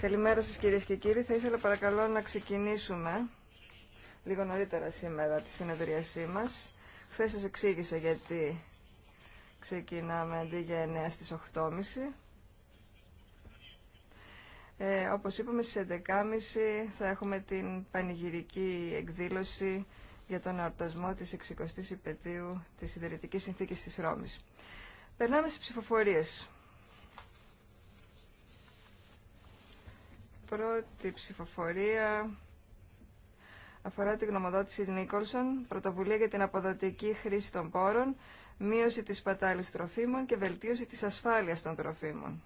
Καλημέρα σας κυρίες και κύριοι. Θα ήθελα παρακαλώ να ξεκινήσουμε λίγο νωρίτερα σήμερα τη συνεδρίασή μας. Χθε σας εξήγησα γιατί ξεκινάμε αντί για 9 στις 8.30. Ε, όπως είπαμε στις 11.30 θα έχουμε την πανηγυρική εκδήλωση για τον εορτασμό της 60ης υπετίου της Ιδρυτικής Συνθήκης της Ρώμης. Περνάμε στις ψηφοφορίες. πρώτη ψηφοφορία αφορά τη γνωμοδότηση Νίκολσον, πρωτοβουλία για την αποδοτική χρήση των πόρων, μείωση της πατάλης τροφίμων και βελτίωση της ασφάλειας των τροφίμων.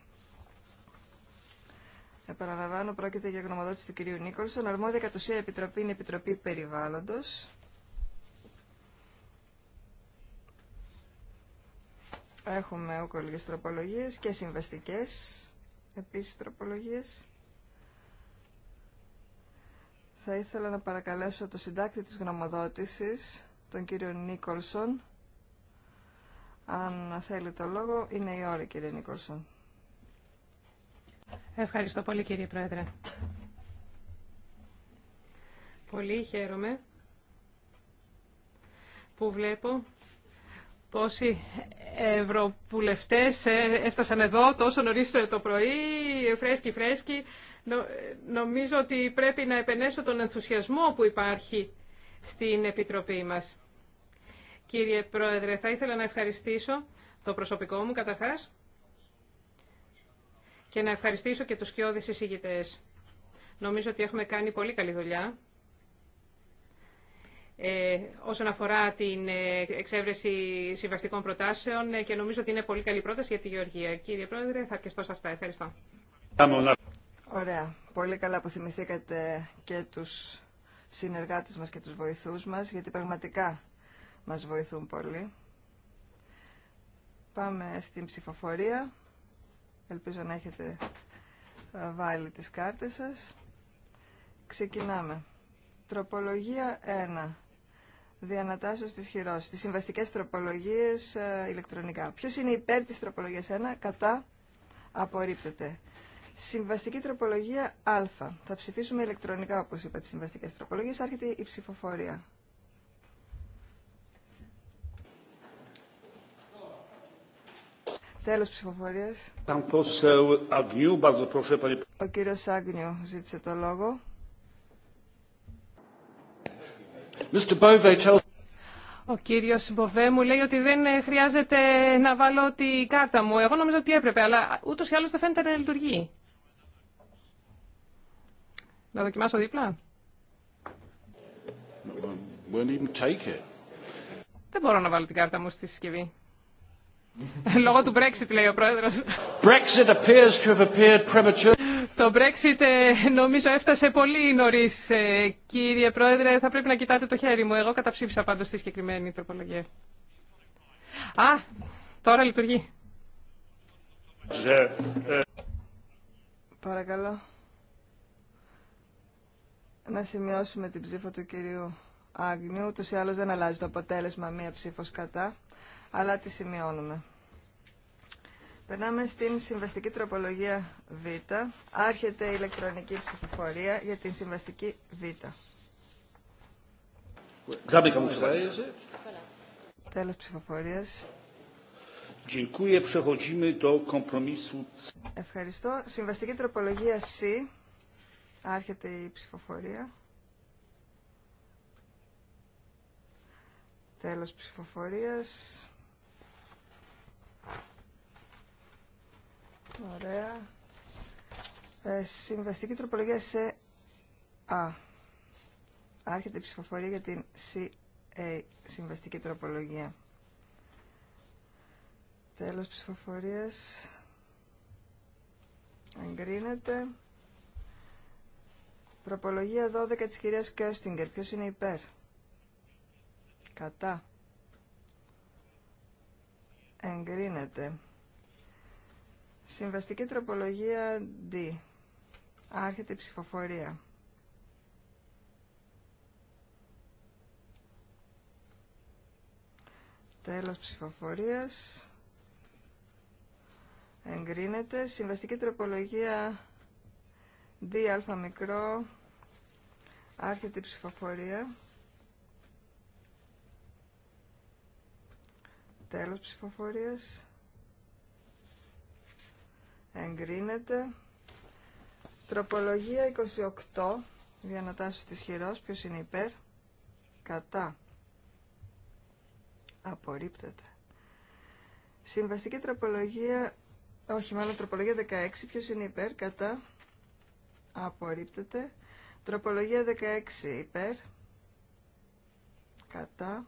Επαναλαμβάνω, πρόκειται για γνωμοδότηση του κυρίου Νίκολσον. Αρμόδια κατ' επιτροπή είναι Επιτροπή Περιβάλλοντος. Έχουμε ούκολες τροπολογίες και συμβαστικές επίσης τροπολογίες. Θα ήθελα να παρακαλέσω το συντάκτη της γνωμοδότησης, τον κύριο Νίκολσον. Αν θέλει το λόγο, είναι η ώρα κύριε Νίκολσον. Ευχαριστώ πολύ κύριε Πρόεδρε. Πολύ χαίρομαι που βλέπω πόσοι ευρωπουλευτές ε, έφτασαν εδώ τόσο νωρίς το πρωί, φρέσκι φρέσκι, Νομίζω ότι πρέπει να επενέσω τον ενθουσιασμό που υπάρχει στην Επιτροπή μας. Κύριε Πρόεδρε, θα ήθελα να ευχαριστήσω το προσωπικό μου καταρχάς και να ευχαριστήσω και τους σκιώδεις εισηγητές. Νομίζω ότι έχουμε κάνει πολύ καλή δουλειά. Ε, όσον αφορά την ε, εξέβρεση συμβαστικών προτάσεων ε, και νομίζω ότι είναι πολύ καλή πρόταση για τη Γεωργία. Κύριε Πρόεδρε, θα αρκεστώ σε αυτά. Ευχαριστώ. Ωραία. Πολύ καλά που θυμηθήκατε και τους συνεργάτες μας και τους βοηθούς μας, γιατί πραγματικά μας βοηθούν πολύ. Πάμε στην ψηφοφορία. Ελπίζω να έχετε ε, βάλει τις κάρτες σας. Ξεκινάμε. Τροπολογία 1. Διανατάσσεως της χειρός. Τις συμβαστικές τροπολογίες ε, ηλεκτρονικά. Ποιος είναι υπέρ της τροπολογίας 1, κατά, απορρίπτεται. Συμβαστική τροπολογία Α. Θα ψηφίσουμε ηλεκτρονικά, όπως είπα, τις συμβαστικές τροπολογίες. Άρχεται η ψηφοφορία. Τέλος ψηφοφορίας. Ο κύριος Άγνιου ζήτησε το λόγο. Ο κύριος Μποβέ μου λέει ότι δεν ε, χρειάζεται να βάλω τη κάρτα μου. Εγώ νομίζω ότι έπρεπε, αλλά ούτως ή άλλως δεν φαίνεται να λειτουργεί. Να δοκιμάσω δίπλα. Δεν μπορώ να βάλω την κάρτα μου στη συσκευή. Λόγω του Brexit, λέει ο πρόεδρος. Brexit appears to have appeared premature. Το Brexit ε, νομίζω έφτασε πολύ νωρί. Ε, κύριε Πρόεδρε, θα πρέπει να κοιτάτε το χέρι μου. Εγώ καταψήφισα πάντω τη συγκεκριμένη τροπολογία. Α, τώρα λειτουργεί. Ε. Παρακαλώ να σημειώσουμε την ψήφο του κυρίου Άγνιου. Ούτως ή άλλως δεν αλλάζει το αποτέλεσμα μία ψήφος κατά, αλλά τη σημειώνουμε. Περνάμε στην συμβαστική τροπολογία Β. Άρχεται η ηλεκτρονική ψηφοφορία για την συμβαστική Β. Τέλος ψηφοφορίας. Ευχαριστώ. Συμβαστική τροπολογία C. Άρχεται η ψηφοφορία. Τέλος ψηφοφορίας. Ωραία. Ε, συμβαστική τροπολογία σε Α. Άρχεται η ψηφοφορία για την CA, ε, συμβαστική τροπολογία. Τέλος ψηφοφορίας. Εγκρίνεται. Τροπολογία 12 της κυρίας Κέρστιγκερ. Ποιος είναι υπέρ. Κατά. Εγκρίνεται. Συμβαστική τροπολογία D. Άρχεται η ψηφοφορία. Τέλος ψηφοφορίας. Εγκρίνεται. Συμβαστική τροπολογία D α μικρό Άρχεται η ψηφοφορία. Τέλος ψηφοφορίας. Εγκρίνεται. Τροπολογία 28. Διανατάσσεως της χειρός. Ποιος είναι υπέρ. Κατά. Απορρίπτεται. Συμβαστική τροπολογία, όχι μάλλον τροπολογία 16, ποιος είναι υπέρ, κατά, απορρίπτεται. Τροπολογία 16 υπέρ. Κατά.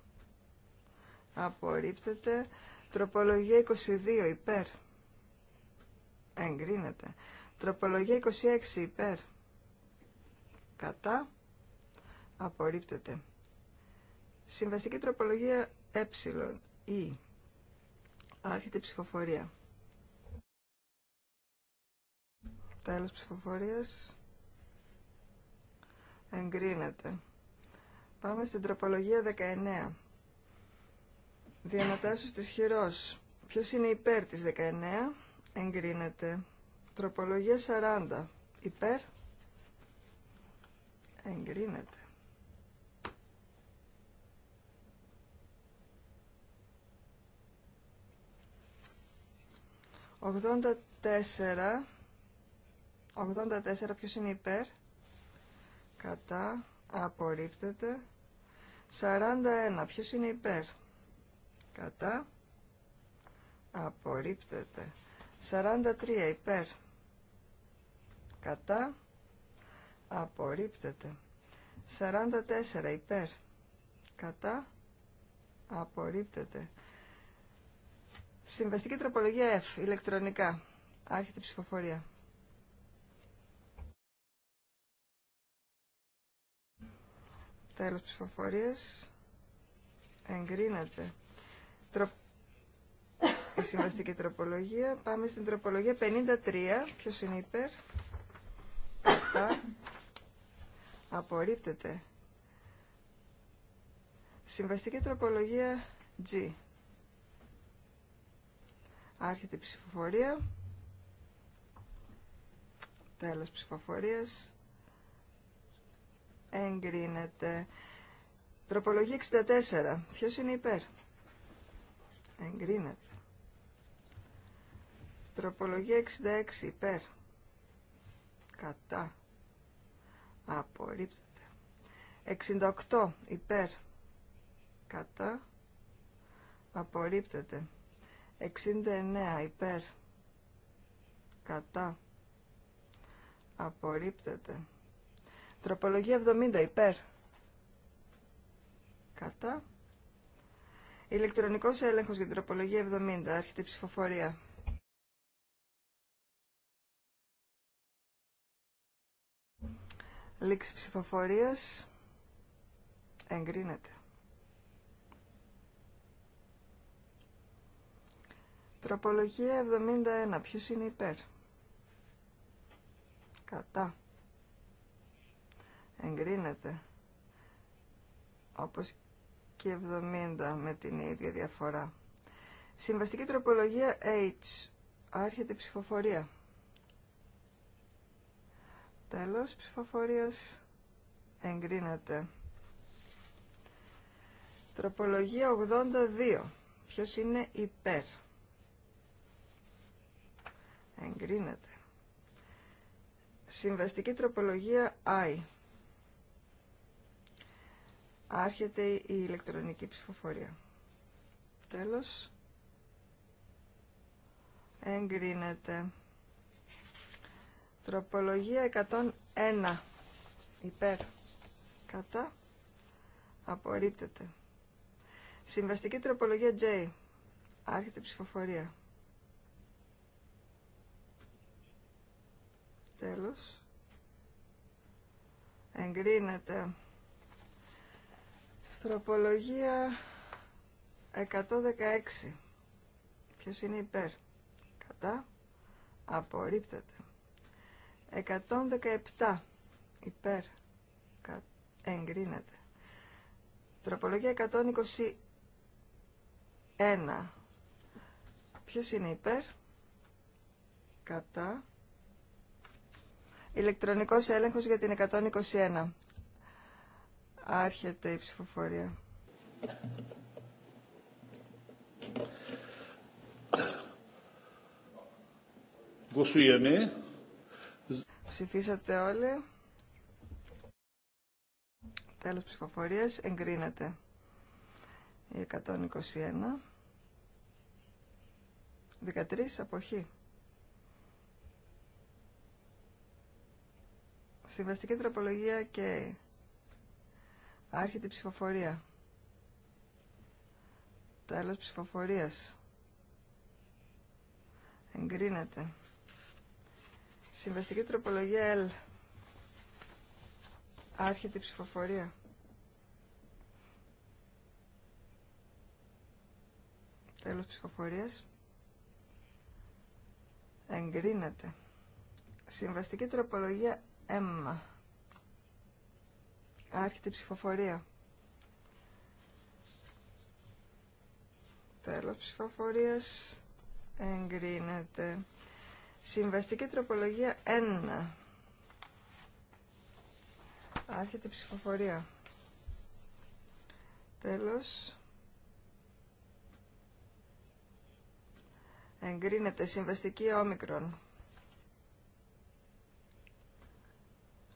Απορρίπτεται. Τροπολογία 22 υπέρ. Εγκρίνεται. Τροπολογία 26 υπέρ. Κατά. Απορρίπτεται. Συμβαστική τροπολογία ε ή άρχεται η ψηφοφορία. Τέλος ψηφοφορίας εγκρίνεται. Πάμε στην τροπολογία 19. Διανατάσσεως της χειρός. Ποιο είναι υπέρ τη 19, εγκρίνεται. Τροπολογία 40. Υπέρ, εγκρίνεται. 84, 84 ποιος είναι υπέρ, κατά, απορρίπτεται. 41. Ποιος είναι υπέρ, κατά, απορρίπτεται. 43. Υπέρ, κατά, απορρίπτεται. 44. Υπέρ, κατά, απορρίπτεται. Συμβαστική τροπολογία F, ηλεκτρονικά. Άρχεται η ψηφοφορία. Τέλος ψηφοφορίας. Εγκρίνεται. Τρο... Η συμβαστική τροπολογία. Πάμε στην τροπολογία 53. Ποιος είναι υπέρ. Απορρίπτεται. Συμβαστική τροπολογία G. Άρχεται η ψηφοφορία. Τέλος ψηφοφορίας εγκρίνεται. Τροπολογία 64. Ποιος είναι υπέρ. Εγκρίνεται. Τροπολογία 66 υπέρ. Κατά. Απορρίπτεται. 68 υπέρ. Κατά. Απορρίπτεται. 69 υπέρ. Κατά. Απορρίπτεται. Τροπολογία 70 υπέρ. Κατά. Ηλεκτρονικός έλεγχος για την τροπολογία 70. Άρχεται η ψηφοφορία. Λήξη ψηφοφορίας. Εγκρίνεται. Τροπολογία 71. Ποιος είναι υπέρ. Κατά εγκρίνεται όπως και 70 με την ίδια διαφορά. Συμβαστική τροπολογία H. Άρχεται η ψηφοφορία. Τέλος ψηφοφορίας εγκρίνεται. Τροπολογία 82. Ποιος είναι υπέρ. Εγκρίνεται. Συμβαστική τροπολογία I. Άρχεται η ηλεκτρονική ψηφοφορία. Τέλος. Εγκρίνεται. Τροπολογία 101. Υπέρ. Κατά. Απορρίπτεται. Συμβαστική τροπολογία J. Άρχεται η ψηφοφορία. Τέλος. Εγκρίνεται. Τροπολογία 116. Ποιος είναι υπέρ. Κατά. Απορρίπτεται. 117. Υπέρ. Κα... Εγκρίνεται. Τροπολογία 121. Ποιος είναι υπέρ. Κατά. Ηλεκτρονικός έλεγχος για την 121. Άρχεται η ψηφοφορία. Ψηφίσατε όλοι. Τέλος ψηφοφορίας. Εγκρίνεται η 121. 13 αποχή. Συμβαστική τροπολογία και Άρχεται η ψηφοφορία. Τέλος ψηφοφορίας. Εγκρίνεται. Συμβαστική τροπολογία L. Άρχεται η ψηφοφορία. Τέλος ψηφοφορίας. Εγκρίνεται. Συμβαστική τροπολογία M. Άρχεται η ψηφοφορία. Τέλος ψηφοφορίας. Εγκρίνεται. Συμβαστική τροπολογία 1. Άρχεται η ψηφοφορία. Τέλος. Εγκρίνεται συμβαστική όμικρον.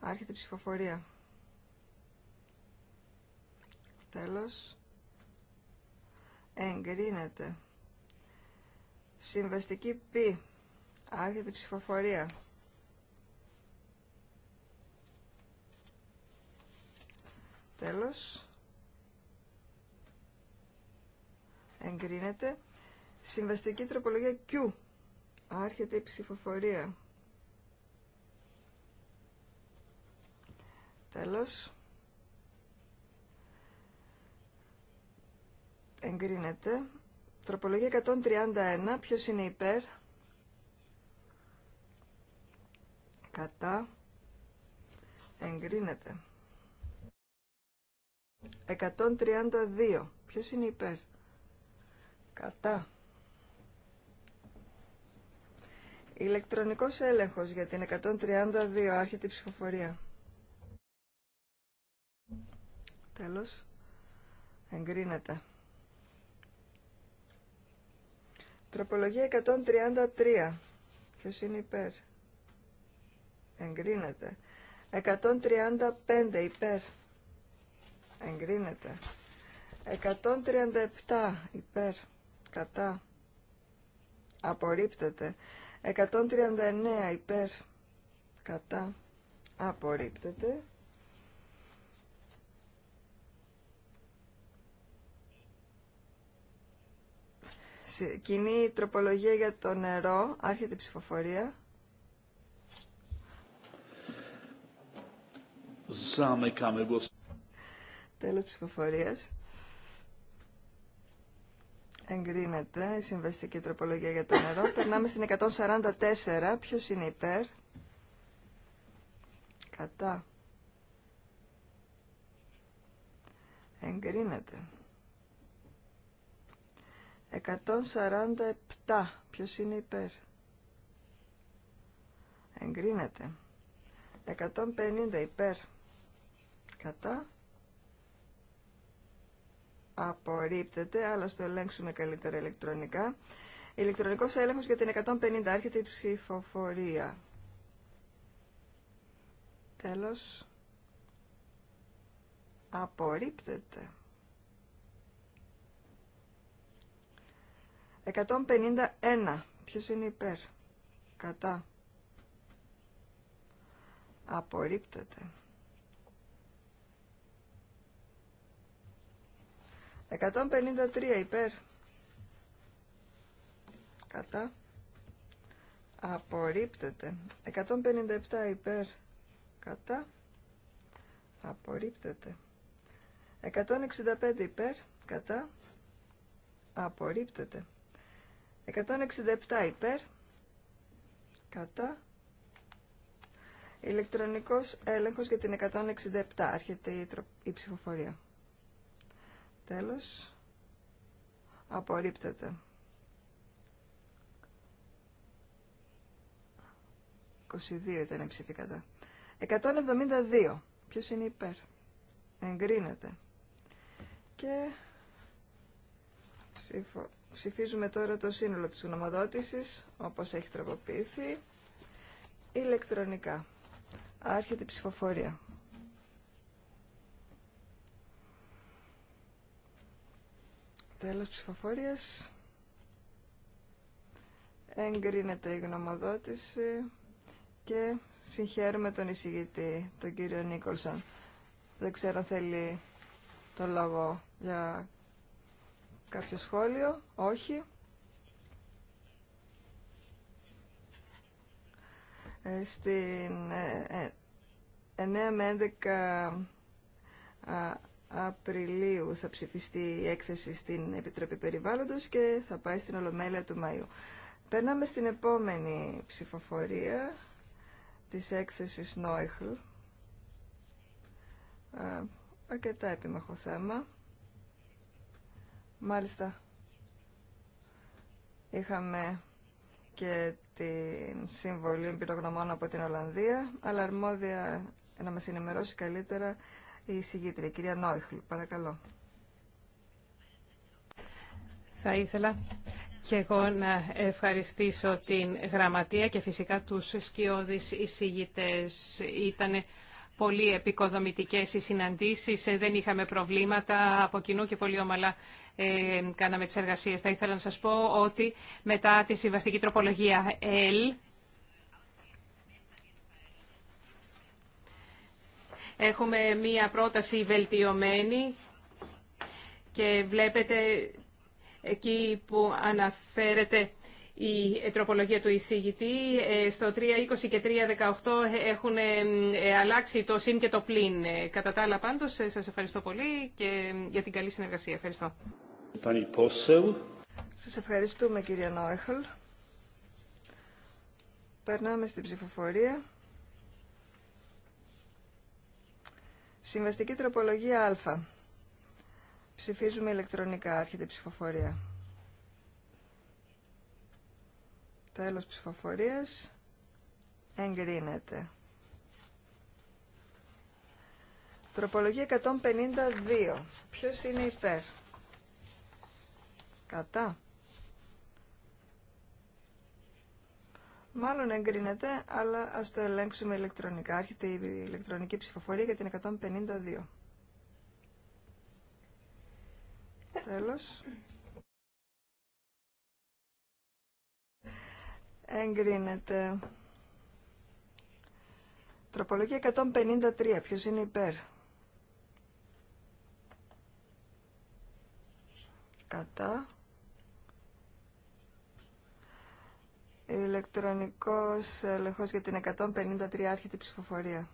Άρχεται η ψηφοφορία. Τέλος. Εγκρίνεται. Συμβαστική π. Άρχεται η ψηφοφορία. Τέλος. Εγκρίνεται. Συμβαστική τροπολογία Q. Άρχεται η ψηφοφορία. Τέλος. εγκρίνεται. Τροπολογία 131, ποιος είναι υπέρ, κατά, εγκρίνεται. 132, ποιος είναι υπέρ, κατά. Ηλεκτρονικός έλεγχος για την 132, άρχεται η ψηφοφορία. Τέλος, εγκρίνεται. Τροπολογία 133. Ποιος είναι υπέρ. Εγκρίνεται. 135 υπέρ. Εγκρίνεται. 137 υπέρ. Κατά. Απορρίπτεται. 139 υπέρ. Κατά. Απορρίπτεται. κοινή τροπολογία για το νερό. Άρχεται η ψηφοφορία. Τέλος ψηφοφορίας. Εγκρίνεται η συμβαστική τροπολογία για το νερό. Περνάμε στην 144. Ποιος είναι υπέρ. Κατά. Εγκρίνεται. 147. Ποιος είναι υπέρ. Εγκρίνεται. 150 υπέρ. Κατά. Απορρίπτεται, αλλά στο ελέγξουμε καλύτερα ηλεκτρονικά. Ηλεκτρονικός έλεγχος για την 150. Άρχεται η ψηφοφορία. Τέλος. Απορρίπτεται. 151. Ποιος είναι υπέρ. Κατά. Απορρίπτεται. 153 υπέρ. Κατά. Απορρίπτεται. 157 υπέρ. Κατά. Απορρίπτεται. 165 υπέρ. Κατά. Απορρίπτεται. 167 υπέρ. Κατά. Ηλεκτρονικός έλεγχος για την 167. Άρχεται η ψηφοφορία. Τέλος. Απορρίπτεται. 22 ήταν ψηφή κατά. 172. Ποιος είναι υπέρ. Εγκρίνεται. Και ψήφο Ψηφίζουμε τώρα το σύνολο της γνωμοδότησης, όπως έχει τροποποιηθεί, ηλεκτρονικά. Άρχεται η ψηφοφορία. Τέλος ψηφοφορίας. Εγκρίνεται η γνωμοδότηση και συγχαίρουμε τον εισηγητή, τον κύριο Νίκολσον. Δεν ξέρω αν θέλει το λόγο για Κάποιο σχόλιο, όχι. Ε, στην 9 ε, ε, με 11 Απριλίου θα ψηφιστεί η έκθεση στην Επιτροπή Περιβάλλοντος και θα πάει στην Ολομέλεια του Μαΐου. Περνάμε στην επόμενη ψηφοφορία της έκθεσης Νόιχλ. Αρκετά επιμαχό θέμα. Μάλιστα, είχαμε και την συμβολή εμπειρογνωμών από την Ολλανδία, αλλά αρμόδια να μας ενημερώσει καλύτερα η συγγήτρια, η κυρία Νόιχλ. Παρακαλώ. Θα ήθελα και εγώ να ευχαριστήσω την Γραμματεία και φυσικά τους σκιώδεις εισηγητές. Ήτανε πολύ επικοδομητικές οι συναντήσεις, ε, δεν είχαμε προβλήματα από κοινού και πολύ ομαλά ε, κάναμε τις εργασίες. Θα ήθελα να σας πω ότι μετά τη συμβαστική τροπολογία L, έχουμε μία πρόταση βελτιωμένη και βλέπετε εκεί που αναφέρεται η τροπολογία του εισηγητή. Ε, στο 3.20 και 3.18 ε, έχουν ε, αλλάξει το συν και το πλήν. Κατά τα άλλα πάντως, σας ευχαριστώ πολύ και για την καλή συνεργασία. Ευχαριστώ. Σας ευχαριστούμε κύριε Νόεχολ. Περνάμε στην ψηφοφορία. Συμβαστική τροπολογία Α. Ψηφίζουμε ηλεκτρονικά. Άρχεται η ψηφοφορία. Τέλος ψηφοφορίας. Εγκρίνεται. Τροπολογία 152. Ποιος είναι υπέρ. Κατά. Μάλλον εγκρίνεται, αλλά ας το ελέγξουμε ηλεκτρονικά. Άρχεται η ηλεκτρονική ψηφοφορία για την 152. Τέλος. Εγκρίνεται. Τροπολογία 153. Ποιος είναι υπέρ. Κατά. Ηλεκτρονικός ελεγχός για την 153 άρχεται η ψηφοφορία.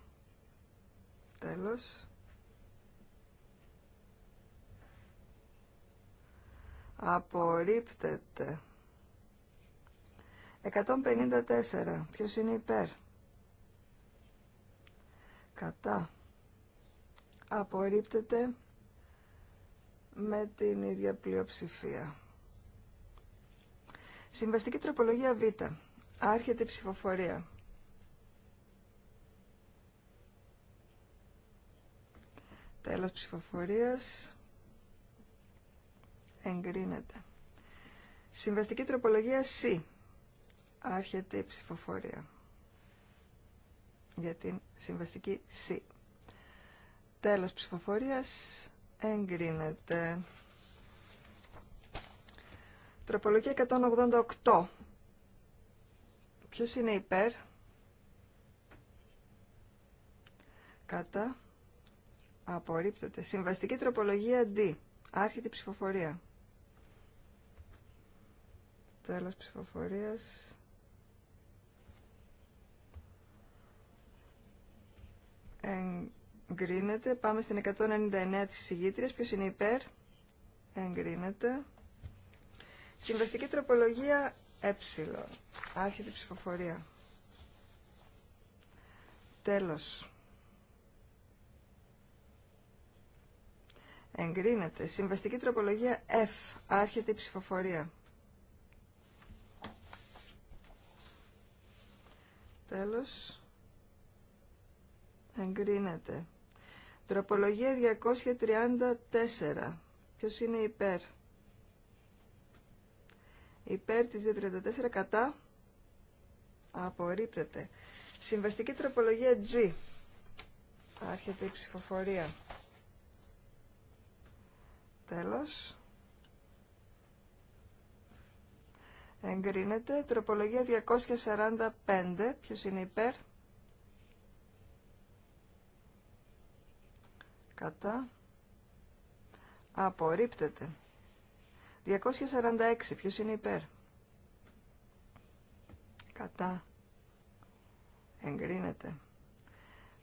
Τέλος. Απορρίπτεται. 154. Ποιος είναι υπέρ. Κατά. Απορρίπτεται με την ίδια πλειοψηφία. Συμβαστική τροπολογία Β. Άρχεται η ψηφοφορία. Τέλος ψηφοφορίας. Εγκρίνεται. Συμβαστική τροπολογία Σ. Άρχεται η ψηφοφορία για την συμβαστική C. Τέλος ψηφοφορίας εγκρίνεται. Τροπολογία 188. Ποιος είναι υπέρ? Κατά. Απορρίπτεται. Συμβαστική τροπολογία D. Άρχεται η ψηφοφορία. Τέλος ψηφοφορίας εγκρίνεται. Πάμε στην 199 της συγγήτριας. Ποιος είναι υπέρ. Εγκρίνεται. Συμβαστική τροπολογία ε. Άρχεται η ψηφοφορία. Τέλος. Εγκρίνεται. Συμβαστική τροπολογία F. Άρχεται η ψηφοφορία. Τέλος εγκρίνεται. Τροπολογία 234. Ποιος είναι υπέρ. Υπέρ της 234 κατά. Απορρίπτεται. Συμβαστική τροπολογία G. Άρχεται η ψηφοφορία. Τέλος. Εγκρίνεται. Τροπολογία 245. Ποιος είναι υπέρ. Κατά. Απορρίπτεται. 246. Ποιος είναι υπέρ. Κατά. Εγκρίνεται.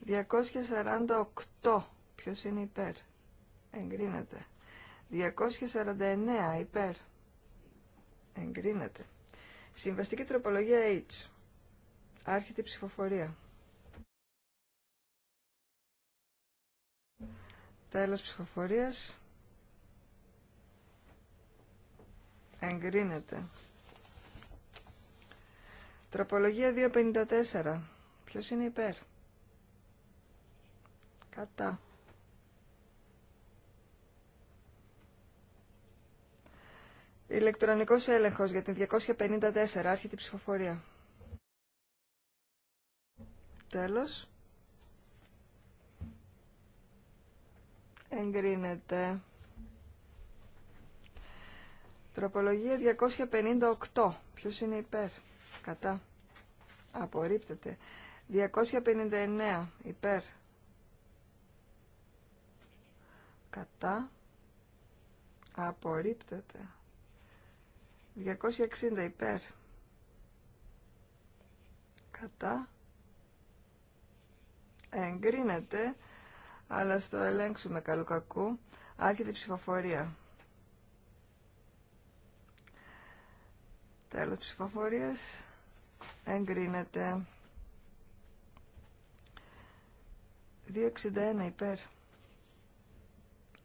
248. Ποιος είναι υπέρ. Εγκρίνεται. 249. Υπέρ. Εγκρίνεται. Συμβαστική τροπολογία H. Άρχεται η ψηφοφορία. Τέλος ψηφοφορίας. Εγκρίνεται. Τροπολογία 254. Ποιος είναι υπέρ. Κατά. Ηλεκτρονικός έλεγχος για την 254. Άρχεται η ψηφοφορία. Τέλος. εγκρίνεται. Τροπολογία 258. Ποιος είναι υπέρ. Κατά. Απορρίπτεται. 259. Υπέρ. Κατά. Απορρίπτεται. 260. Υπέρ. Κατά. Εγκρίνεται αλλά στο ελέγξουμε καλού κακού. Άρχεται η ψηφοφορία. Τέλος ψηφοφορίας. Εγκρίνεται. 261 υπέρ.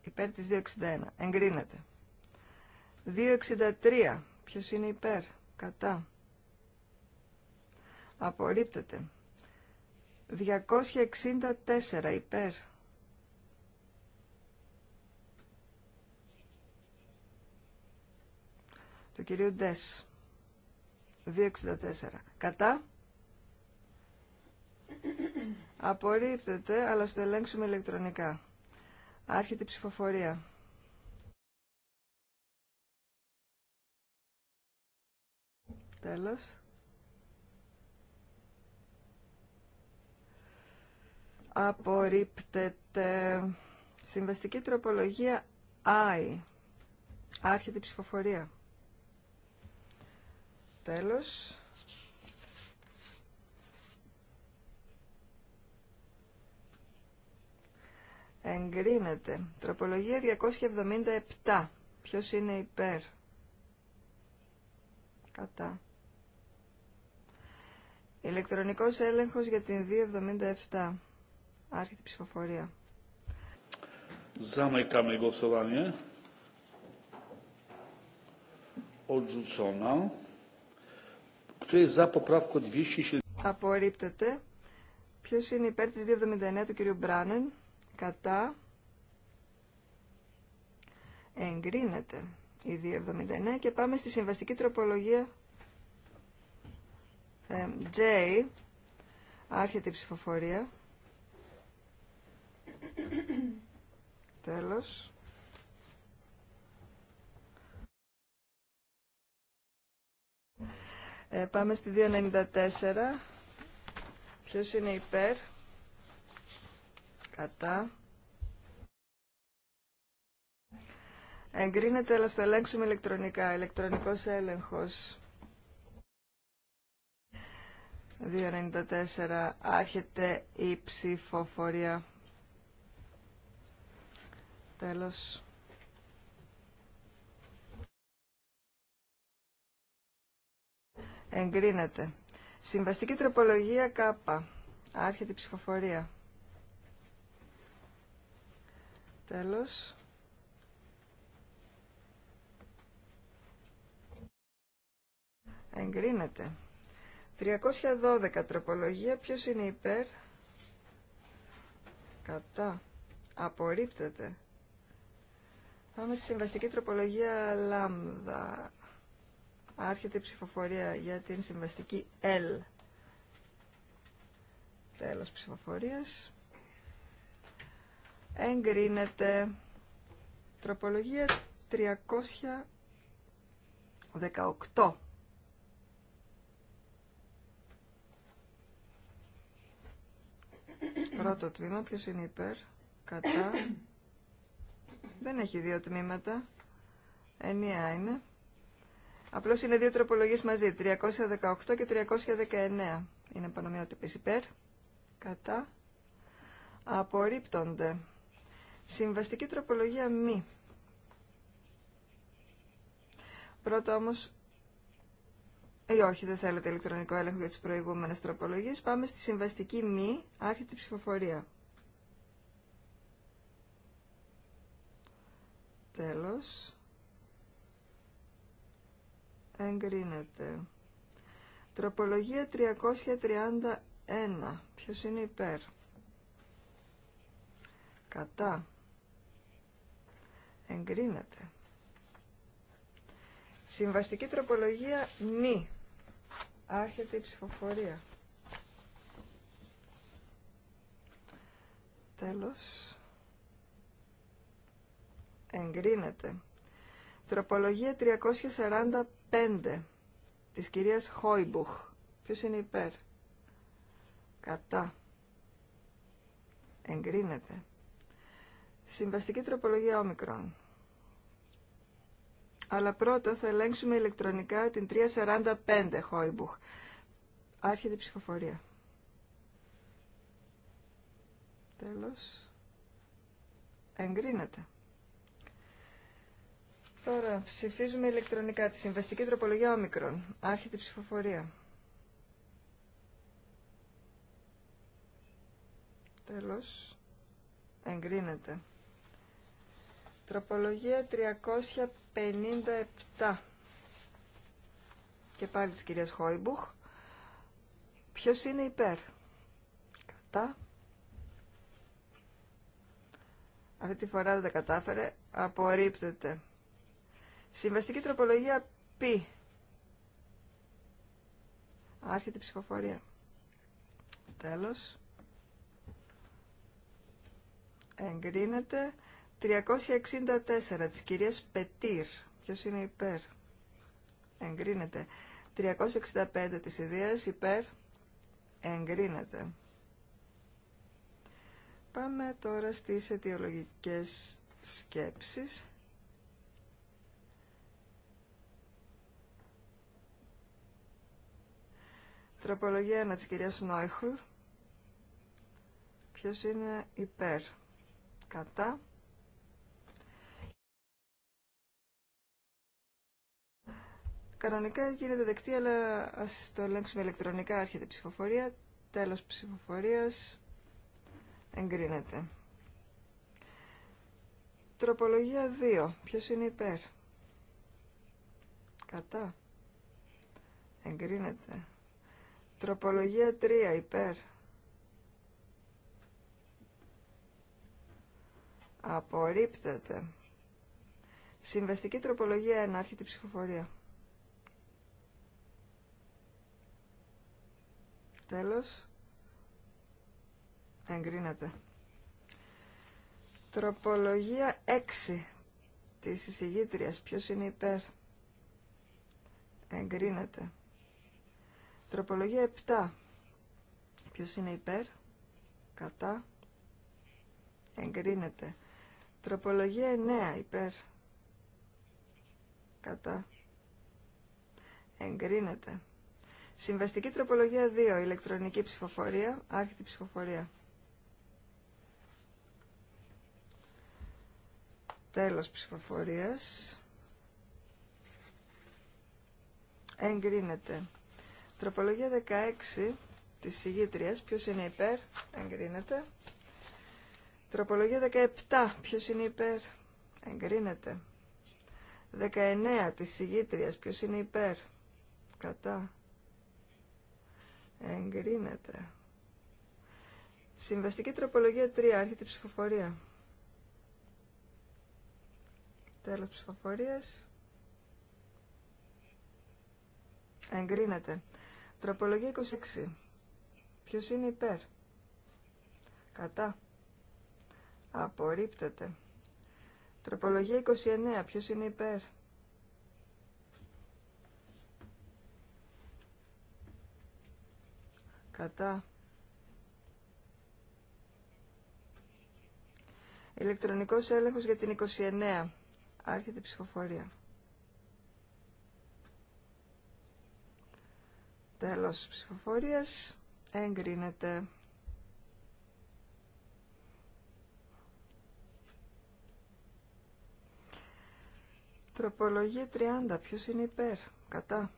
Υπέρ της 261. Εγκρίνεται. 263. Ποιος είναι υπέρ. Κατά. Απορρίπτεται. 264 υπέρ. Το κυρίου Ντες. 264. Κατά. Απορρίπτεται, αλλά στο ελέγξουμε ηλεκτρονικά. Άρχεται ψηφοφορία. Τέλος. Απορρίπτεται. Συμβαστική τροπολογία I. Άρχεται ψηφοφορία. Τέλος. Εγκρίνεται. Τροπολογία 277. Ποιος είναι υπέρ. Κατά. Ηλεκτρονικός έλεγχος για την 277. Άρχεται ψηφοφορία. ψηφοφορία. Zamykamy głosowanie. Odrzucona. Απορρίπτεται. Ποιο είναι υπέρ τη 279 του κυρίου Μπράνεν. Κατά. Εγκρίνεται η 279 και πάμε στη συμβαστική τροπολογία J. Άρχεται η ψηφοφορία. Τέλος. Ε, πάμε στη 294. Ποιος είναι υπέρ. Κατά. Εγκρίνεται, αλλά στο ελέγξουμε ηλεκτρονικά. Ηλεκτρονικός έλεγχος. 294. Άρχεται η ψηφοφορία. Τέλος. Εγκρίνεται. Συμβαστική τροπολογία Κ. Άρχεται η ψηφοφορία. Τέλος. Εγκρίνεται. 312 τροπολογία. Ποιος είναι υπέρ. Κατά. Απορρίπτεται. Πάμε στη συμβαστική τροπολογία λάμδα. Άρχεται η ψηφοφορία για την συμβαστική L. Τέλος ψηφοφορίας. Εγκρίνεται τροπολογία 318. Πρώτο τμήμα, ποιος είναι υπέρ, κατά, δεν έχει δύο τμήματα, ενία είναι. Απλώς είναι δύο τροπολογίες μαζί, 318 και 319. Είναι πανομοιότυπε. υπέρ, κατά, απορρίπτονται. Συμβαστική τροπολογία μη. Πρώτα όμω. ή ε, όχι, δεν θέλετε ηλεκτρονικό έλεγχο για τις προηγούμενες τροπολογίες. Πάμε στη συμβαστική μη, άρχεται η ψηφοφορία. Τέλος εγκρίνεται. Τροπολογία 331. Ποιος είναι υπέρ. Κατά. Εγκρίνεται. Συμβαστική τροπολογία νη. Άρχεται η ψηφοφορία. Τέλος. Εγκρίνεται. Τροπολογία 5 της κυρίας Χόιμπουχ. Ποιος είναι υπέρ. Κατά. Εγκρίνεται. Συμβαστική τροπολογία όμικρον. Αλλά πρώτα θα ελέγξουμε ηλεκτρονικά την 345 Χόιμπουχ. Άρχεται η ψηφοφορία. Τέλος. Εγκρίνεται. Τώρα ψηφίζουμε ηλεκτρονικά τη συμβαστική τροπολογία όμικρον. Άρχεται η ψηφοφορία. Τέλος. Εγκρίνεται. Τροπολογία 357. Και πάλι της κυρίας Χόιμπουχ. Ποιος είναι υπέρ. Κατά. Αυτή τη φορά δεν τα κατάφερε. Απορρίπτεται. Συμβαστική τροπολογία π. Άρχεται η ψηφοφορία. Τέλος. Εγκρίνεται 364 της κυρίας Πετήρ. Ποιος είναι υπέρ. Εγκρίνεται. 365 της ιδέας υπέρ. Εγκρίνεται. Πάμε τώρα στις αιτιολογικές σκέψεις. Τροπολογία 1 της κυρίας Νόιχουλ. Ποιος είναι υπέρ. Κατά. Κανονικά γίνεται δεκτή, αλλά ας το ελέγξουμε ηλεκτρονικά, έρχεται η ψηφοφορία. Τέλος ψηφοφορίας. Εγκρίνεται. Τροπολογία 2. Ποιος είναι υπέρ. Κατά. Εγκρίνεται. Τροπολογία 3 υπέρ. Απορρίπτεται. Συμβαστική τροπολογία 1. Άρχεται ψηφοφορία. Τέλος. Εγκρίνεται. Τροπολογία 6 της εισηγήτριας. Ποιος είναι υπέρ. Εγκρίνεται. Τροπολογία 7. Ποιος είναι υπέρ, κατά, εγκρίνεται. Τροπολογία 9. Υπέρ, κατά, εγκρίνεται. Συμβαστική τροπολογία 2. Ηλεκτρονική ψηφοφορία, άρχιτη ψηφοφορία. Τέλος ψηφοφορίας. Εγκρίνεται. Τροπολογία 16 της συγγήτριας, ποιος είναι υπέρ, εγκρίνεται. Τροπολογία 17, ποιος είναι υπέρ, εγκρίνεται. 19 της συγγήτριας, ποιος είναι υπέρ, κατά, εγκρίνεται. Συμβαστική τροπολογία 3, άρχεται ψηφοφορία. Τέλος ψηφοφορίας. Εγκρίνεται. Τροπολογία 26. Ποιος είναι υπέρ. Κατά. Απορρίπτεται. Τροπολογία 29. Ποιος είναι υπέρ. Κατά. Ηλεκτρονικός έλεγχος για την 29. Άρχεται η ψηφοφορία. Τέλος ψηφοφορίας. Εγκρίνεται. Τροπολογία 30. Ποιος είναι υπέρ. Κατά.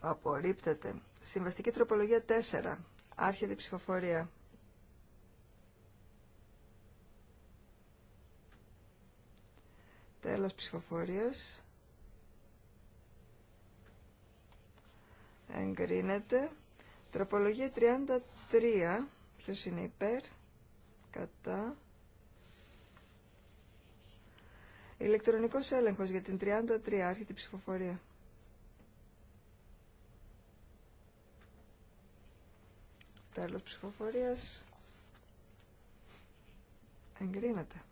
Απορρίπτεται. Συμβαστική τροπολογία 4. Άρχεται η ψηφοφορία. Τέλος ψηφοφορίας. εγκρίνεται. Τροπολογία 33, ποιος είναι υπέρ, κατά. Ηλεκτρονικός έλεγχος για την 33, άρχεται ψηφοφορία. Τέλος ψηφοφορίας. Εγκρίνεται.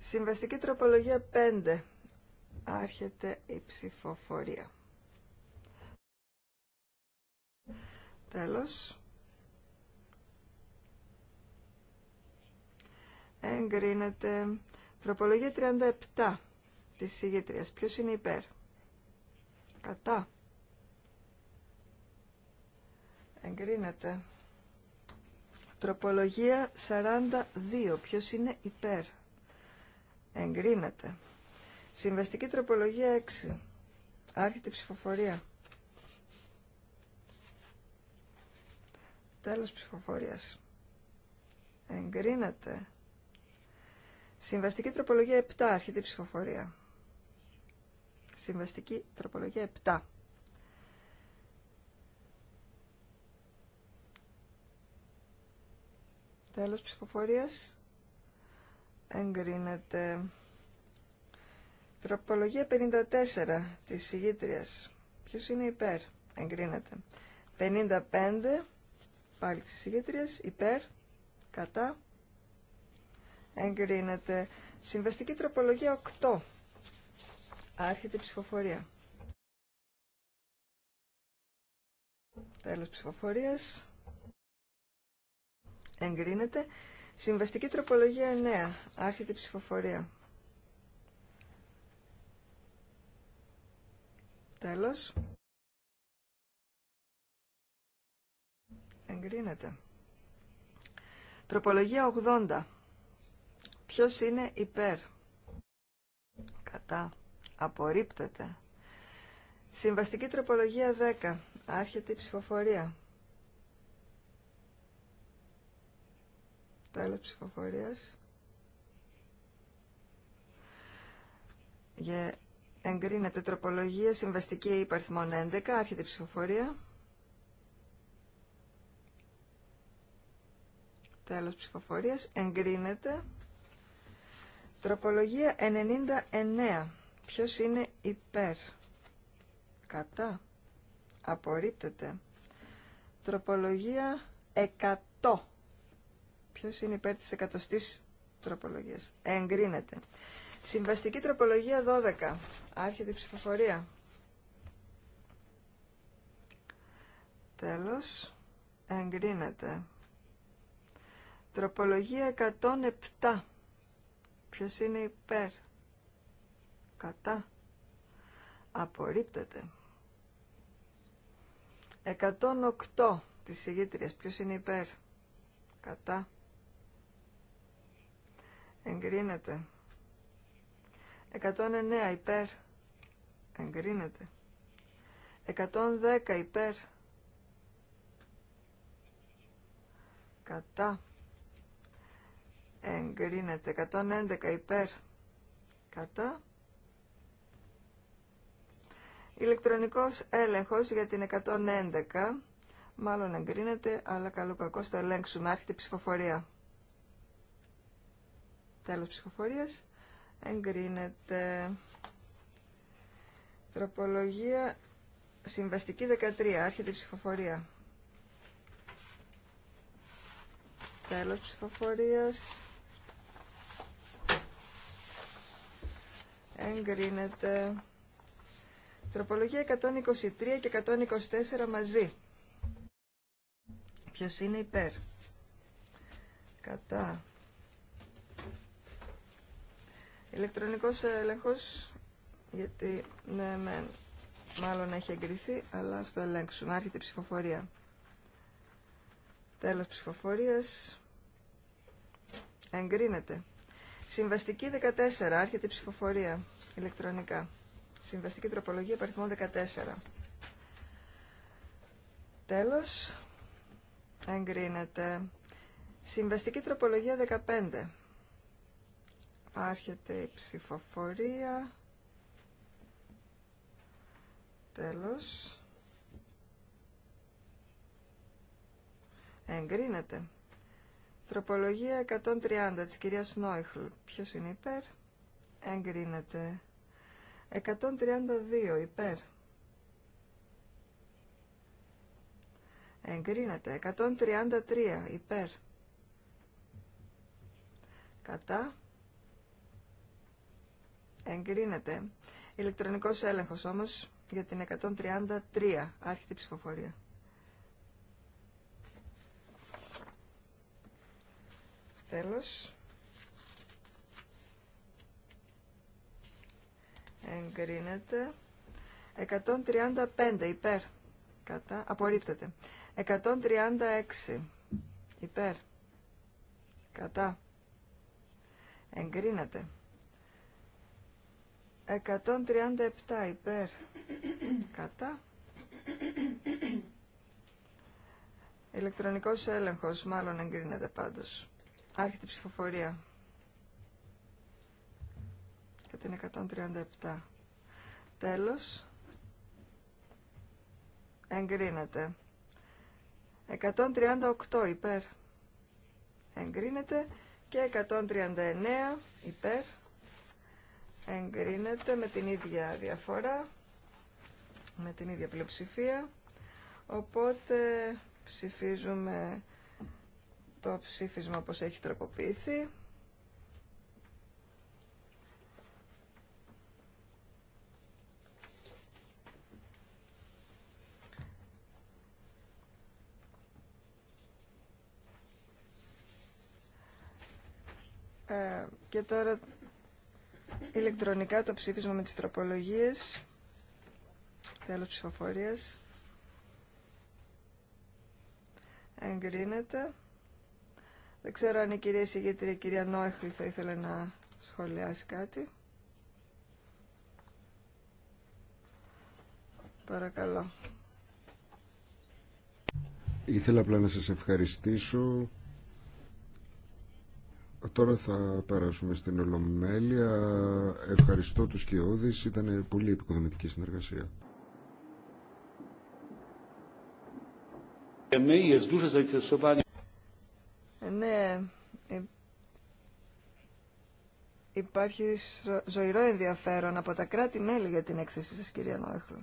Συμβαστική τροπολογία 5. Άρχεται η ψηφοφορία. Τέλος. Εγκρίνεται. Τροπολογία 37 της συγγετρίας. Ποιος είναι υπέρ. Κατά. Εγκρίνεται. Τροπολογία 42. Ποιος είναι υπέρ. Εγκρίνεται. Συμβαστική τροπολογία 6. Άρχεται η ψηφοφορία. Τέλος ψηφοφορίας. Εγκρίνεται. Συμβαστική τροπολογία 7. Άρχεται η ψηφοφορία. Συμβαστική τροπολογία 7. Τέλος ψηφοφορίας. Εγκρίνεται. Τροπολογία 54 της ηγήτριας. Ποιος είναι υπέρ. Εγκρίνεται. 55 πάλι της ηγήτριας. Υπέρ. Κατά. Εγκρίνεται. Συμβαστική τροπολογία 8. Άρχεται η ψηφοφορία. Τέλος ψηφοφορίας. Εγκρίνεται. Συμβαστική τροπολογία 9. Άρχεται η ψηφοφορία. Τέλος. Εγκρίνεται. Τροπολογία 80. Ποιος είναι υπέρ. Κατά. Απορρίπτεται. Συμβαστική τροπολογία 10. Άρχεται η ψηφοφορία. Τέλος ψηφοφορίας. Για Εγκρίνεται τροπολογία συμβαστική υπαριθμών 11. Άρχεται η ψηφοφορία. Τέλος ψηφοφορίας. Εγκρίνεται. Τροπολογία 99. Ποιος είναι υπέρ. Κατά. Απορρίπτεται. Τροπολογία 100. Ποιος είναι υπέρ της εκατοστής τροπολογίας. Εγκρίνεται. Συμβαστική τροπολογία 12. Άρχεται η ψηφοφορία. Τέλος. Εγκρίνεται. Τροπολογία 107. Ποιος είναι υπέρ. Κατά. Απορρίπτεται. 108 της ηγήτριας. Ποιος είναι υπέρ. Κατά. Εγκρίνεται. 109 υπέρ. Εγκρίνεται. 110 υπέρ. Κατά. Εγκρίνεται. 111 υπέρ. Κατά. Ηλεκτρονικός έλεγχος για την 111. Μάλλον εγκρίνεται, αλλά καλό κακό θα ελέγξουμε. Άρχεται ψηφοφορία. Τέλος ψηφοφορίας εγκρίνεται. Τροπολογία συμβαστική 13, άρχεται η ψηφοφορία. Τέλος ψηφοφορίας. Εγκρίνεται. Τροπολογία 123 και 124 μαζί. Ποιος είναι υπέρ. Κατά. Ηλεκτρονικός έλεγχος, γιατί ναι, μάλλον έχει εγκριθεί, αλλά στο ελέγξουμε. Άρχεται η ψηφοφορία. Τέλος ψηφοφορίας. Εγκρίνεται. Συμβαστική 14. Άρχεται η ψηφοφορία ηλεκτρονικά. Συμβαστική τροπολογία παριθμό 14. Τέλος. Εγκρίνεται. Συμβαστική τροπολογία 15. Άρχεται η ψηφοφορία. Τέλος. Εγκρίνεται. Τροπολογία 130 της κυρίας Νόιχλ. Ποιος είναι υπέρ? Εγκρίνεται. 132 υπέρ. Εγκρίνεται. 133 υπέρ. Κατά. Εγκρίνεται. Ηλεκτρονικός έλεγχος όμως για την 133 άρχιτη ψηφοφορία. Τέλος. Εγκρίνεται. 135 υπέρ. Κατά. Απορρίπτεται. 136 υπέρ. Κατά. Εγκρίνεται. 137 υπέρ κατά ηλεκτρονικός έλεγχος μάλλον εγκρίνεται πάντως άρχεται ψηφοφορία για την 137 τέλος εγκρίνεται 138 υπέρ εγκρίνεται και 139 υπέρ εγκρίνεται με την ίδια διαφορά, με την ίδια πλειοψηφία. Οπότε ψηφίζουμε το ψήφισμα όπως έχει τροποποιηθεί. Ε, και τώρα Ελεκτρονικά το ψήφισμα με τις τροπολογίες. Τέλος ψηφοφορίας. Εγκρίνεται. Δεν ξέρω αν η κυρία Συγγετρία, η κυρία Νόεχλη θα ήθελε να σχολιάσει κάτι. Παρακαλώ. Ήθελα απλά να σας ευχαριστήσω Τώρα θα περάσουμε στην Ολομέλεια. Ευχαριστώ τους Κιώδης. Ήταν πολύ επικοδομητική συνεργασία. Ε, ναι, ε, υπάρχει ζωηρό ενδιαφέρον από τα κράτη-μέλη για την έκθεση σας, κυρία Νόεχλου.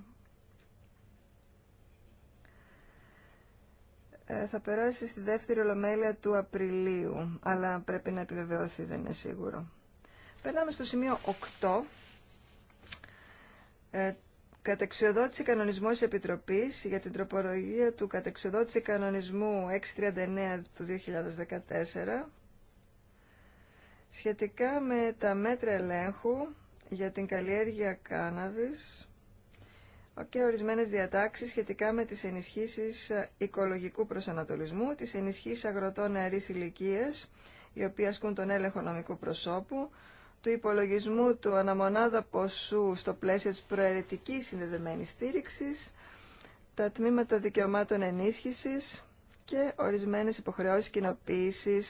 Ε, θα περάσει στη δεύτερη ολομέλεια του Απριλίου, αλλά πρέπει να επιβεβαιωθεί, δεν είναι σίγουρο. Περνάμε στο σημείο 8. Ε, κατεξιοδότηση κανονισμού Επιτροπής για την τροπολογία του κατεξιοδότηση κανονισμού 639 του 2014 σχετικά με τα μέτρα ελέγχου για την καλλιέργεια κάναβης και ορισμένες διατάξεις σχετικά με τις ενισχύσεις οικολογικού προσανατολισμού, τις ενισχύσεις αγροτών νεαρής ηλικία, οι οποίοι ασκούν τον έλεγχο νομικού προσώπου, του υπολογισμού του αναμονάδα ποσού στο πλαίσιο της προαιρετικής συνδεδεμένης στήριξης, τα τμήματα δικαιωμάτων ενίσχυσης και ορισμένες υποχρεώσεις κοινοποίηση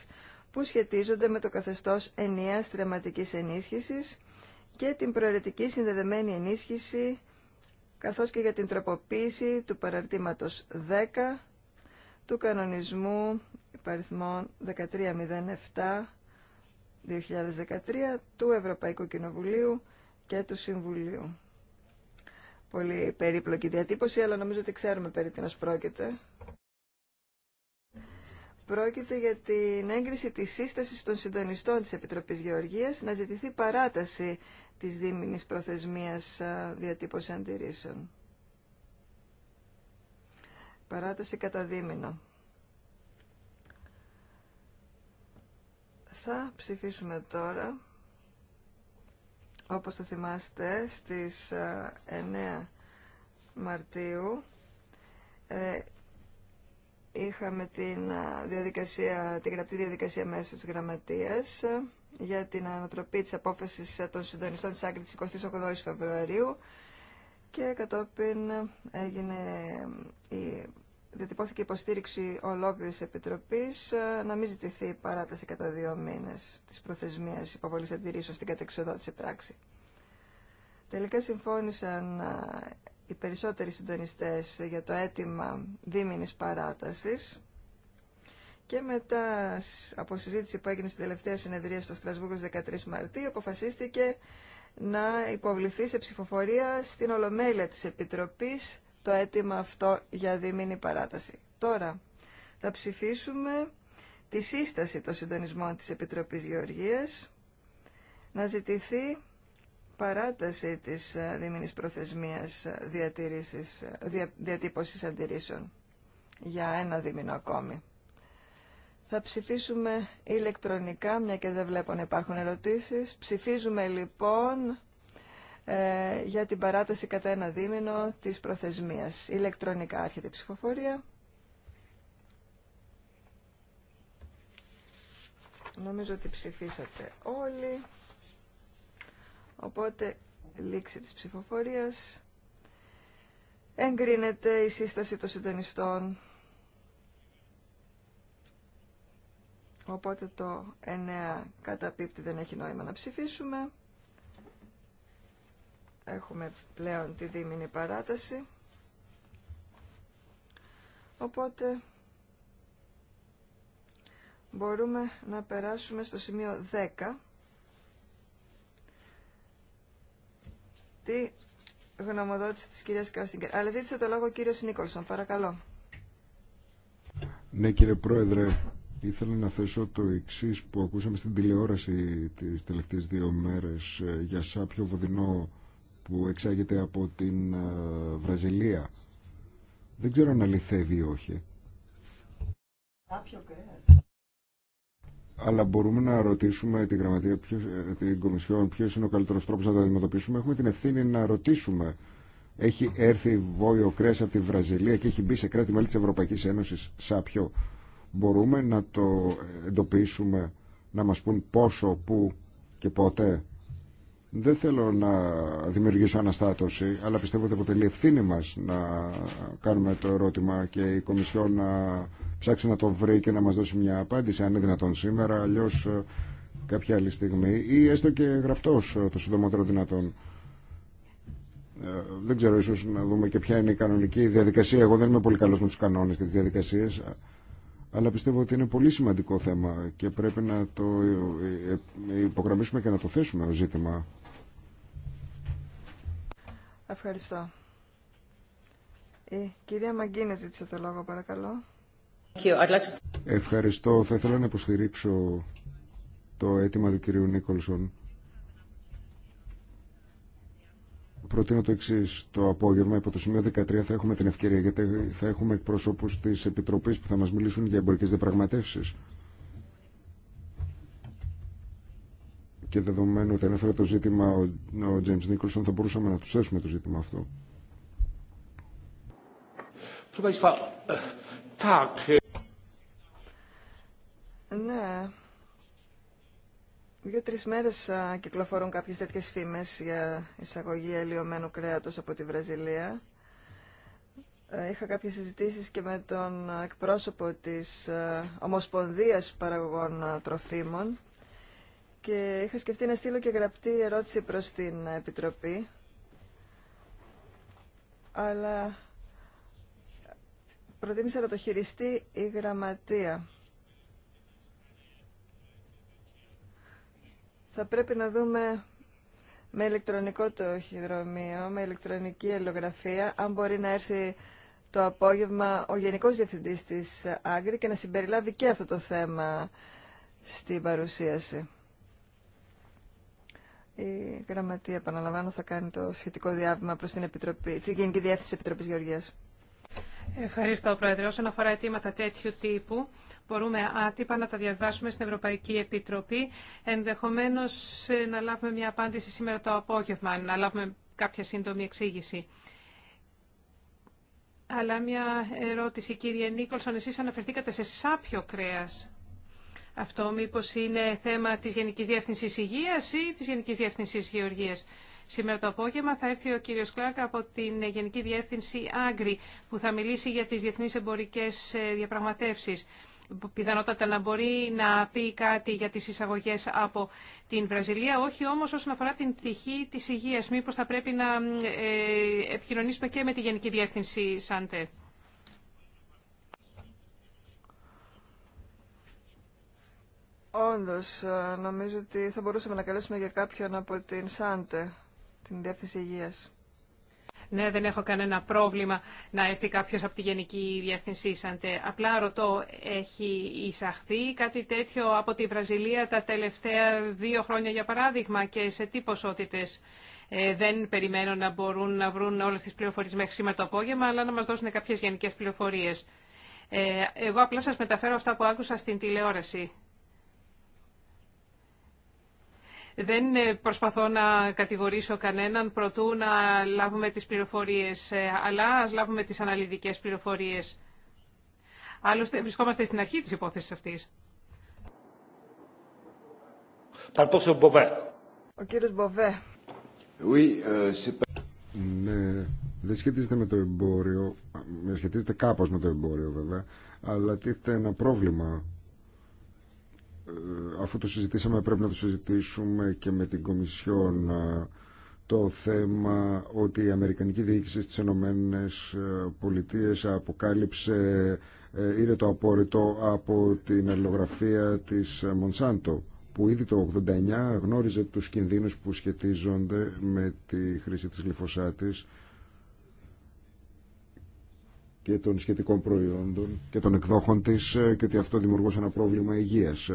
που σχετίζονται με το καθεστώς ενιαίας τρεματικής ενίσχυσης και την προαιρετική συνδεδεμένη ενίσχυση καθώς και για την τροποποίηση του παραρτήματος 10 του κανονισμού υπαριθμών 1307 2013 του Ευρωπαϊκού Κοινοβουλίου και του Συμβουλίου. Πολύ περίπλοκη διατύπωση, αλλά νομίζω ότι ξέρουμε περί την πρόκειται. Πρόκειται για την έγκριση της σύστασης των συντονιστών της Επιτροπής Γεωργίας να ζητηθεί παράταση της δίμηνης προθεσμίας διατύπωση αντιρρήσεων. Παράταση κατά δίμηνο. Θα ψηφίσουμε τώρα, όπως θα θυμάστε, στις 9 Μαρτίου ε, είχαμε την διαδικασία, την γραπτή διαδικασία μέσω της γραμματείας για την ανατροπή της απόφασης των συντονιστών της άκρη της 28 Φεβρουαρίου και κατόπιν έγινε η διατυπώθηκε υποστήριξη ολόκληρης επιτροπής ε, να μην ζητηθεί παράταση κατά δύο μήνες της προθεσμίας υποβολής αντιρρήσεως στην κατεξοδότηση πράξη. Τελικά συμφώνησαν ε, οι περισσότεροι συντονιστές για το αίτημα δίμηνης παράτασης και μετά από συζήτηση που έγινε στην τελευταία συνεδρία στο Στρασβούργο 13 Μαρτίου, αποφασίστηκε να υποβληθεί σε ψηφοφορία στην Ολομέλεια της Επιτροπής το αίτημα αυτό για δίμηνη παράταση. Τώρα θα ψηφίσουμε τη σύσταση των συντονισμών της Επιτροπής Γεωργίας να ζητηθεί παράταση της ε, δίμηνης προθεσμίας ε, ε, διατύπωσης αντιρρήσεων για ένα δίμηνο ακόμη. Θα ψηφίσουμε ηλεκτρονικά, μια και δεν βλέπω να υπάρχουν ερωτήσεις. Ψηφίζουμε λοιπόν ε, για την παράταση κατά ένα δίμηνο της προθεσμίας. Ηλεκτρονικά άρχεται η ψηφοφορία. Νομίζω ότι ψηφίσατε όλοι. Οπότε, λήξη της ψηφοφορίας. Εγκρίνεται η σύσταση των συντονιστών. Οπότε το 9 καταπίπτει δεν έχει νόημα να ψηφίσουμε. Έχουμε πλέον τη δίμηνη παράταση. Οπότε μπορούμε να περάσουμε στο σημείο 10. Τη γνωμοδότηση της κυρίας Κάστιγκερ. Αλλά ζήτησε το λόγο ο κύριος Νίκολσον. Παρακαλώ. Ναι κύριε Πρόεδρε, Ήθελα να θέσω το εξή που ακούσαμε στην τηλεόραση τις τελευταίες δύο μέρες ε, για σάπιο βοδινό που εξάγεται από την ε, Βραζιλία. Δεν ξέρω αν αληθεύει ή όχι. Αλλά μπορούμε να ρωτήσουμε τη γραμματεία, ποιος, ε, την Κομισιόν, ποιο είναι ο καλύτερο τρόπο να τα αντιμετωπίσουμε. Έχουμε την ευθύνη να ρωτήσουμε. Έχει έρθει βόιο κρέα από τη Βραζιλία και έχει μπει σε κράτη μέλη τη Ευρωπαϊκή Ένωση. σάπιο μπορούμε να το εντοπίσουμε, να μας πούν πόσο, πού και πότε. Δεν θέλω να δημιουργήσω αναστάτωση, αλλά πιστεύω ότι αποτελεί ευθύνη μας να κάνουμε το ερώτημα και η Κομισιόν να ψάξει να το βρει και να μας δώσει μια απάντηση, αν είναι δυνατόν σήμερα, αλλιώ ε, κάποια άλλη στιγμή ή έστω και γραπτός ε, το συντομότερο δυνατόν. Ε, δεν ξέρω, ίσως να δούμε και ποια είναι η κανονική διαδικασία. Εγώ δεν είμαι πολύ καλός με τους κανόνες και τις διαδικασίες, αλλά πιστεύω ότι είναι πολύ σημαντικό θέμα και πρέπει να το ε, ε, υπογραμμίσουμε και να το θέσουμε ως ζήτημα. Ευχαριστώ. Η κυρία Μαγκίνε ζήτησε το λόγο, παρακαλώ. Ευχαριστώ. Θα ήθελα να υποστηρίξω το αίτημα του κυρίου Νίκολσον προτείνω το εξή. Το απόγευμα, υπό το σημείο 13, θα έχουμε την ευκαιρία γιατί θα έχουμε εκπροσώπου τη Επιτροπή που θα μα μιλήσουν για εμπορικέ διαπραγματεύσει. Και δεδομένου ότι ανέφερε το ζήτημα ο Τζέιμς Νίκολσον, θα μπορούσαμε να του θέσουμε το ζήτημα αυτό. Ναι, Δύο-τρει μέρε κυκλοφορούν κάποιε τέτοιε φήμε για εισαγωγή ελιωμένου κρέατο από τη Βραζιλία. Ε, είχα κάποιες συζητήσει και με τον εκπρόσωπο της Ομοσπονδία Παραγωγών Τροφίμων και είχα σκεφτεί να στείλω και γραπτή ερώτηση προ την Επιτροπή. Αλλά προτίμησα να το χειριστεί η Γραμματεία. θα πρέπει να δούμε με ηλεκτρονικό το χειδρομείο, με ηλεκτρονική ελογραφία, αν μπορεί να έρθει το απόγευμα ο Γενικός Διευθυντής της Άγκρη και να συμπεριλάβει και αυτό το θέμα στην παρουσίαση. Η Γραμματεία, επαναλαμβάνω, θα κάνει το σχετικό διάβημα προς την, Επιτροπή, την Γενική Διεύθυνση Επιτροπής Γεωργίας. Ευχαριστώ, Πρόεδρε. Όσον αφορά αιτήματα τέτοιου τύπου, μπορούμε άτυπα να τα διαβάσουμε στην Ευρωπαϊκή Επιτροπή. Ενδεχομένως ε, να λάβουμε μια απάντηση σήμερα το απόγευμα, να λάβουμε κάποια σύντομη εξήγηση. Αλλά μια ερώτηση, κύριε Νίκολσον, εσείς αναφερθήκατε σε σάπιο κρέας. Αυτό μήπω είναι θέμα τη γενική διεύθυνση υγεία ή τη Γενική Διεύθυνση Γεωργίας. Σήμερα το απόγευμα θα έρθει ο κύριος Κλάρκ από την Γενική Διεύθυνση Άγκρη που θα μιλήσει για τις διεθνείς εμπορικές ε, διαπραγματεύσεις. Πιθανότατα να μπορεί να πει κάτι για τις εισαγωγές από την Βραζιλία, όχι όμως όσον αφορά την πτυχή της υγείας. Μήπως θα πρέπει να ε, επικοινωνήσουμε και με τη Γενική Διεύθυνση Σάντε. Όντως, ε, νομίζω ότι θα μπορούσαμε να καλέσουμε για κάποιον από την Σάντε την Διεύθυνση υγεία. Ναι, δεν έχω κανένα πρόβλημα να έρθει κάποιο από τη Γενική Διεύθυνση Απλά ρωτώ, έχει εισαχθεί κάτι τέτοιο από τη Βραζιλία τα τελευταία δύο χρόνια, για παράδειγμα, και σε τι ποσότητε. Ε, δεν περιμένω να μπορούν να βρουν όλε τι πληροφορίε μέχρι σήμερα το απόγευμα, αλλά να μα δώσουν κάποιε γενικέ πληροφορίε. Ε, εγώ απλά σα μεταφέρω αυτά που άκουσα στην τηλεόραση. Δεν ε, προσπαθώ να κατηγορήσω κανέναν προτού να λάβουμε τις πληροφορίες, ε, αλλά ας λάβουμε τις αναλυτικές πληροφορίες. Άλλωστε βρισκόμαστε στην αρχή της υπόθεσης αυτής. Ο κύριος Μποβέ. Euh, ναι, δεν σχετίζεται με το εμπόριο, σχετίζεται κάπως με το εμπόριο βέβαια, αλλά τίθεται ένα πρόβλημα ε, αφού το συζητήσαμε πρέπει να το συζητήσουμε και με την Κομισιόν ε, το θέμα ότι η Αμερικανική Διοίκηση στις Ενωμένες ε, Πολιτείες αποκάλυψε είναι το απόρριτο από την αλληλογραφία της Μονσάντο που ήδη το 89 γνώριζε τους κινδύνους που σχετίζονται με τη χρήση της γλυφοσάτης και των σχετικών προϊόντων και των εκδόχων της ε, και ότι αυτό δημιουργούσε ένα πρόβλημα υγείας.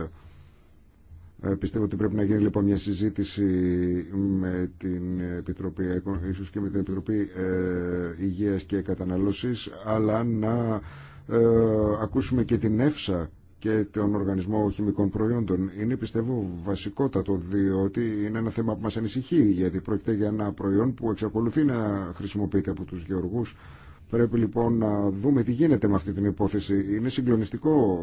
Ε, πιστεύω ότι πρέπει να γίνει λοιπόν μια συζήτηση με την Επιτροπή, ίσως και με την Επιτροπή ε, Υγείας και Καταναλώσης, αλλά να ακούσουμε και την ΕΦΣΑ και τον Οργανισμό Χημικών Προϊόντων. Είναι πιστεύω βασικότατο διότι είναι ένα θέμα που μας ανησυχεί γιατί πρόκειται για ένα προϊόν που εξακολουθεί να χρησιμοποιείται από τους γεωργούς Πρέπει λοιπόν να δούμε τι γίνεται με αυτή την υπόθεση. Είναι συγκλονιστικό,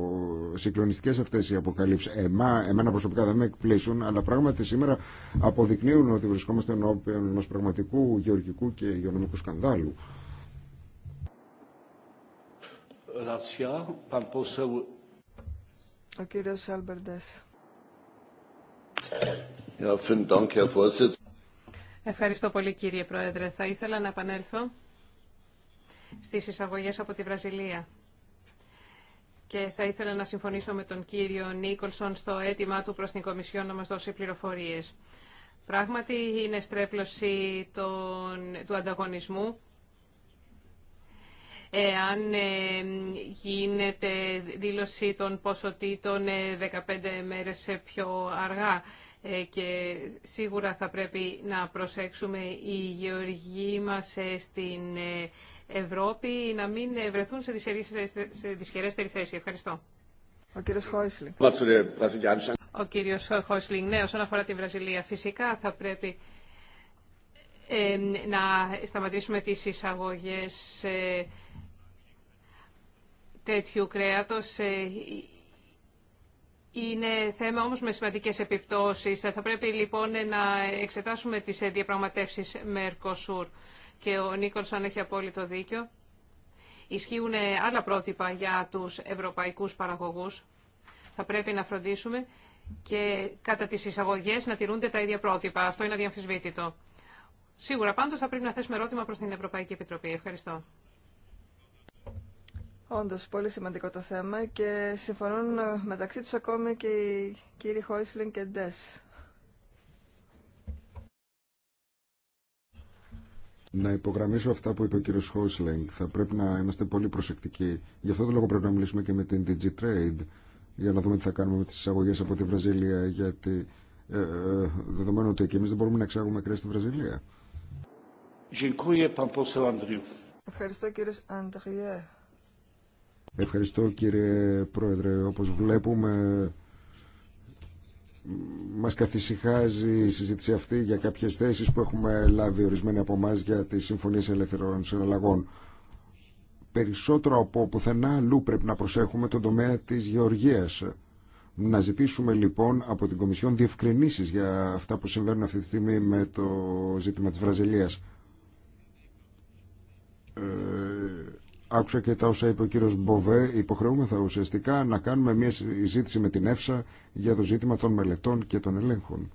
συγκλονιστικές αυτές οι αποκαλύψεις. Εμά, εμένα προσωπικά δεν με εκπλήσουν, αλλά πράγματι σήμερα αποδεικνύουν ότι βρισκόμαστε ενώπιον ενός πραγματικού γεωργικού και υγειονομικού σκανδάλου. Ο Ευχαριστώ πολύ κύριε Πρόεδρε. Θα ήθελα να επανέλθω στις εισαγωγές από τη Βραζιλία. Και θα ήθελα να συμφωνήσω με τον κύριο Νίκολσον στο αίτημά του προς την Κομισιό να μας δώσει πληροφορίες. Πράγματι είναι στρέπλωση του ανταγωνισμού εάν ε, γίνεται δήλωση των ποσοτήτων 15 ε, μέρες ε, πιο αργά. Ε, και σίγουρα θα πρέπει να προσέξουμε οι γεωργοί μας ε, στην ε, Ευρώπη να μην βρεθούν σε δυσχερέστερη θέση. Ευχαριστώ. Ο κύριος Χόισλινγκ. Ο κύριος Χόισλινγκ, ναι, όσον αφορά τη Βραζιλία, φυσικά θα πρέπει να σταματήσουμε τις εισαγωγές ε, τέτοιου κρέατος. Είναι θέμα όμως με σημαντικές επιπτώσεις. Θα πρέπει λοιπόν να εξετάσουμε τις διαπραγματεύσεις Mercosur. Και ο Νίκολσον έχει απόλυτο δίκιο. Ισχύουν άλλα πρότυπα για τους ευρωπαϊκούς παραγωγούς. Θα πρέπει να φροντίσουμε και κατά τις εισαγωγές να τηρούνται τα ίδια πρότυπα. Αυτό είναι αδιαμφισβήτητο. Σίγουρα πάντως θα πρέπει να θέσουμε ερώτημα προς την Ευρωπαϊκή Επιτροπή. Ευχαριστώ. Όντως, πολύ σημαντικό το θέμα και συμφωνούν ε, μεταξύ τους ακόμη και οι κύριοι Χόισλιν και Ντες. Να υπογραμμίσω αυτά που είπε ο κύριος Χόισλινγκ. Θα πρέπει να είμαστε πολύ προσεκτικοί. Γι' αυτό το λόγο πρέπει να μιλήσουμε και με την DigiTrade για να δούμε τι θα κάνουμε με τις εισαγωγέ από τη Βραζιλία. Γιατί ε, ε δεδομένου ότι και εμεί δεν μπορούμε να εξάγουμε κρέα στη Βραζιλία. Ευχαριστώ κύριος Αντριέ. Ευχαριστώ κύριε Πρόεδρε. Όπως βλέπουμε μας καθησυχάζει η συζήτηση αυτή για κάποιες θέσεις που έχουμε λάβει ορισμένοι από εμά για τις συμφωνίες ελεύθερων συναλλαγών. Περισσότερο από πουθενά αλλού πρέπει να προσέχουμε τον τομέα της γεωργίας. Να ζητήσουμε λοιπόν από την Κομισιόν διευκρινήσεις για αυτά που συμβαίνουν αυτή τη στιγμή με το ζήτημα της Βραζιλίας. Ε, άκουσα και τα όσα είπε ο κύριος Μποβέ, υποχρεούμεθα ουσιαστικά να κάνουμε μια συζήτηση με την ΕΦΣΑ για το ζήτημα των μελετών και των ελέγχων.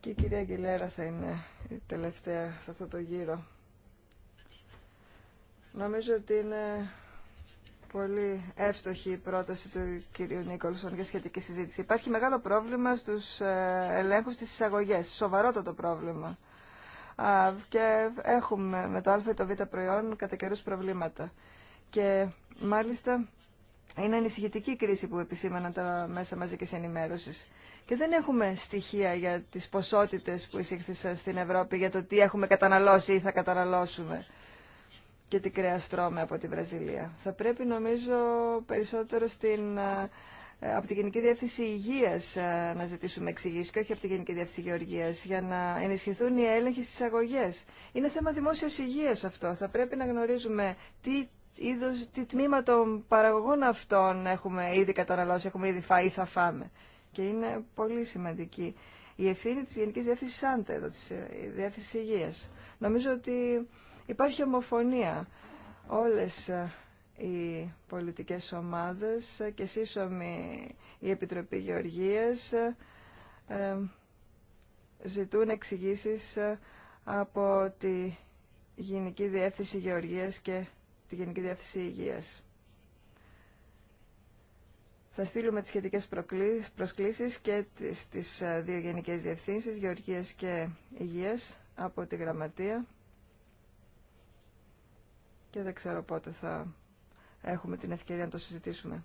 Και η κυρία Αγγελέρα θα είναι η τελευταία σε αυτό το γύρο. Νομίζω ότι είναι πολύ εύστοχη η πρόταση του κυρίου Νίκολσον για σχετική συζήτηση. Υπάρχει μεγάλο πρόβλημα στους ε, ελέγχους της εισαγωγές, σοβαρότατο πρόβλημα. Και έχουμε με το α ή το β προϊόν κατά καιρούς προβλήματα. Και μάλιστα είναι ανησυχητική η κρίση που επισήμαναν τα μέσα μαζικής ενημέρωσης. Και δεν έχουμε στοιχεία για τις ποσότητες που εισήχθησαν στην Ευρώπη, για το τι έχουμε καταναλώσει ή θα καταναλώσουμε και την τρώμε από τη Βραζιλία. Θα πρέπει νομίζω περισσότερο στην, ε, από τη Γενική Διεύθυνση Υγείας ε, να ζητήσουμε εξηγήσει και όχι από τη Γενική Διεύθυνση Γεωργίας για να ενισχυθούν οι έλεγχοι στι αγωγέ. Είναι θέμα δημόσιας υγείας αυτό. Θα πρέπει να γνωρίζουμε τι είδος, τι τμήμα των παραγωγών αυτών έχουμε ήδη καταναλώσει, έχουμε ήδη φάει ή θα φάμε. Και είναι πολύ σημαντική η ευθύνη της Γενικής Διεύθυνσης Άντε, εδώ, της ε, Διεύθυνσης Υγείας. Νομίζω ότι Υπάρχει ομοφωνία. Όλες ε, οι πολιτικές ομάδες ε, και σύσσωμη η Επιτροπή Γεωργίας ε, ζητούν εξηγήσει από τη Γενική Διεύθυνση Γεωργίας και τη Γενική Διεύθυνση Υγείας. Θα στείλουμε τις σχετικές προσκλήσεις και στις δύο Γενικές Διευθύνσεις, Γεωργίας και Υγείας, από τη Γραμματεία και δεν ξέρω πότε θα έχουμε την ευκαιρία να το συζητήσουμε.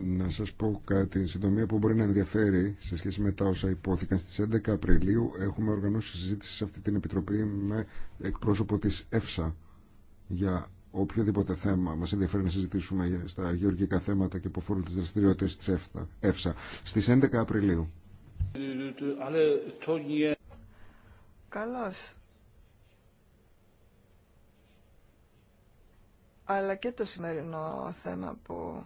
Να σας πω κάτι, συντομία που μπορεί να ενδιαφέρει σε σχέση με τα όσα υπόθηκαν στις 11 Απριλίου έχουμε οργανώσει συζήτηση σε αυτή την Επιτροπή με εκπρόσωπο της ΕΦΣΑ για οποιοδήποτε θέμα μας ενδιαφέρει να συζητήσουμε στα γεωργικά θέματα και που αφορούν τις δραστηριότητες της ΕΦΣΑ στις 11 Απριλίου. Καλώς. αλλά και το σημερινό θέμα που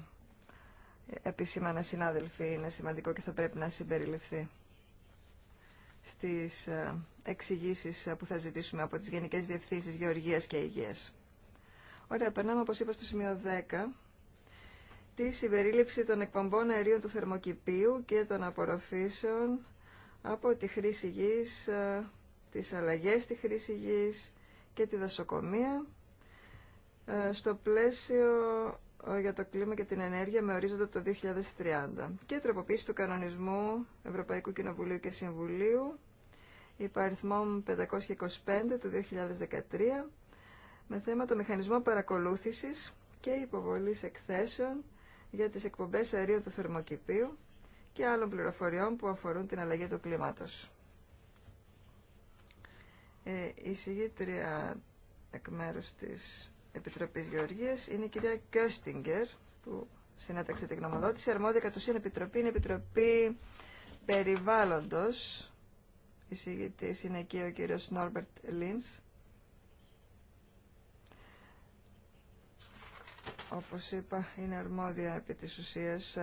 επισήμανε συνάδελφοι είναι σημαντικό και θα πρέπει να συμπεριληφθεί στις ε, εξηγήσει ε, που θα ζητήσουμε από τις Γενικές Διευθύνσεις Γεωργίας και Υγείας. Ωραία, περνάμε όπως είπα στο σημείο 10 τη συμπερίληψη των εκπομπών αερίων του θερμοκηπίου και των απορροφήσεων από τη χρήση γης, ε, τις αλλαγές στη χρήση γης και τη δασοκομεία ε, στο πλαίσιο ε, για το κλίμα και την ενέργεια με ορίζοντα το 2030 και τροποποίηση του κανονισμού Ευρωπαϊκού Κοινοβουλίου και Συμβουλίου υπαριθμών 525 του 2013 με θέμα το μηχανισμό παρακολούθησης και υποβολής εκθέσεων για τις εκπομπές αερίων του θερμοκηπίου και άλλων πληροφοριών που αφορούν την αλλαγή του κλίματος. Ε, η συγγήτρια εκ μέρους της Επιτροπής Γεωργίας είναι η κυρία Κέρστιγκερ που συνέταξε την γνωμοδότηση. Αρμόδια κατ' ουσίαν επιτροπή είναι επιτροπή περιβάλλοντος. Εισηγητής είναι εκεί ο κύριος Νόρμπερτ Λίνς. Όπως είπα είναι αρμόδια επί της ουσίας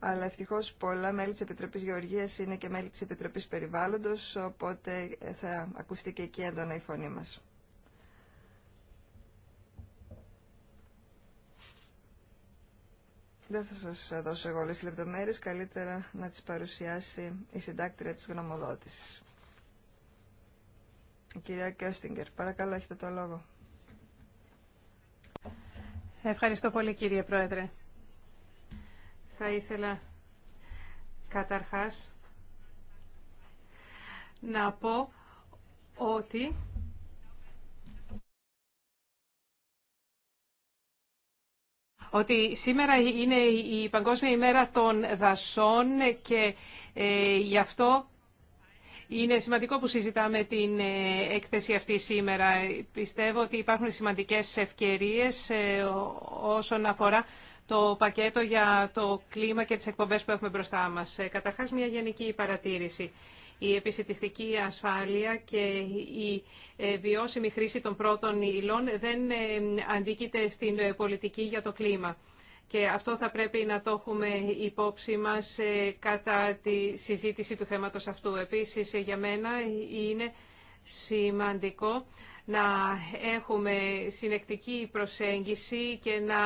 αλλά ευτυχώς πολλά μέλη της Επιτροπής Γεωργίας είναι και μέλη της Επιτροπής Περιβάλλοντος, οπότε θα ακουστεί και εκεί έντονα η φωνή μας. Δεν θα σας δώσω εγώ όλες λεπτομέρειες, καλύτερα να τις παρουσιάσει η συντάκτρια της γνωμοδότησης. Η κυρία Κέστιγκερ, παρακαλώ, έχετε το λόγο. Ευχαριστώ πολύ κύριε Πρόεδρε. Θα ήθελα καταρχάς να πω ότι ότι σήμερα είναι η Παγκόσμια ημέρα των δασών και ε, γι' αυτό είναι σημαντικό που συζητάμε την ε, έκθεση αυτή σήμερα. Πιστεύω ότι υπάρχουν σημαντικές ευκαιρίες ε, όσον αφορά το πακέτο για το κλίμα και τις εκπομπές που έχουμε μπροστά μας. Καταρχάς, μια γενική παρατήρηση η επισητιστική ασφάλεια και η ε, βιώσιμη χρήση των πρώτων υλών δεν ε, αντίκειται στην πολιτική για το κλίμα. Και αυτό θα πρέπει να το έχουμε υπόψη μας ε, κατά τη συζήτηση του θέματος αυτού. Επίσης, για μένα είναι σημαντικό να έχουμε συνεκτική προσέγγιση και να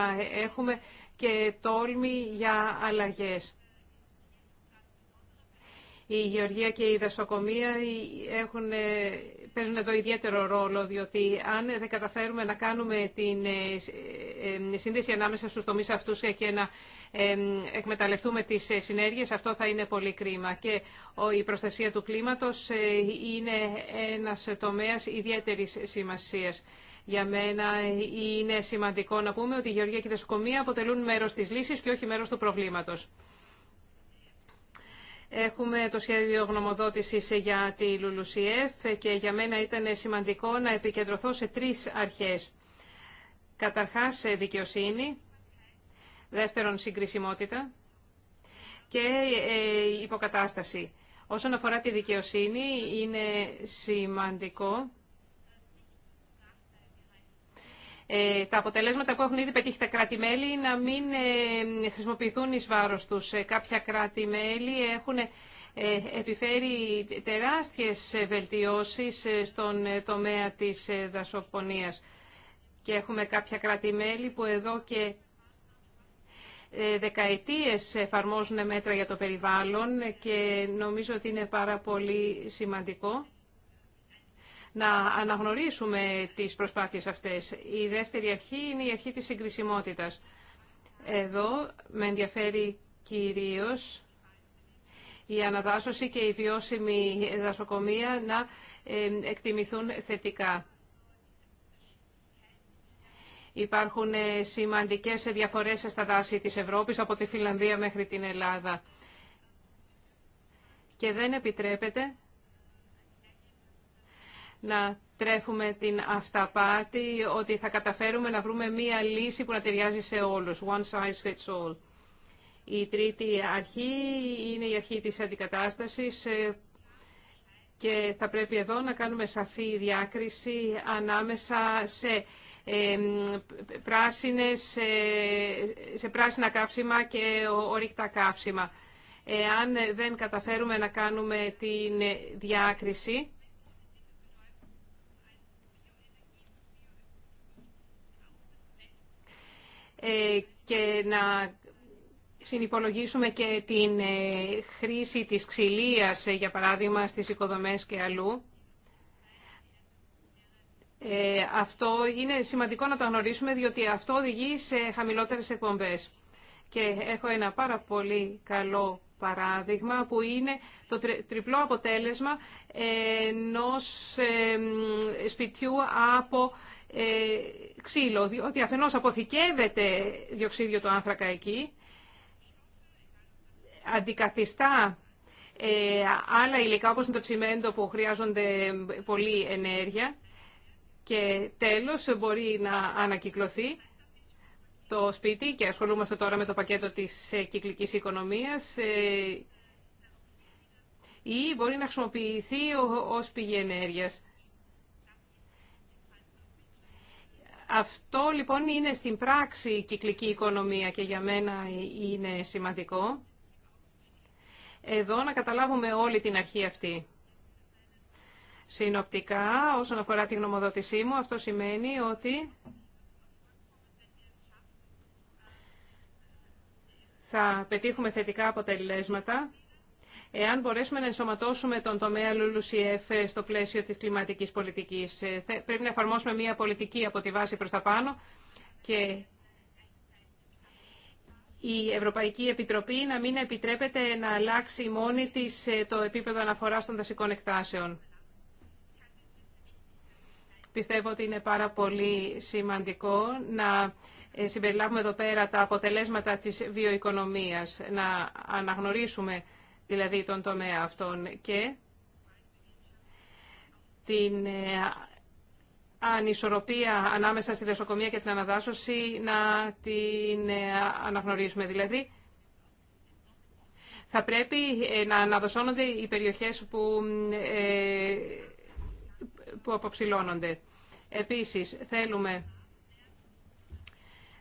έχουμε και τόλμη για αλλαγές. Η γεωργία και η δασοκομεία ε, έχουν, ε, παίζουν εδώ ιδιαίτερο ρόλο, διότι αν δεν καταφέρουμε να κάνουμε την ε, σύνδεση ανάμεσα στους τομείς αυτούς και να εκμεταλλευτούμε τις συνέργειες, αυτό θα είναι πολύ κρίμα. Και η προστασία του κλίματος είναι ένας τομέας ιδιαίτερης σημασίας. Για μένα είναι σημαντικό να πούμε ότι η γεωργία και η δασοκομεία αποτελούν μέρος της λύσης και όχι μέρος του προβλήματος. Έχουμε το σχέδιο γνωμοδότησης για τη Λουλουσιεφ και για μένα ήταν σημαντικό να επικεντρωθώ σε τρεις αρχές. Καταρχάς δικαιοσύνη, δεύτερον συγκρισιμότητα και ε, υποκατάσταση. Όσον αφορά τη δικαιοσύνη, είναι σημαντικό ε, τα αποτελέσματα που έχουν ήδη πετύχει τα κράτη-μέλη να μην ε, χρησιμοποιηθούν εις βάρος τους. Ε, κάποια κράτη-μέλη έχουν επιφέρει τεράστιες βελτιώσεις στον τομέα της δασοπονίας. Και έχουμε κάποια κράτη-μέλη που εδώ και δεκαετίες εφαρμόζουν μέτρα για το περιβάλλον και νομίζω ότι είναι πάρα πολύ σημαντικό να αναγνωρίσουμε τις προσπάθειες αυτές. Η δεύτερη αρχή είναι η αρχή της συγκρισιμότητας. Εδώ με ενδιαφέρει κυρίως η αναδάσωση και η βιώσιμη δασοκομεία να ε, εκτιμηθούν θετικά. Υπάρχουν ε, σημαντικές διαφορές στα δάση της Ευρώπης από τη Φιλανδία μέχρι την Ελλάδα και δεν επιτρέπεται να τρέφουμε την αυταπάτη ότι θα καταφέρουμε να βρούμε μία λύση που να ταιριάζει σε όλους. One size fits all. Η τρίτη αρχή είναι η αρχή της αντικατάστασης και θα πρέπει εδώ να κάνουμε σαφή διάκριση ανάμεσα σε πράσινες, σε πράσινα καύσιμα και ορυκτά καύσιμα. Εάν δεν καταφέρουμε να κάνουμε την διάκριση, Ε, και να συνυπολογίσουμε και την ε, χρήση της ξυλίας, ε, για παράδειγμα, στις οικοδομές και αλλού. Αυτό είναι σημαντικό να το γνωρίσουμε, διότι αυτό οδηγεί σε χαμηλότερες εκπομπές. Και έχω ένα πάρα πολύ καλό παράδειγμα που είναι το τριπλό αποτέλεσμα ενός σπιτιού από ε, ξύλο, ότι αφενός αποθηκεύεται διοξίδιο το άνθρακα εκεί, αντικαθιστά ε, άλλα υλικά όπως είναι το τσιμέντο που χρειάζονται πολύ ενέργεια και τέλος μπορεί να ανακυκλωθεί το σπίτι και ασχολούμαστε τώρα με το πακέτο της ε, κυκλικής οικονομίας ή μπορεί να χρησιμοποιηθεί ως πηγή ενέργειας. Αυτό λοιπόν είναι στην πράξη κυκλική οικονομία και για μένα είναι σημαντικό. Εδώ να καταλάβουμε όλη την αρχή αυτή. Συνοπτικά, όσον αφορά τη γνωμοδότησή μου, αυτό σημαίνει ότι θα πετύχουμε θετικά αποτελέσματα Εάν μπορέσουμε να ενσωματώσουμε τον τομέα LULUCF στο πλαίσιο της κλιματικής πολιτικής, ε, πρέπει να εφαρμόσουμε μια πολιτική από τη βάση προς τα πάνω και η Ευρωπαϊκή Επιτροπή να μην επιτρέπεται να αλλάξει μόνη της ε, το επίπεδο αναφοράς των δασικών εκτάσεων. Πιστεύω ότι είναι πάρα πολύ σημαντικό να ε, συμπεριλάβουμε εδώ πέρα τα αποτελέσματα της βιοοικονομίας, να αναγνωρίσουμε δηλαδή τον τομέα αυτών και την ε, ανισορροπία ανάμεσα στη δεσοκομεία και την αναδάσωση να την ε, αναγνωρίσουμε. Δηλαδή, θα πρέπει ε, να αναδοσώνονται οι περιοχές που, που αποψηλώνονται. Επίσης, θέλουμε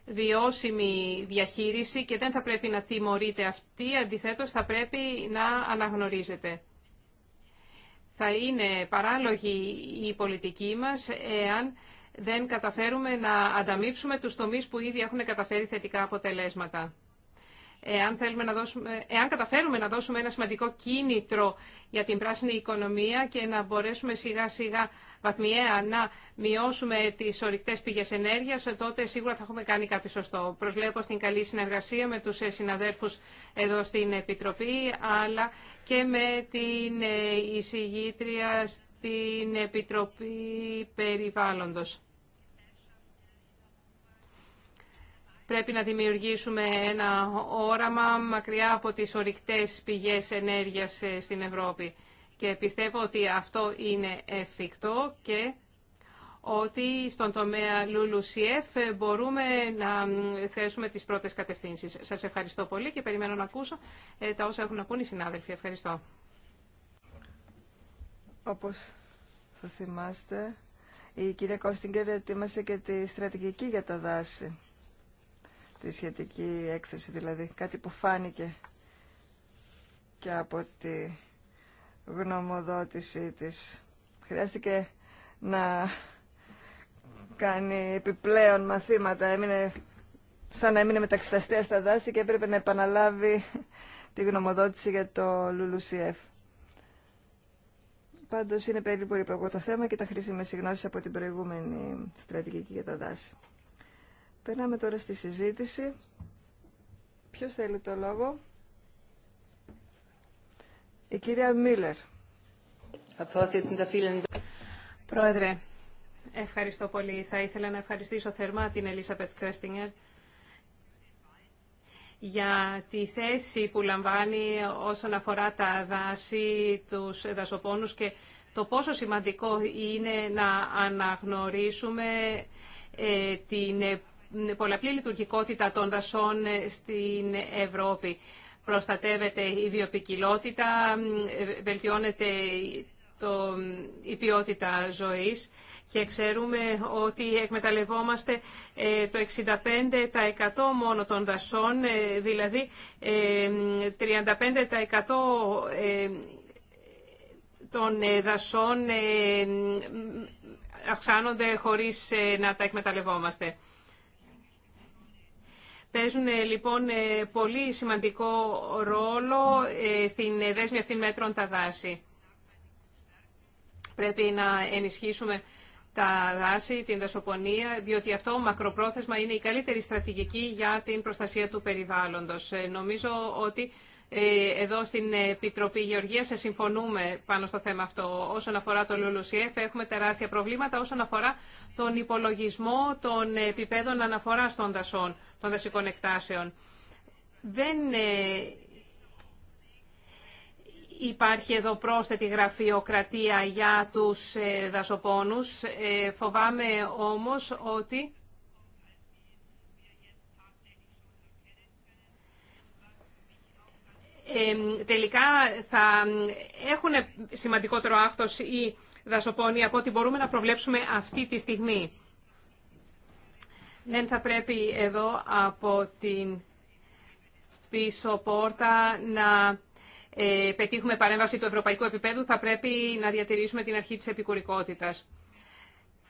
βιώσιμη διαχείριση και δεν θα πρέπει να τιμωρείται αυτή, αντιθέτως θα πρέπει να αναγνωρίζεται. Θα είναι παράλογη η πολιτική μας εάν δεν καταφέρουμε να ανταμείψουμε τους τομείς που ήδη έχουν καταφέρει θετικά αποτελέσματα. Εάν, θέλουμε να δώσουμε, εάν καταφέρουμε να δώσουμε ένα σημαντικό κίνητρο για την πράσινη οικονομία και να μπορέσουμε σιγά σιγά βαθμιαία να μειώσουμε τις ορυκτές πηγές ενέργειας, τότε σίγουρα θα έχουμε κάνει κάτι σωστό. Προσβλέπω στην καλή συνεργασία με τους ε, συναδέρφους εδώ στην Επιτροπή, αλλά και με την ε, εισηγήτρια στην Επιτροπή Περιβάλλοντος. Πρέπει να δημιουργήσουμε ένα όραμα μακριά από τις ορυκτές πηγές ενέργειας ε, στην Ευρώπη. Και πιστεύω ότι αυτό είναι εφικτό και ότι στον τομέα LULUCF ε, μπορούμε να θέσουμε τις πρώτες κατευθύνσεις. Σας ευχαριστώ πολύ και περιμένω να ακούσω ε, τα όσα έχουν να πούν οι συνάδελφοι. Ευχαριστώ. Όπως θα θυμάστε, η κυρία Κώστιγκερ ετοίμασε και τη στρατηγική για τα δάση τη σχετική έκθεση, δηλαδή κάτι που φάνηκε και από τη γνωμοδότησή της. Χρειάστηκε να κάνει επιπλέον μαθήματα, έμεινε σαν να έμεινε μεταξυταστέα στα δάση και έπρεπε να επαναλάβει τη γνωμοδότηση για το Λουλουσιεφ. Πάντως είναι περίπου το θέμα και τα χρήσιμες γνώσεις από την προηγούμενη στρατηγική για τα δάση. Περνάμε τώρα στη συζήτηση. Ποιος θέλει το λόγο? Η κυρία Μίλλερ. Πρόεδρε, ευχαριστώ πολύ. Θα ήθελα να ευχαριστήσω θερμά την Ελίσαπετ Κρέστινγκερ για τη θέση που λαμβάνει όσον αφορά τα δάση, τους δασοπόνους και το πόσο σημαντικό είναι να αναγνωρίσουμε ε, την πολλαπλή λειτουργικότητα των δασών ε, στην Ευρώπη. Προστατεύεται η βιοπικιλότητα, ε, βελτιώνεται το, η ποιότητα ζωής και ξέρουμε ότι εκμεταλλευόμαστε ε, το 65% μόνο των δασών, δηλαδή 35% των δασών αυξάνονται χωρίς να τα εκμεταλλευόμαστε. Παίζουν ε, λοιπόν ε, πολύ σημαντικό ρόλο ε, στην δέσμη αυτήν μέτρων τα δάση. Πρέπει να ενισχύσουμε τα δάση, την δασοπονία, διότι αυτό μακροπρόθεσμα είναι η καλύτερη στρατηγική για την προστασία του περιβάλλοντος. Νομίζω ότι εδώ στην Επιτροπή Γεωργίας σε συμφωνούμε πάνω στο θέμα αυτό. Όσον αφορά το ΛΟΛΟΣΙΕΦ έχουμε τεράστια προβλήματα όσον αφορά τον υπολογισμό των επιπέδων αναφοράς των δασών των δασικών εκτάσεων. Δεν ε, υπάρχει εδώ πρόσθετη γραφειοκρατία για τους ε, δασοπόνους. Ε, φοβάμαι όμως ότι... τελικά θα έχουν σημαντικότερο άκτος οι δασοπόνοι από ό,τι μπορούμε να προβλέψουμε αυτή τη στιγμή. Δεν θα πρέπει εδώ από την πίσω πόρτα να ε, πετύχουμε παρέμβαση του ευρωπαϊκού επίπεδου, θα πρέπει να διατηρήσουμε την αρχή της επικουρικότητας.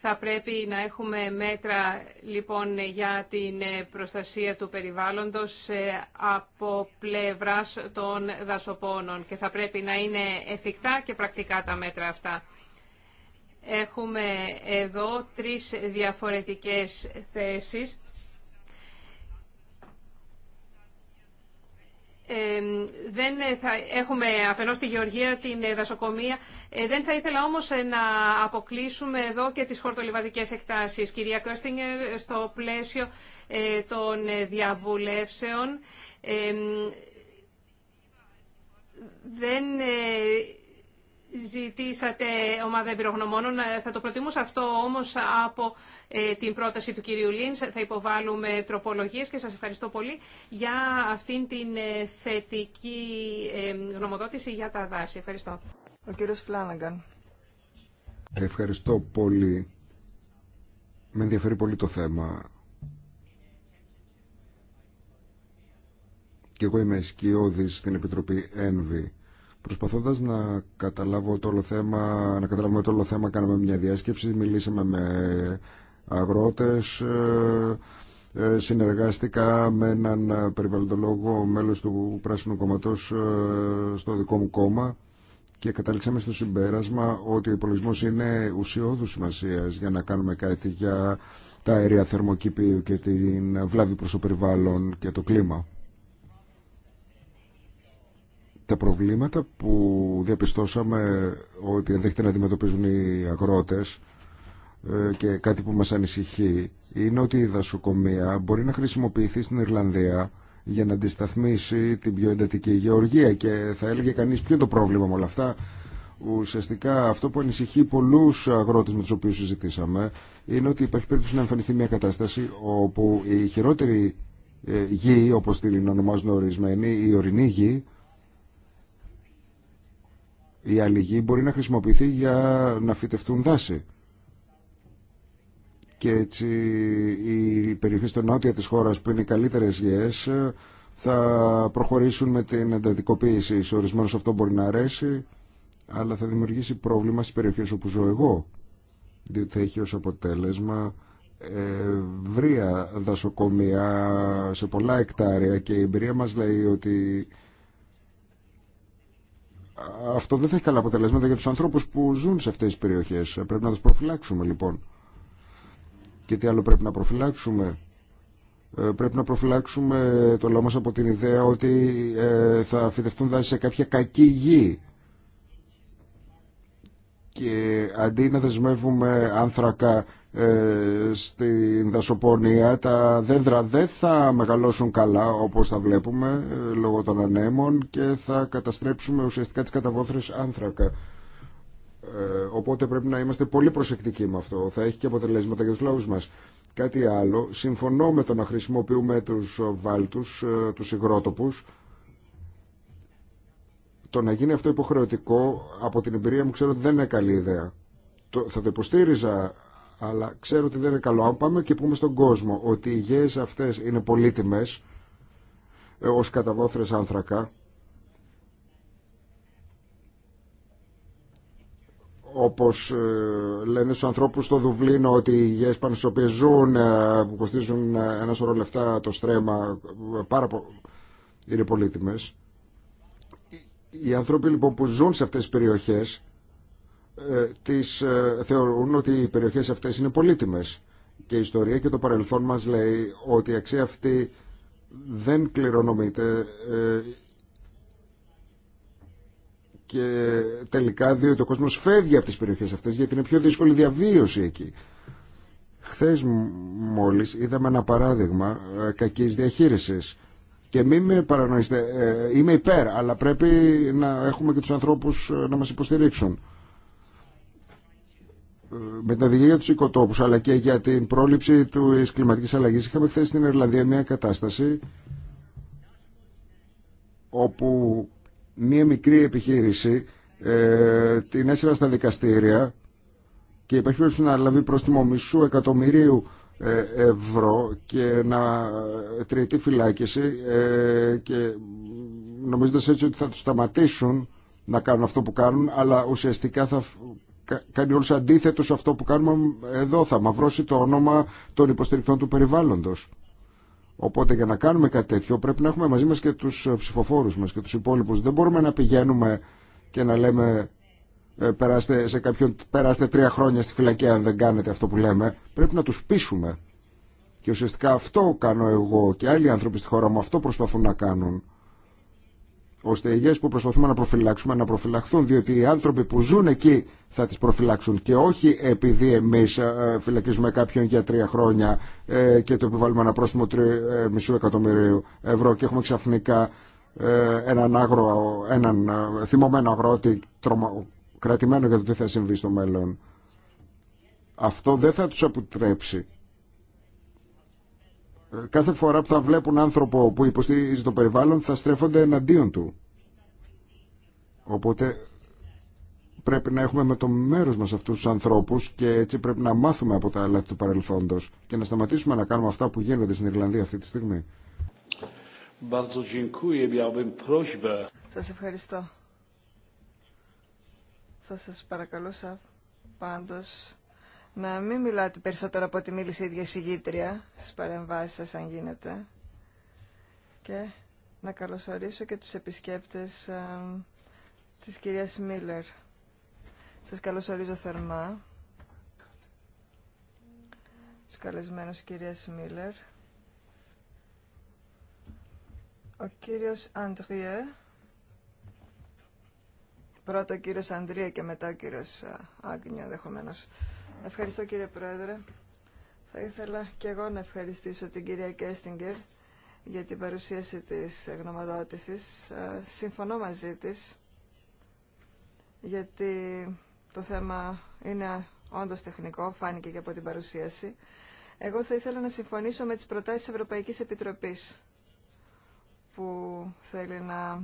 Θα πρέπει να έχουμε μέτρα λοιπόν για την ε, προστασία του περιβάλλοντος ε, από πλευράς των δασοπόνων και θα πρέπει να είναι εφικτά και πρακτικά τα μέτρα αυτά. Έχουμε εδώ τρεις διαφορετικές θέσεις. δεν θα, έχουμε αφενός τη γεωργία, την δασοκομεία. Ε, δεν θα ήθελα όμως ε, να αποκλείσουμε εδώ και τις χορτολιβαδικές εκτάσεις. Κυρία την στο πλαίσιο ε, των διαβουλεύσεων δεν ζητήσατε ομάδα εμπειρογνωμόνων. Ε, θα το προτιμούσα αυτό όμως από ε, την πρόταση του κυρίου Λίνς. Θα υποβάλουμε τροπολογίες και σας ευχαριστώ πολύ για αυτήν την ε, θετική γνωμοδότηση για τα δάση. Ευχαριστώ. Ο κύριος Φλάνναγκαν. Ευχαριστώ πολύ. Με ενδιαφέρει πολύ το θέμα. Και εγώ είμαι σκιώδης στην Επιτροπή ΕΝΒΗ Προσπαθώντας να καταλάβω το όλο θέμα, να καταλάβουμε το όλο θέμα, κάναμε μια διάσκεψη, μιλήσαμε με αγρότες, ε, ε, συνεργάστηκα με έναν περιβαλλοντολόγο μέλος του Πράσινου Κομματός ε, στο δικό μου κόμμα και καταλήξαμε στο συμπέρασμα ότι ο υπολογισμός είναι ουσιώδου σημασία για να κάνουμε κάτι για τα αερία θερμοκήπη και την βλάβη προς το περιβάλλον και το κλίμα. Τα προβλήματα που διαπιστώσαμε ότι ενδέχεται να αντιμετωπίζουν οι αγρότες ε, και κάτι που μας ανησυχεί είναι ότι η δασοκομεία μπορεί να χρησιμοποιηθεί στην Ιρλανδία για να αντισταθμίσει την πιο εντατική γεωργία και θα έλεγε κανείς ποιο είναι το πρόβλημα με όλα αυτά ουσιαστικά αυτό που ανησυχεί πολλού αγρότε με του οποίου συζητήσαμε είναι ότι υπάρχει περίπτωση να εμφανιστεί μια κατάσταση όπου η χειρότερη ε, γη, όπω την ονομάζουν ορισμένοι, η ορεινή γη, η αλληγή μπορεί να χρησιμοποιηθεί για να φυτευτούν δάση. Και έτσι οι περιοχές στο νότια της χώρας που είναι οι καλύτερες γεές θα προχωρήσουν με την εντατικοποίηση. Σε αυτό μπορεί να αρέσει, αλλά θα δημιουργήσει πρόβλημα στις περιοχές όπου ζω εγώ. Διότι θα έχει ως αποτέλεσμα βρία δασοκομεία σε πολλά εκτάρια και η εμπειρία μας λέει ότι αυτό δεν θα έχει καλά αποτελέσματα για τους ανθρώπους που ζουν σε αυτές τις περιοχές. Πρέπει να τους προφυλάξουμε λοιπόν. Και τι άλλο πρέπει να προφυλάξουμε. Ε, πρέπει να προφυλάξουμε το λαό μας από την ιδέα ότι ε, θα φυτευτούν δάση σε κάποια κακή γη. Και αντί να δεσμεύουμε άνθρακα ε, στην δασοπονία τα δέντρα δεν θα μεγαλώσουν καλά όπως θα βλέπουμε ε, λόγω των ανέμων και θα καταστρέψουμε ουσιαστικά τις καταβόθρες άνθρακα. Ε, οπότε πρέπει να είμαστε πολύ προσεκτικοί με αυτό. Θα έχει και αποτελέσματα για τους λαούς μας. Κάτι άλλο, συμφωνώ με το να χρησιμοποιούμε τους βάλτους, τους υγρότοπους. Το να γίνει αυτό υποχρεωτικό, από την εμπειρία μου ξέρω ότι δεν είναι καλή ιδέα. Το, θα το υποστήριζα αλλά ξέρω ότι δεν είναι καλό. Αν πάμε και πούμε στον κόσμο ότι οι γέες αυτές είναι πολύτιμες ε, ως καταβόθρες άνθρακα, όπως ε, λένε στου ανθρώπου στο Δουβλίνο ότι οι γέες πάνω στις οποίες ζουν ε, που κοστίζουν ένα σωρό λεφτά το στρέμα πάρα πο... είναι πολύτιμες οι άνθρωποι λοιπόν που ζουν σε αυτές τις περιοχές ε, τις ε, θεωρούν ότι οι περιοχές αυτές είναι πολύτιμες και η ιστορία και το παρελθόν μας λέει ότι η αξία αυτή δεν κληρονομείται ε, και τελικά διότι ο κόσμος φεύγει από τις περιοχές αυτές γιατί είναι πιο δύσκολη διαβίωση εκεί. Χθες μόλις είδαμε ένα παράδειγμα κακής διαχείρισης και μην με παρανοήσετε, είμαι υπέρ αλλά πρέπει να έχουμε και τους ανθρώπους να μας υποστηρίξουν με την οδηγία για του οικοτόπου αλλά και για την πρόληψη τη κλιματική αλλαγή. είχαμε χθε στην Ιρλανδία μια κατάσταση όπου μια μικρή επιχείρηση ε, την έσυρα στα δικαστήρια και υπάρχει περίπτωση να λάβει πρόστιμο μισού εκατομμυρίου ε, ευρώ και να ε, τριετή φυλάκιση ε, και νομίζοντας έτσι ότι θα τους σταματήσουν να κάνουν αυτό που κάνουν αλλά ουσιαστικά θα κάνει όλους σε αυτό που κάνουμε εδώ. Θα μαυρώσει το όνομα των υποστηρικτών του περιβάλλοντος. Οπότε για να κάνουμε κάτι τέτοιο πρέπει να έχουμε μαζί μας και τους ψηφοφόρους μας και τους υπόλοιπους. Δεν μπορούμε να πηγαίνουμε και να λέμε ε, περάστε, σε κάποιον, περάστε τρία χρόνια στη φυλακή αν δεν κάνετε αυτό που λέμε. Πρέπει να τους πείσουμε. Και ουσιαστικά αυτό κάνω εγώ και άλλοι άνθρωποι στη χώρα μου αυτό προσπαθούν να κάνουν ώστε οι που προσπαθούμε να προφυλάξουμε να προφυλαχθούν διότι οι άνθρωποι που ζουν εκεί θα τις προφυλάξουν και όχι επειδή εμείς ε, φυλακίζουμε κάποιον για τρία χρόνια ε, και το επιβάλλουμε ένα πρόστιμο ε, μισού εκατομμυρίου ευρώ και έχουμε ξαφνικά έναν, άγρο, έναν θυμωμένο αγρότη τρομα, κρατημένο για το τι θα συμβεί στο μέλλον. Αυτό δεν θα τους αποτρέψει κάθε φορά που θα βλέπουν άνθρωπο που υποστηρίζει το περιβάλλον θα στρέφονται εναντίον του. Οπότε πρέπει να έχουμε με το μέρος μας αυτούς τους ανθρώπους και έτσι πρέπει να μάθουμε από τα λάθη του παρελθόντος και να σταματήσουμε να κάνουμε αυτά που γίνονται στην Ιρλανδία αυτή τη στιγμή. Σας ευχαριστώ. Θα σας παρακαλούσα πάντως να μην μιλάτε περισσότερο από ό,τι μίλησε η ίδια συγγήτρια στις παρεμβάσεις σας, αν γίνεται. Και να καλωσορίσω και τους επισκέπτες α, ε, της κυρίας Μίλλερ. Σας καλωσορίζω θερμά. Τους καλεσμένους κυρίας Μίλλερ. Ο κύριος Αντριέ. πρώτο ο κύριος Αντριέ και μετά ο κύριος ε, Άγνιο, δεχομένως. Ευχαριστώ κύριε Πρόεδρε. Θα ήθελα και εγώ να ευχαριστήσω την κυρία Κέστιγκερ για την παρουσίαση της γνωμοδότησης. Ε, συμφωνώ μαζί της, γιατί το θέμα είναι όντως τεχνικό, φάνηκε και από την παρουσίαση. Εγώ θα ήθελα να συμφωνήσω με τις προτάσεις Ευρωπαϊκής Επιτροπής, που θέλει να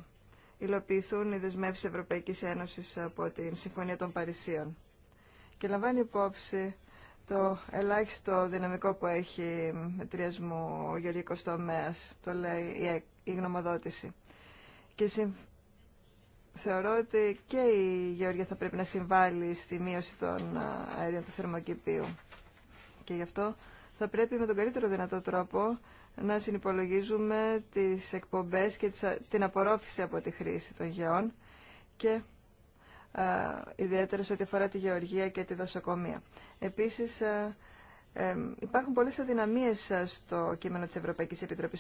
υλοποιηθούν οι δεσμεύσεις Ευρωπαϊκής Ένωσης από την Συμφωνία των Παρισίων και λαμβάνει υπόψη το ελάχιστο δυναμικό που έχει μετριασμού ο γεωργικός τομέας, το λέει η γνωμοδότηση. Και συμ... θεωρώ ότι και η Γεωργία θα πρέπει να συμβάλλει στη μείωση των αερίων του θερμοκηπίου. Και γι' αυτό θα πρέπει με τον καλύτερο δυνατό τρόπο να συνυπολογίζουμε τις εκπομπές και την απορρόφηση από τη χρήση των γεών ε, ιδιαίτερα σε ό,τι αφορά τη γεωργία και τη δασοκομεία. Επίσης, ε, ε υπάρχουν πολλές αδυναμίες ε, στο κείμενο της Ευρωπαϊκής Επιτροπής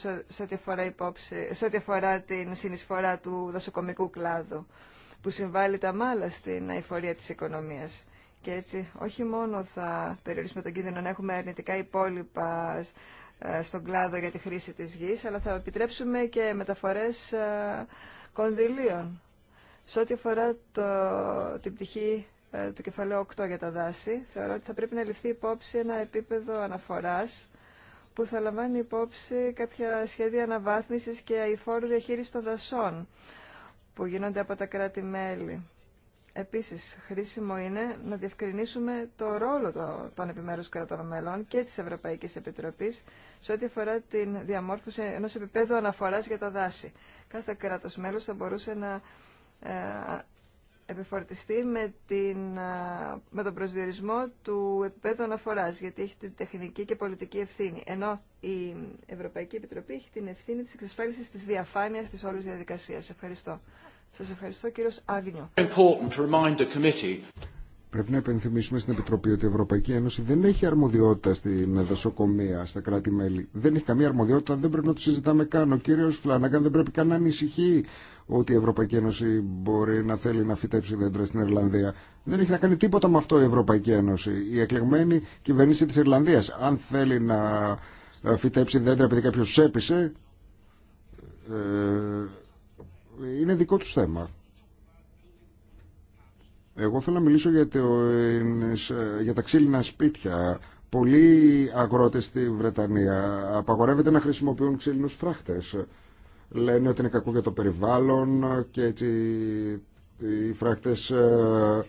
σε ό,τι αφορά, την συνεισφορά του δασοκομικού κλάδου που συμβάλλει τα μάλα στην αηφορία της οικονομίας. Και έτσι όχι μόνο θα περιορίσουμε τον κίνδυνο να έχουμε αρνητικά υπόλοιπα στον κλάδο για τη χρήση της γης, αλλά θα επιτρέψουμε και μεταφορές κονδυλίων σε ό,τι αφορά το, την πτυχή ε, του κεφαλαίου 8 για τα δάση, θεωρώ ότι θα πρέπει να ληφθεί υπόψη ένα επίπεδο αναφοράς που θα λαμβάνει υπόψη κάποια σχέδια αναβάθμισης και αηφόρου διαχείριση των δασών που γίνονται από τα κράτη-μέλη. Επίσης, χρήσιμο είναι να διευκρινίσουμε το ρόλο των επιμέρους κρατών μελών και της Ευρωπαϊκής Επιτροπής σε ό,τι αφορά την διαμόρφωση ενός επίπεδου αναφοράς για τα δάση. Κάθε κράτος μέλος θα μπορούσε να ε, επιφορτιστεί με, την, ε, με τον προσδιορισμό του επίπεδου αναφοράς, γιατί έχει την τεχνική και πολιτική ευθύνη, ενώ η Ευρωπαϊκή Επιτροπή έχει την ευθύνη της εξασφάλισης της διαφάνειας της όλης διαδικασίας. Ευχαριστώ. Σας ευχαριστώ κύριος Άγνιο. Πρέπει να επενθυμίσουμε στην Επιτροπή ότι η Ευρωπαϊκή Ένωση δεν έχει αρμοδιότητα στην δασοκομεία, στα κράτη-μέλη. Δεν έχει καμία αρμοδιότητα, δεν πρέπει να το συζητάμε καν. Ο κύριο Φλάνναγκαν δεν πρέπει καν να ανησυχεί ότι η Ευρωπαϊκή Ένωση μπορεί να θέλει να φυτέψει δέντρα στην Ιρλανδία. Δεν έχει να κάνει τίποτα με αυτό η Ευρωπαϊκή Ένωση. Η εκλεγμένη κυβέρνηση τη Ιρλανδία, αν θέλει να ε, φυτέψει δέντρα επειδή κάποιο σέπισε, ε, είναι δικό του θέμα. Εγώ θέλω να μιλήσω για, το, για τα ξύλινα σπίτια. Πολλοί αγρότες στη Βρετανία απαγορεύεται να χρησιμοποιούν ξύλινους φράχτες. Λένε ότι είναι κακό για το περιβάλλον και έτσι οι φράχτες ε,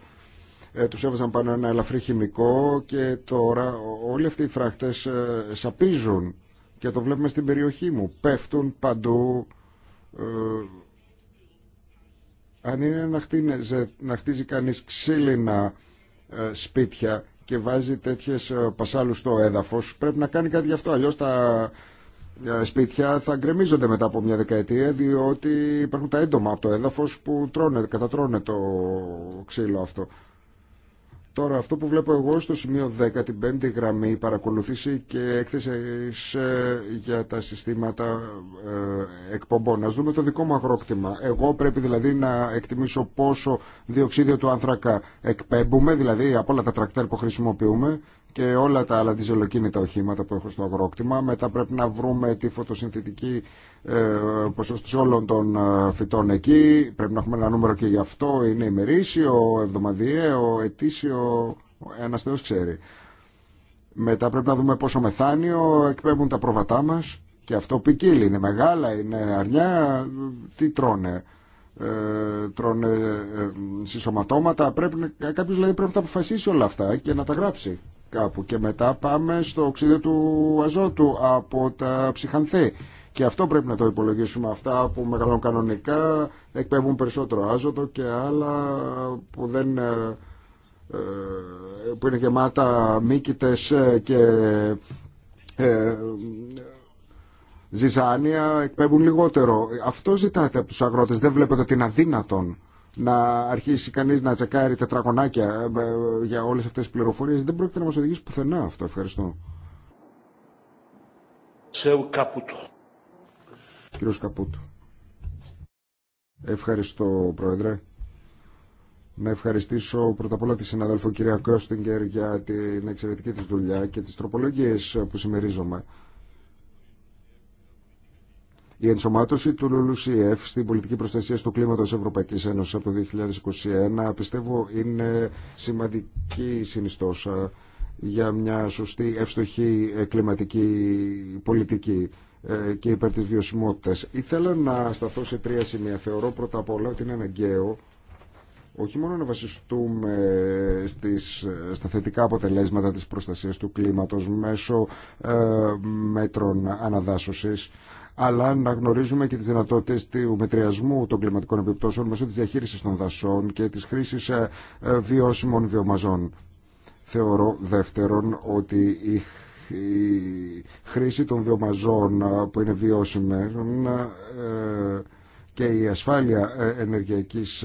ε, τους έβαζαν πάνω ένα ελαφρύ χημικό και τώρα όλοι αυτοί οι φράχτες ε, σαπίζουν και το βλέπουμε στην περιοχή μου. Πέφτουν παντού αν είναι να, να χτίζει κανείς ξύλινα ε, σπίτια και βάζει τέτοιες ε, πασάλους στο έδαφος, πρέπει να κάνει κάτι γι' αυτό. Αλλιώς τα ε, σπίτια θα γκρεμίζονται μετά από μια δεκαετία, διότι υπάρχουν τα έντομα από το έδαφος που τρώνε, κατατρώνε το ξύλο αυτό. Τώρα αυτό που βλέπω εγώ στο σημείο 10, την πέμπτη γραμμή, παρακολουθήσει και έκθεση ε, για τα συστήματα ε, εκπομπών. Ας δούμε το δικό μου αγρόκτημα. Εγώ πρέπει δηλαδή να εκτιμήσω πόσο διοξίδιο του άνθρακα εκπέμπουμε, δηλαδή από όλα τα τρακτέρ που χρησιμοποιούμε και όλα τα άλλα διζελοκίνητα οχήματα που έχω στο αγρόκτημα. Μετά πρέπει να βρούμε τη φωτοσυνθετική ε, ποσοστή όλων των ε, φυτών εκεί. Πρέπει να έχουμε ένα νούμερο και γι' αυτό. Είναι ημερήσιο, εβδομαδιαίο, ετήσιο, ένα θεός ξέρει. Μετά πρέπει να δούμε πόσο μεθάνιο εκπέμπουν τα πρόβατά μας. Και αυτό ποικίλει, είναι μεγάλα, είναι αρνιά, τι τρώνε. Ε, τρώνε ε, συσσωματώματα, πρέπει, κάποιος δηλαδή, πρέπει να τα αποφασίσει όλα αυτά και να τα γράψει κάπου και μετά πάμε στο οξύδιο του αζότου από τα ψυχανθή. Και αυτό πρέπει να το υπολογίσουμε. Αυτά που μεγαλώνουν κανονικά εκπέμπουν περισσότερο άζωτο και άλλα που δεν ε, ε, που είναι γεμάτα μήκητες ε, και ζυζάνια εκπέμπουν λιγότερο. Αυτό ζητάτε από τους αγρότες. Δεν βλέπετε ότι είναι αδύνατον να αρχίσει κανείς να τσεκάρει τετραγωνάκια ε, ε, για όλες αυτές τις πληροφορίες δεν πρόκειται να μας οδηγήσει πουθενά αυτό. Ευχαριστώ. Καπούτο. Κύριος Καπούτο. Ευχαριστώ Πρόεδρε. Να ευχαριστήσω πρώτα απ' όλα τη συναδέλφο κυρία Κώστιγκερ για την εξαιρετική της δουλειά και τις τροπολογίες που συμμερίζομαι. Η ενσωμάτωση του LULUCF στην πολιτική προστασία του κλίματο τη Ευρωπαϊκή Ένωση από το 2021 πιστεύω είναι σημαντική συνιστόσα για μια σωστή ευστοχή ε, κλιματική πολιτική ε, και υπέρ τη βιωσιμότητα. Ήθελα να σταθώ σε τρία σημεία. Θεωρώ πρώτα απ' όλα ότι είναι αναγκαίο όχι μόνο να βασιστούμε στις, στα θετικά αποτελέσματα της προστασίας του κλίματος μέσω ε, μέτρων αναδάσωσης, αλλά να γνωρίζουμε και τι δυνατότητε του μετριασμού των κλιματικών επιπτώσεων μέσω της διαχείριση των δασών και της χρήσης ε, ε, βιώσιμων βιομαζών. Θεωρώ δεύτερον ότι η χρήση των βιομαζών ε, που είναι βιώσιμες και η ασφάλεια ενεργειακής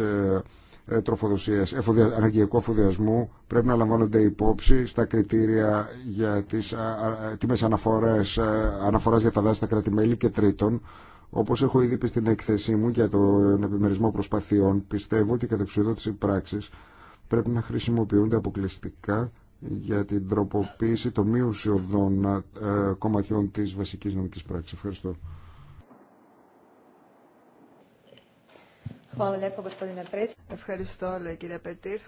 ε, τροφοδοσίας, αναγκαιακού αφοδιασμού πρέπει να λαμβάνονται υπόψη στα κριτήρια για τις τιμές αναφορές, ε, αναφοράς για τα δάση στα κράτη-μέλη και τρίτον Όπως έχω ήδη πει στην έκθεσή μου για τον ε, επιμερισμό προσπαθειών, πιστεύω ότι η κατεξουδότηση πράξης πρέπει να χρησιμοποιούνται αποκλειστικά για την τροποποίηση των ε, κομματιών της βασικής νομικής πράξης. Ευχαριστώ. Ευχαριστώ, λέει κυρία Πετήρ.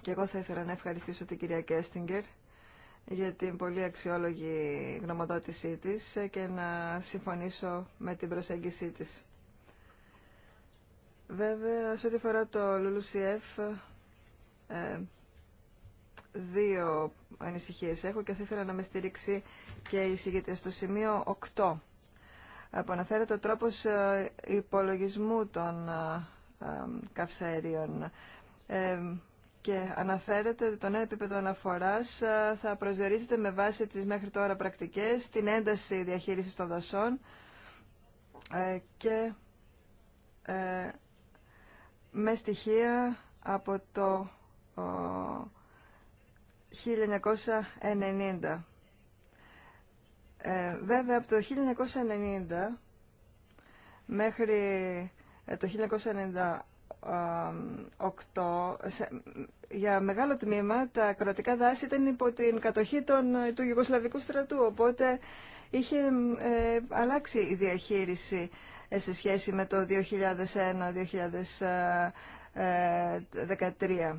Και εγώ θα ήθελα να ευχαριστήσω την κυρία Κέστιγκερ για την πολύ αξιόλογη γνωμοδότησή της και να συμφωνήσω με την προσέγγισή της. Βέβαια, σε ό,τι αφορά το Λουλουσιεφ, ε, δύο ανησυχίες έχω και θα ήθελα να με στηρίξει και η συγκεκριμένη στο σημείο 8 Αναφέρεται ο τρόπος ε, υπολογισμού των ε, ε, καυσαερίων και αναφέρεται ότι το νέο επίπεδο αναφοράς θα προσδιορίζεται με βάση τις μέχρι τώρα πρακτικές, την ένταση διαχείρισης των δασών και με στοιχεία από το 1990 ε, βέβαια, από το 1990 μέχρι ε, το 1998, σε, για μεγάλο τμήμα, τα κρατικά δάση ήταν υπό την κατοχή των, ε, του Ιουγκοσλαβικού στρατού, οπότε είχε ε, αλλάξει η διαχείριση σε σχέση με το 2001-2013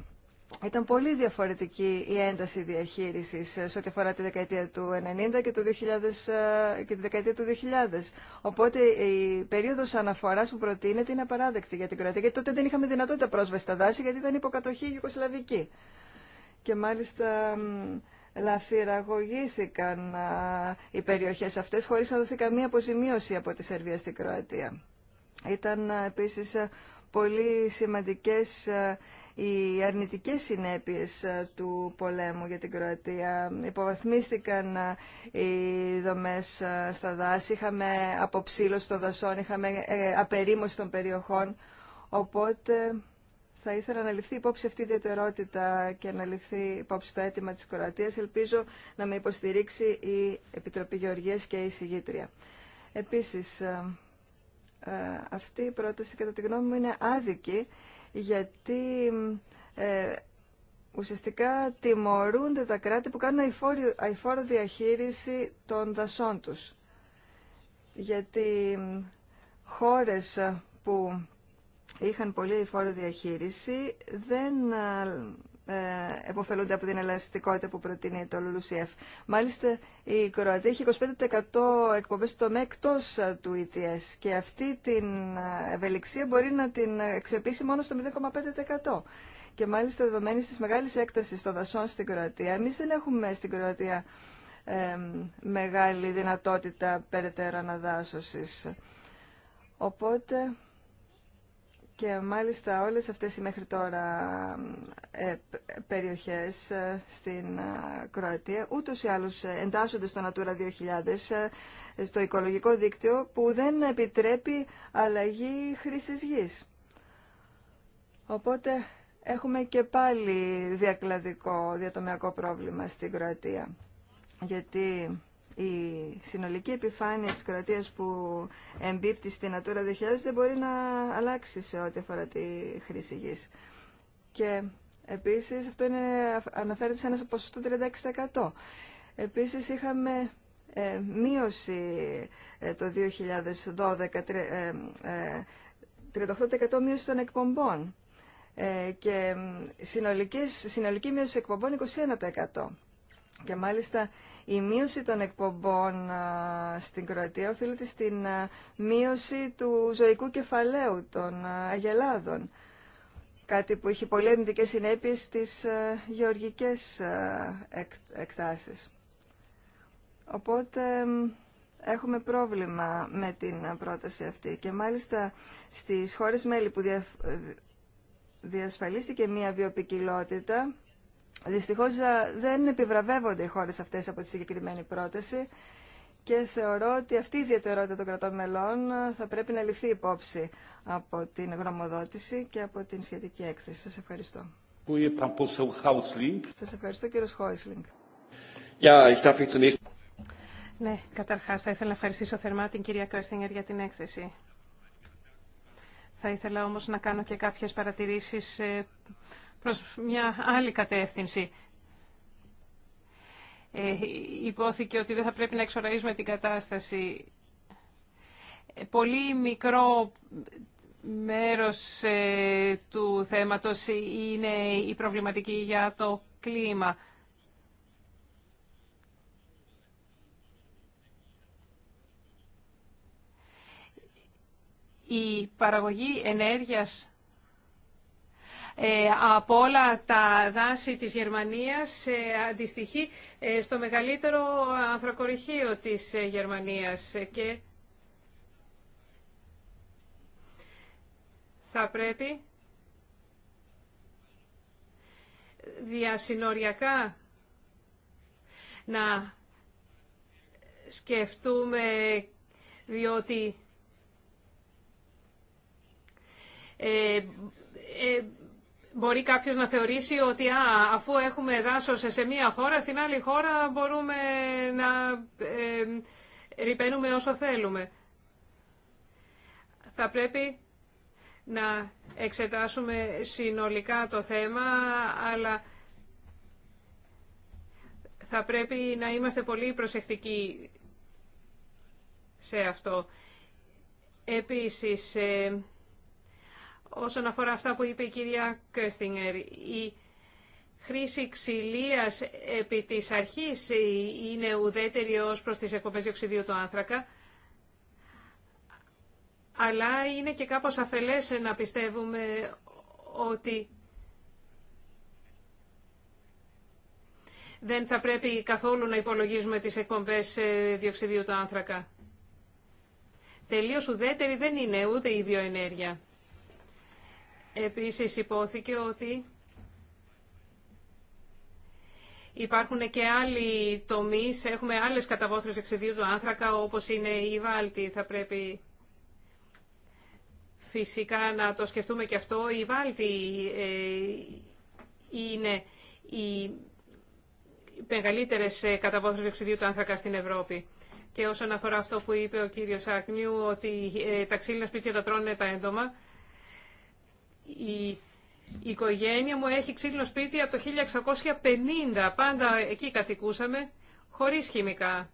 ήταν πολύ διαφορετική η ένταση διαχείρισης ε, σε ό,τι αφορά τη δεκαετία του 90 και, το 2000, ε, και τη δεκαετία του 2000. Οπότε η περίοδος αναφοράς που προτείνεται είναι απαράδεκτη για την Κροατία, γιατί τότε δεν είχαμε δυνατότητα πρόσβαση στα δάση, γιατί ήταν υποκατοχή γιουγκοσλαβική. Και μάλιστα λαφυραγωγήθηκαν οι περιοχές αυτές χωρίς να δοθεί καμία αποζημίωση από τη Σερβία στην Κροατία. Ήταν επίσης ε, πολύ σημαντικές οι αρνητικές συνέπειες ε, του πολέμου για την Κροατία. Υποβαθμίστηκαν ε, οι δομές ε, στα δάση, είχαμε αποψήλωση των δασών, είχαμε απερίμωση των περιοχών, οπότε θα ήθελα να ληφθεί υπόψη αυτή η ιδιαιτερότητα και να ληφθεί υπόψη το αίτημα της Κροατίας. Ελπίζω να με υποστηρίξει η Επιτροπή Γεωργίας και η Συγήτρια. Επίσης, αυτή η πρόταση κατά τη γνώμη μου είναι άδικη γιατί ε, ουσιαστικά τιμωρούνται τα κράτη που κάνουν αηφόρο διαχείριση των δασών τους. Γιατί χώρες που είχαν πολύ αηφόρο διαχείριση δεν ε, εποφελούνται από την ελαστικότητα που προτείνει το Λουλουσιεφ. Μάλιστα, η Κροατία έχει 25% εκπομπές στο τομέα εκτό ε, του ETS και αυτή την ε, ευελιξία μπορεί να την αξιοποιήσει μόνο στο 0,5%. Και μάλιστα, δεδομένη τη μεγάλη έκταση των δασών στην Κροατία, εμεί δεν έχουμε στην Κροατία μεγάλη δυνατότητα περαιτέρω αναδάσωση. Οπότε και μάλιστα όλες αυτές οι μέχρι τώρα ε, περιοχές ε, στην ε, Κροατία ούτως ή άλλως εντάσσονται στο Natura 2000 στο οικολογικό δίκτυο που δεν επιτρέπει αλλαγή χρήσης γης. Οπότε έχουμε και πάλι διακλαδικό διατομιακό πρόβλημα στην Κροατία. Γιατί η συνολική επιφάνεια της Κροατίας που εμπίπτει στην Natura 2000 δεν μπορεί να αλλάξει σε ό,τι αφορά τη χρήση γης. Και επίσης αυτό είναι, αναφέρεται σε ένα ποσοστό 36%. Επίσης είχαμε ε, μείωση ε, το 2012, 38% ε, ε, μείωση των εκπομπών και συνολική, συνολική μείωση εκπομπών 21%. Και μάλιστα η μείωση των εκπομπών στην Κροατία οφείλεται στην μείωση του ζωικού κεφαλαίου των αγελάδων. Κάτι που έχει πολύ αρνητικέ συνέπειες στις γεωργικές εκτάσεις. Οπότε έχουμε πρόβλημα με την πρόταση αυτή. Και μάλιστα στις χώρες μέλη που διασφαλίστηκε μία βιοπικιλότητα Δυστυχώς ε, δεν επιβραβεύονται οι χώρες αυτές από τη συγκεκριμένη πρόταση και θεωρώ ότι αυτή η ιδιαιτερότητα των κρατών μελών ε, θα πρέπει να ληφθεί υπόψη από την γνωμοδότηση και από την σχετική έκθεση. Σας ευχαριστώ. Σας ευχαριστώ κύριος Χόισλινγκ. Ναι, καταρχάς θα ήθελα να ευχαριστήσω θερμά την κυρία Κρέστινγκερ για την έκθεση. Θα ήθελα όμως να κάνω και κάποιες παρατηρήσεις ε, προς μια άλλη κατεύθυνση. Ε, υπόθηκε ότι δεν θα πρέπει να εξοραίζουμε την κατάσταση. Ε, πολύ μικρό μέρος ε, του θέματος είναι η προβληματική για το κλίμα. Η παραγωγή ενέργειας ε, από όλα τα δάση της Γερμανίας ε, αντιστοιχεί ε, στο μεγαλύτερο ανθρακοριχείο της Γερμανίας και θα πρέπει διασυνοριακά να σκεφτούμε διότι Μπορεί κάποιο να θεωρήσει ότι αφού έχουμε δάσο σε μία χώρα, στην άλλη χώρα μπορούμε να ε, ρηπαίνουμε όσο θέλουμε. Θα πρέπει να εξετάσουμε συνολικά το θέμα, αλλά θα πρέπει να είμαστε πολύ προσεκτικοί σε αυτό. Επίσης, όσον αφορά αυτά που είπε η κυρία Κέστιγκερ. Η χρήση ξυλίας επί της αρχής είναι ουδέτερη ως προς τις εκπομπές διοξιδίου του άνθρακα, αλλά είναι και κάπως αφελές να πιστεύουμε ότι δεν θα πρέπει καθόλου να υπολογίζουμε τις εκπομπές ε, διοξιδίου του άνθρακα. Τελείως ουδέτερη δεν είναι ούτε η βιοενέργεια. Επίσης υπόθηκε ότι υπάρχουν και άλλοι τομείς, έχουμε άλλες καταβόθρες εξιδίου του άνθρακα όπως είναι η βάλτη. Θα πρέπει φυσικά να το σκεφτούμε και αυτό. Η βάλτη ε, είναι η μεγαλύτερε ε, καταβόθρες οξυδιού του άνθρακα στην Ευρώπη. Και όσον αφορά αυτό που είπε ο κύριο Άκνιου, ότι ε, τα ξύλινα σπίτια τα τρώνε τα έντομα, η οικογένεια μου έχει ξύλινο σπίτι από το 1650. Πάντα εκεί κατοικούσαμε, χωρίς χημικά.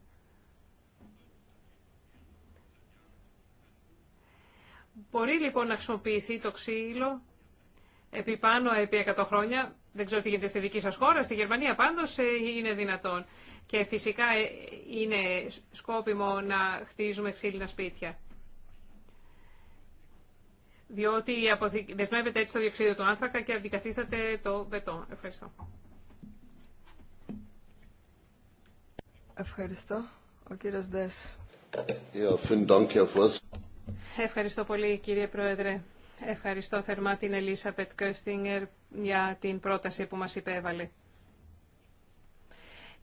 Μπορεί λοιπόν να χρησιμοποιηθεί το ξύλο επί πάνω, επί 100 χρόνια. Δεν ξέρω τι γίνεται στη δική σας χώρα, στη Γερμανία πάντως ε, είναι δυνατόν. Και φυσικά ε, είναι σκόπιμο να χτίζουμε ξύλινα σπίτια διότι δεσμεύεται έτσι το διοξείδιο του άνθρακα και αντικαθίσταται το βετό. Ευχαριστώ. Ευχαριστώ. Ο κύριος Δες. Ευχαριστώ πολύ κύριε Πρόεδρε. Ευχαριστώ θερμά την Ελίσα Πετκόστινγκερ για την πρόταση που μας υπέβαλε,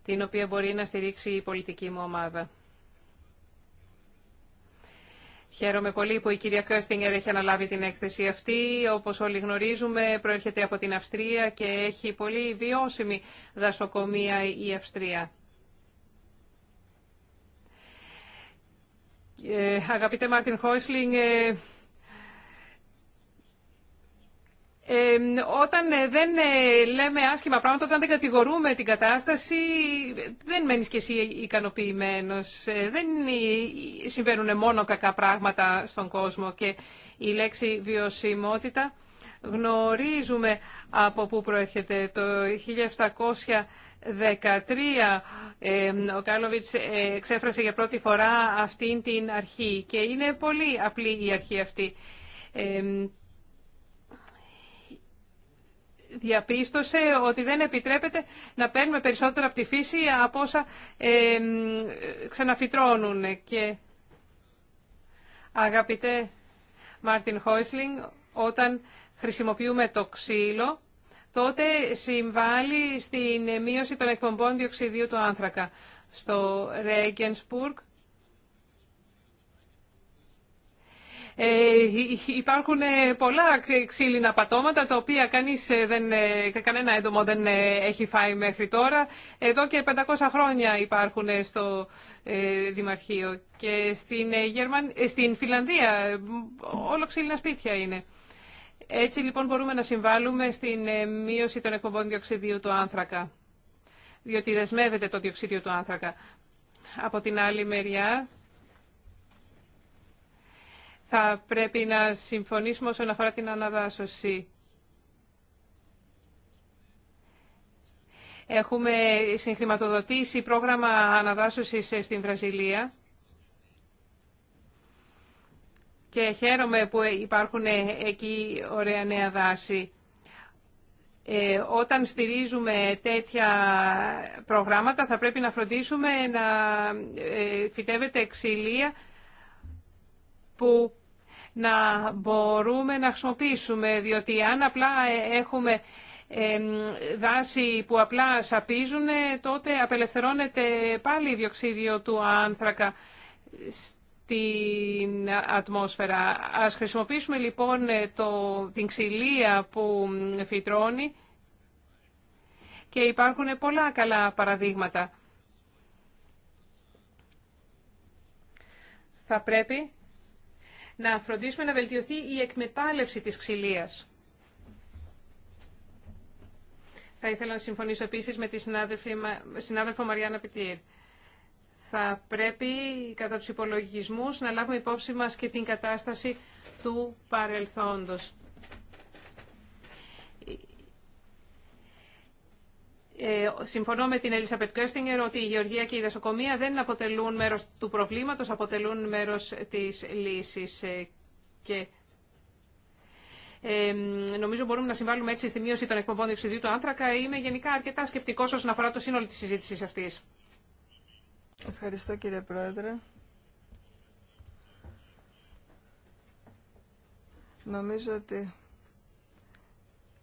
την οποία μπορεί να στηρίξει η πολιτική μου ομάδα. Χαίρομαι πολύ που η κυρία Κέρστιγκερ έχει αναλάβει την έκθεση αυτή. Όπως όλοι γνωρίζουμε, προέρχεται από την Αυστρία και έχει πολύ βιώσιμη δασοκομεία η Αυστρία. Ε, αγαπητέ Μάρτιν Χόισλινγκ, ε, όταν ε, δεν ε, λέμε άσχημα πράγματα, όταν δεν κατηγορούμε την κατάσταση, δεν μένεις και εσύ ικανοποιημένος. Ε, δεν συμβαίνουν μόνο κακά πράγματα στον κόσμο και η λέξη βιωσιμότητα γνωρίζουμε από πού προέρχεται το 1713 ο Κάλοβιτς εξέφρασε για πρώτη φορά αυτήν την αρχή και είναι πολύ απλή η αρχή αυτή διαπίστωσε ότι δεν επιτρέπεται να παίρνουμε περισσότερα από τη φύση από όσα ξαναφυτρώνουν. Και αγαπητέ Μάρτιν Χόισλινγκ, όταν χρησιμοποιούμε το ξύλο, τότε συμβάλλει στην μείωση των εκπομπών διοξιδίου του άνθρακα. Στο Ρέγκενσπουργκ Ε, υπάρχουν ε, πολλά ξύλινα πατώματα τα οποία κανείς ε, δεν, κανένα έντομο δεν έχει φάει μέχρι τώρα. Εδώ και 500 χρόνια υπάρχουν στο Δημαρχείο και στην, Γερμαν... στην Φιλανδία όλο ξύλινα σπίτια είναι. Έτσι λοιπόν μπορούμε να συμβάλλουμε στην μείωση των εκπομπών διοξιδίου του άνθρακα, διότι δεσμεύεται το διοξίδιο του άνθρακα. Από την άλλη μεριά, θα πρέπει να συμφωνήσουμε όσον αφορά την αναδάσωση. Έχουμε συγχρηματοδοτήσει πρόγραμμα αναδάσωσης στην Βραζιλία και χαίρομαι που υπάρχουν εκεί ωραία νέα δάση. Ε, όταν στηρίζουμε τέτοια προγράμματα θα πρέπει να φροντίσουμε να ε, φυτεύεται ξυλία που να μπορούμε να χρησιμοποιήσουμε, διότι αν απλά ε, έχουμε δάση που απλά σαπίζουν, ε, τότε απελευθερώνεται πάλι διοξίδιο του άνθρακα στην ατμόσφαιρα. Ας χρησιμοποιήσουμε λοιπόν ε, το, την ξυλία που φυτρώνει και υπάρχουν πολλά καλά παραδείγματα. Θα πρέπει να φροντίσουμε να βελτιωθεί η εκμετάλλευση της ξυλίας. Θα ήθελα να συμφωνήσω επίσης με τη συνάδελφο Μαριάννα Πιτήρ. Θα πρέπει κατά τους υπολογισμούς να λάβουμε υπόψη μας και την κατάσταση του παρελθόντος. Ε, συμφωνώ με την Ελίσσα Πετκέρστιγκερ ότι η γεωργία και η δασοκομεία δεν αποτελούν μέρος του προβλήματος, αποτελούν μέρος της λύσης. Ε, και ε, νομίζω μπορούμε να συμβάλλουμε έτσι στη μείωση των εκπομπών διοξιδίου του άνθρακα. Είμαι γενικά αρκετά σκεπτικό όσον αφορά το σύνολο τη συζήτηση αυτή. Ευχαριστώ κύριε Πρόεδρε. Νομίζω ότι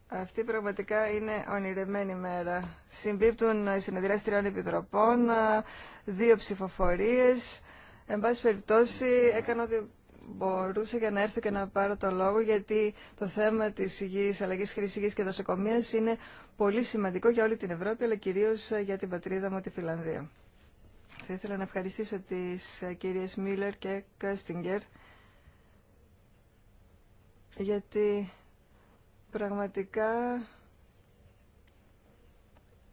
αυτή πραγματικά είναι ονειρεμένη μέρα. Συμπίπτουν οι συνεδριάσεις τριών επιτροπών, δύο ψηφοφορίες. Εν πάση περιπτώσει έκανα ό,τι μπορούσα για να έρθω και να πάρω το λόγο γιατί το θέμα της υγιής, αλλαγής χρήσης και δασοκομείας είναι πολύ σημαντικό για όλη την Ευρώπη αλλά κυρίως για την πατρίδα μου τη Φιλανδία. Θα ήθελα να ευχαριστήσω τις ε, κυρίες Μίλλερ και Κάστιγκερ γιατί πραγματικά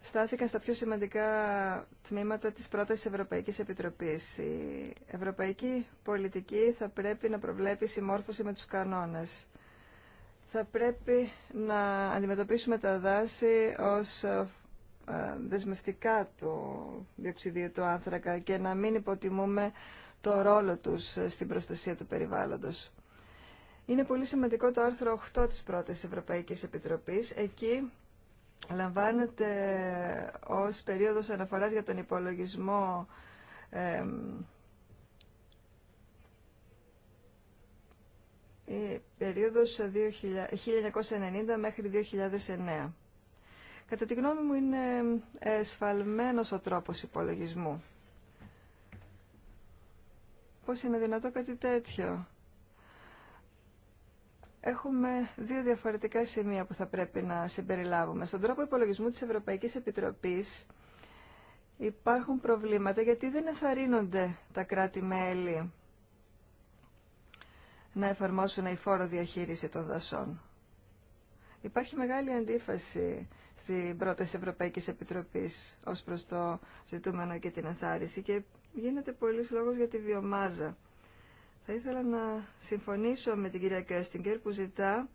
στάθηκαν στα πιο σημαντικά τμήματα της πρότασης Ευρωπαϊκής Επιτροπής. Η ευρωπαϊκή πολιτική θα πρέπει να προβλέπει συμμόρφωση με τους κανόνες. Θα πρέπει να αντιμετωπίσουμε τα δάση ως ε, δεσμευτικά του διοξιδίου του άνθρακα και να μην υποτιμούμε το ρόλο τους στην προστασία του περιβάλλοντος. Είναι πολύ σημαντικό το άρθρο 8 της πρώτης Ευρωπαϊκής Επιτροπής. Εκεί λαμβάνεται ως περίοδος αναφοράς για τον υπολογισμό η περίοδος 1990 μέχρι 2009. Κατά τη γνώμη μου είναι εσφαλμένος ο τρόπος υπολογισμού. Πώς είναι δυνατό κάτι τέτοιο. Έχουμε δύο διαφορετικά σημεία που θα πρέπει να συμπεριλάβουμε. Στον τρόπο υπολογισμού της Ευρωπαϊκής Επιτροπής υπάρχουν προβλήματα γιατί δεν εθαρρύνονται τα κράτη-μέλη να εφαρμόσουν η φόρο διαχείριση των δασών. Υπάρχει μεγάλη αντίφαση στην πρόταση Ευρωπαϊκής Επιτροπής ως προς το ζητούμενο και την ενθάρρυνση και γίνεται πολλής λόγος για τη βιομάζα. Θα ήθελα να συμφωνήσω με την κυρία Κέστιγκερ που ζητά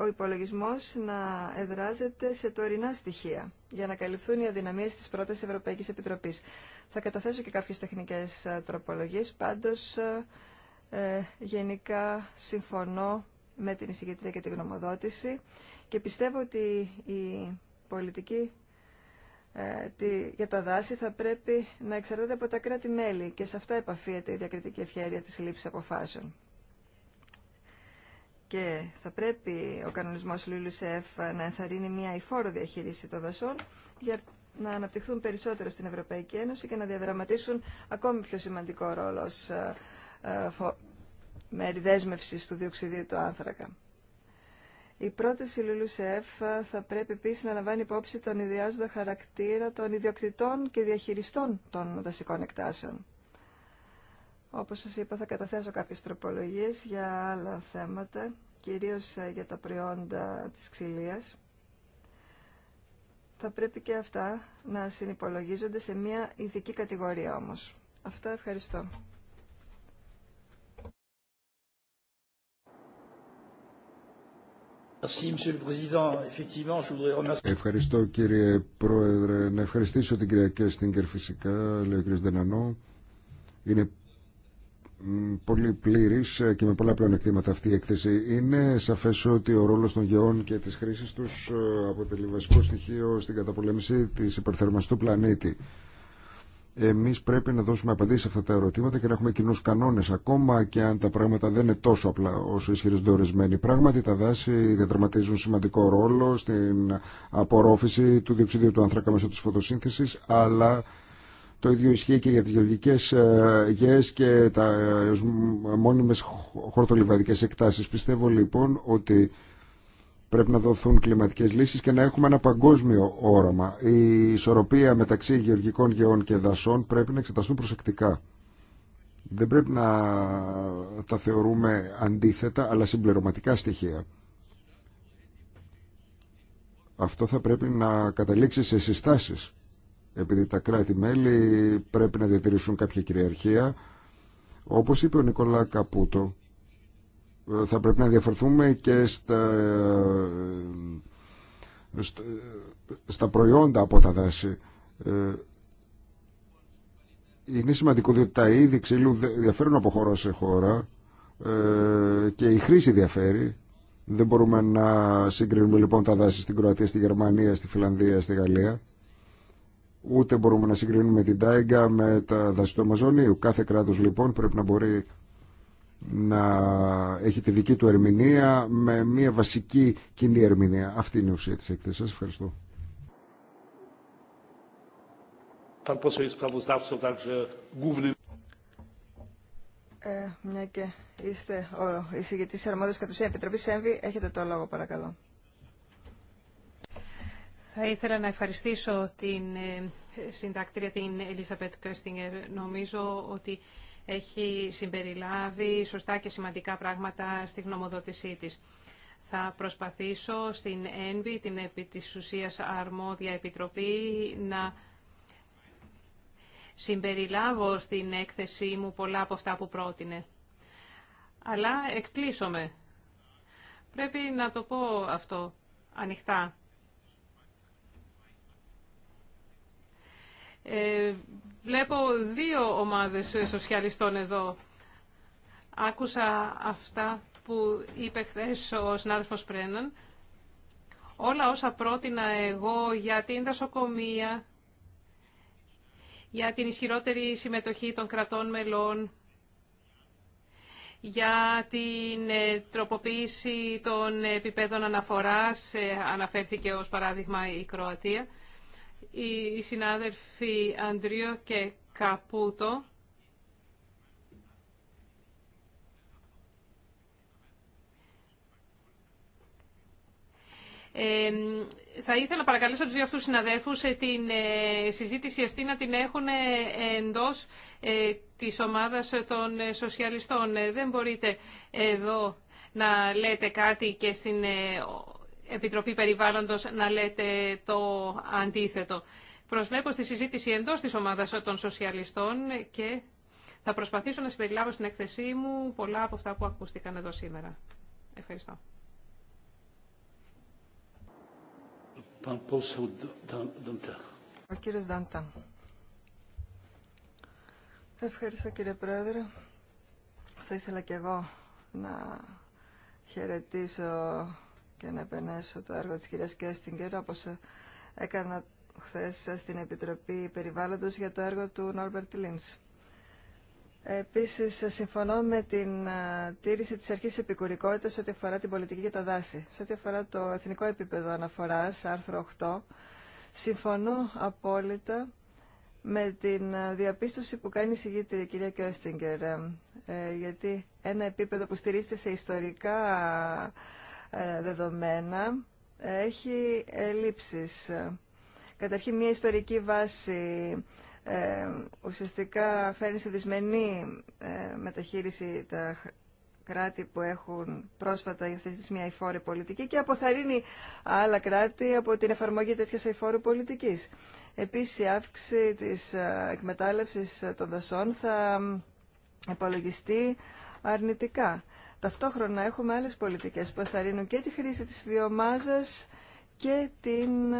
ο υπολογισμός να εδράζεται σε τωρινά στοιχεία για να καλυφθούν οι αδυναμίες της πρώτης Ευρωπαϊκής Επιτροπής. Θα καταθέσω και κάποιες τεχνικές ε, τροπολογίες, πάντως ε, ε, γενικά συμφωνώ με την εισηγητρία και την γνωμοδότηση και πιστεύω ότι η πολιτική ε, για τα δάση θα πρέπει να εξαρτάται από τα κράτη-μέλη και σε αυτά επαφίεται η διακριτική ευχαίρεια της λήψης αποφάσεων. Και θα πρέπει ο κανονισμός ΛΟΥΛΟΥΣΕΦ να ενθαρρύνει μια υφόρο διαχείριση των δασών για να αναπτυχθούν περισσότερο στην Ευρωπαϊκή Ένωση και να διαδραματίσουν ακόμη πιο σημαντικό ρόλο ως ε, ε, μέρη του διοξιδίου του άνθρακα. Η πρόταση Λουλουσεφ θα πρέπει επίσης να λαμβάνει υπόψη τον ιδιάζοντα χαρακτήρα των ιδιοκτητών και διαχειριστών των δασικών εκτάσεων. Όπως σας είπα θα καταθέσω κάποιες τροπολογίες για άλλα θέματα, κυρίως ε, για τα προϊόντα της ξυλίας. Θα πρέπει και αυτά να συνυπολογίζονται σε μια ειδική κατηγορία όμως. Αυτά ευχαριστώ. Ευχαριστώ κύριε Πρόεδρε. Να ευχαριστήσω την κυρία Κέστιγκερ φυσικά, λέει ο κύριος Δενανό. Είναι πολύ πλήρης και με πολλά πλεονεκτήματα αυτή η έκθεση. Είναι σαφές ότι ο ρόλος των γεών και της χρήσης τους ε, αποτελεί βασικό στοιχείο στην καταπολέμηση της υπερθερμαστού πλανήτη. Εμείς πρέπει να δώσουμε απαντήσεις σε αυτά τα ερωτήματα και να έχουμε κοινού κανόνες ακόμα και αν τα πράγματα δεν είναι τόσο απλά όσο ισχυρίζονται ορισμένοι. Πράγματι τα δάση διαδραματίζουν σημαντικό ρόλο στην απορρόφηση του διοξιδίου του άνθρακα μέσω της φωτοσύνθεσης αλλά το ίδιο ισχύει και για τις γεωργικές ε, γεές και τα ε, μόνιμες χορτολιβαδικές εκτάσεις. Πιστεύω λοιπόν ότι Πρέπει να δοθούν κλιματικές λύσεις και να έχουμε ένα παγκόσμιο όραμα. Η ισορροπία μεταξύ γεωργικών γεών και δασών πρέπει να εξεταστούν προσεκτικά. Δεν πρέπει να τα θεωρούμε αντίθετα, αλλά συμπληρωματικά στοιχεία. Αυτό θα πρέπει να καταλήξει σε συστάσεις, επειδή τα κράτη-μέλη πρέπει να διατηρήσουν κάποια κυριαρχία. Όπως είπε ο Νικολά Καπούτο, θα πρέπει να διαφερθούμε και στα, στα προϊόντα από τα δάση. Ε, είναι σημαντικό διότι τα είδη ξύλου διαφέρουν από χώρα σε χώρα ε, και η χρήση διαφέρει. Δεν μπορούμε να συγκρίνουμε λοιπόν τα δάση στην Κροατία, στη Γερμανία, στη Φιλανδία, στη Γαλλία. Ούτε μπορούμε να συγκρίνουμε την Τάιγκα με τα δάση του Αμαζονίου. Κάθε κράτος λοιπόν πρέπει να μπορεί να έχει τη δική του ερμηνεία με μια βασική κοινή ερμηνεία. Αυτή είναι η ουσία της έκθεσης. Σας ευχαριστώ. Ε, μια και είστε ο εισηγητής τη κατ' ουσία Επιτροπή ΕΜΒΗ, έχετε το λόγο παρακαλώ. Θα ήθελα να ευχαριστήσω την ε, συντάκτρια την Ελίζα Πέτ Νομίζω ότι έχει συμπεριλάβει σωστά και σημαντικά πράγματα στη γνωμοδότησή της. Θα προσπαθήσω στην ΕΝΒΗ, την επί της αρμόδια επιτροπή, να συμπεριλάβω στην έκθεσή μου πολλά από αυτά που πρότεινε. Αλλά με. Πρέπει να το πω αυτό ανοιχτά. Ε, βλέπω δύο ομάδες σοσιαλιστών εδώ. Άκουσα αυτά που είπε χθε ο συνάδελφος Πρέναν. Όλα όσα πρότεινα εγώ για την δασοκομεία, για την ισχυρότερη συμμετοχή των κρατών μελών, για την ε, τροποποίηση των επιπέδων αναφοράς, ε, αναφέρθηκε ως παράδειγμα η Κροατία, οι συνάδελφοι Αντρίο και Καπούτο θα ήθελα να παρακαλέσω τους δύο αυτούς συναδέλφους την ε, συζήτηση αυτή να την έχουν ε, εντός ε, της ομάδας των ε, σοσιαλιστών. Δεν μπορείτε εδώ να λέτε κάτι και στην Επιτροπή Περιβάλλοντος να λέτε το αντίθετο. Προσβλέπω στη συζήτηση εντός της ομάδας των σοσιαλιστών και θα προσπαθήσω να συμπεριλάβω στην έκθεσή μου πολλά από αυτά που ακούστηκαν εδώ σήμερα. Ευχαριστώ. Ο κύριος Δάντα. Ευχαριστώ κύριε Πρόεδρε. Θα ήθελα και εγώ να χαιρετήσω και να επενέσω το έργο της κυρίας Κέστιγκερ όπως έκανα χθε στην Επιτροπή Περιβάλλοντος για το έργο του Νόρμπερτ Λίνς. Επίσης, συμφωνώ με την τήρηση της αρχής επικουρικότητας ό,τι αφορά την πολιτική για τα δάση. Σε ό,τι αφορά το εθνικό επίπεδο αναφοράς, άρθρο 8, συμφωνώ απόλυτα με την διαπίστωση που κάνει η συγγήτρια κυρία Κιώστιγκερ, ε, ε, γιατί ένα επίπεδο που στηρίζεται σε ιστορικά ε, δεδομένα έχει ελλείψεις. Καταρχήν μια ιστορική βάση ε, ουσιαστικά φέρνει σε δυσμενή ε, μεταχείριση τα κράτη που έχουν πρόσφατα τη μια αηφόρη πολιτική και αποθαρρύνει άλλα κράτη από την εφαρμογή τέτοια υφόρου πολιτικής. Επίση, η αύξηση τη εκμετάλλευση των δασών θα υπολογιστεί αρνητικά ταυτόχρονα έχουμε άλλες πολιτικές που εθαρρύνουν και τη χρήση της βιομάζας και την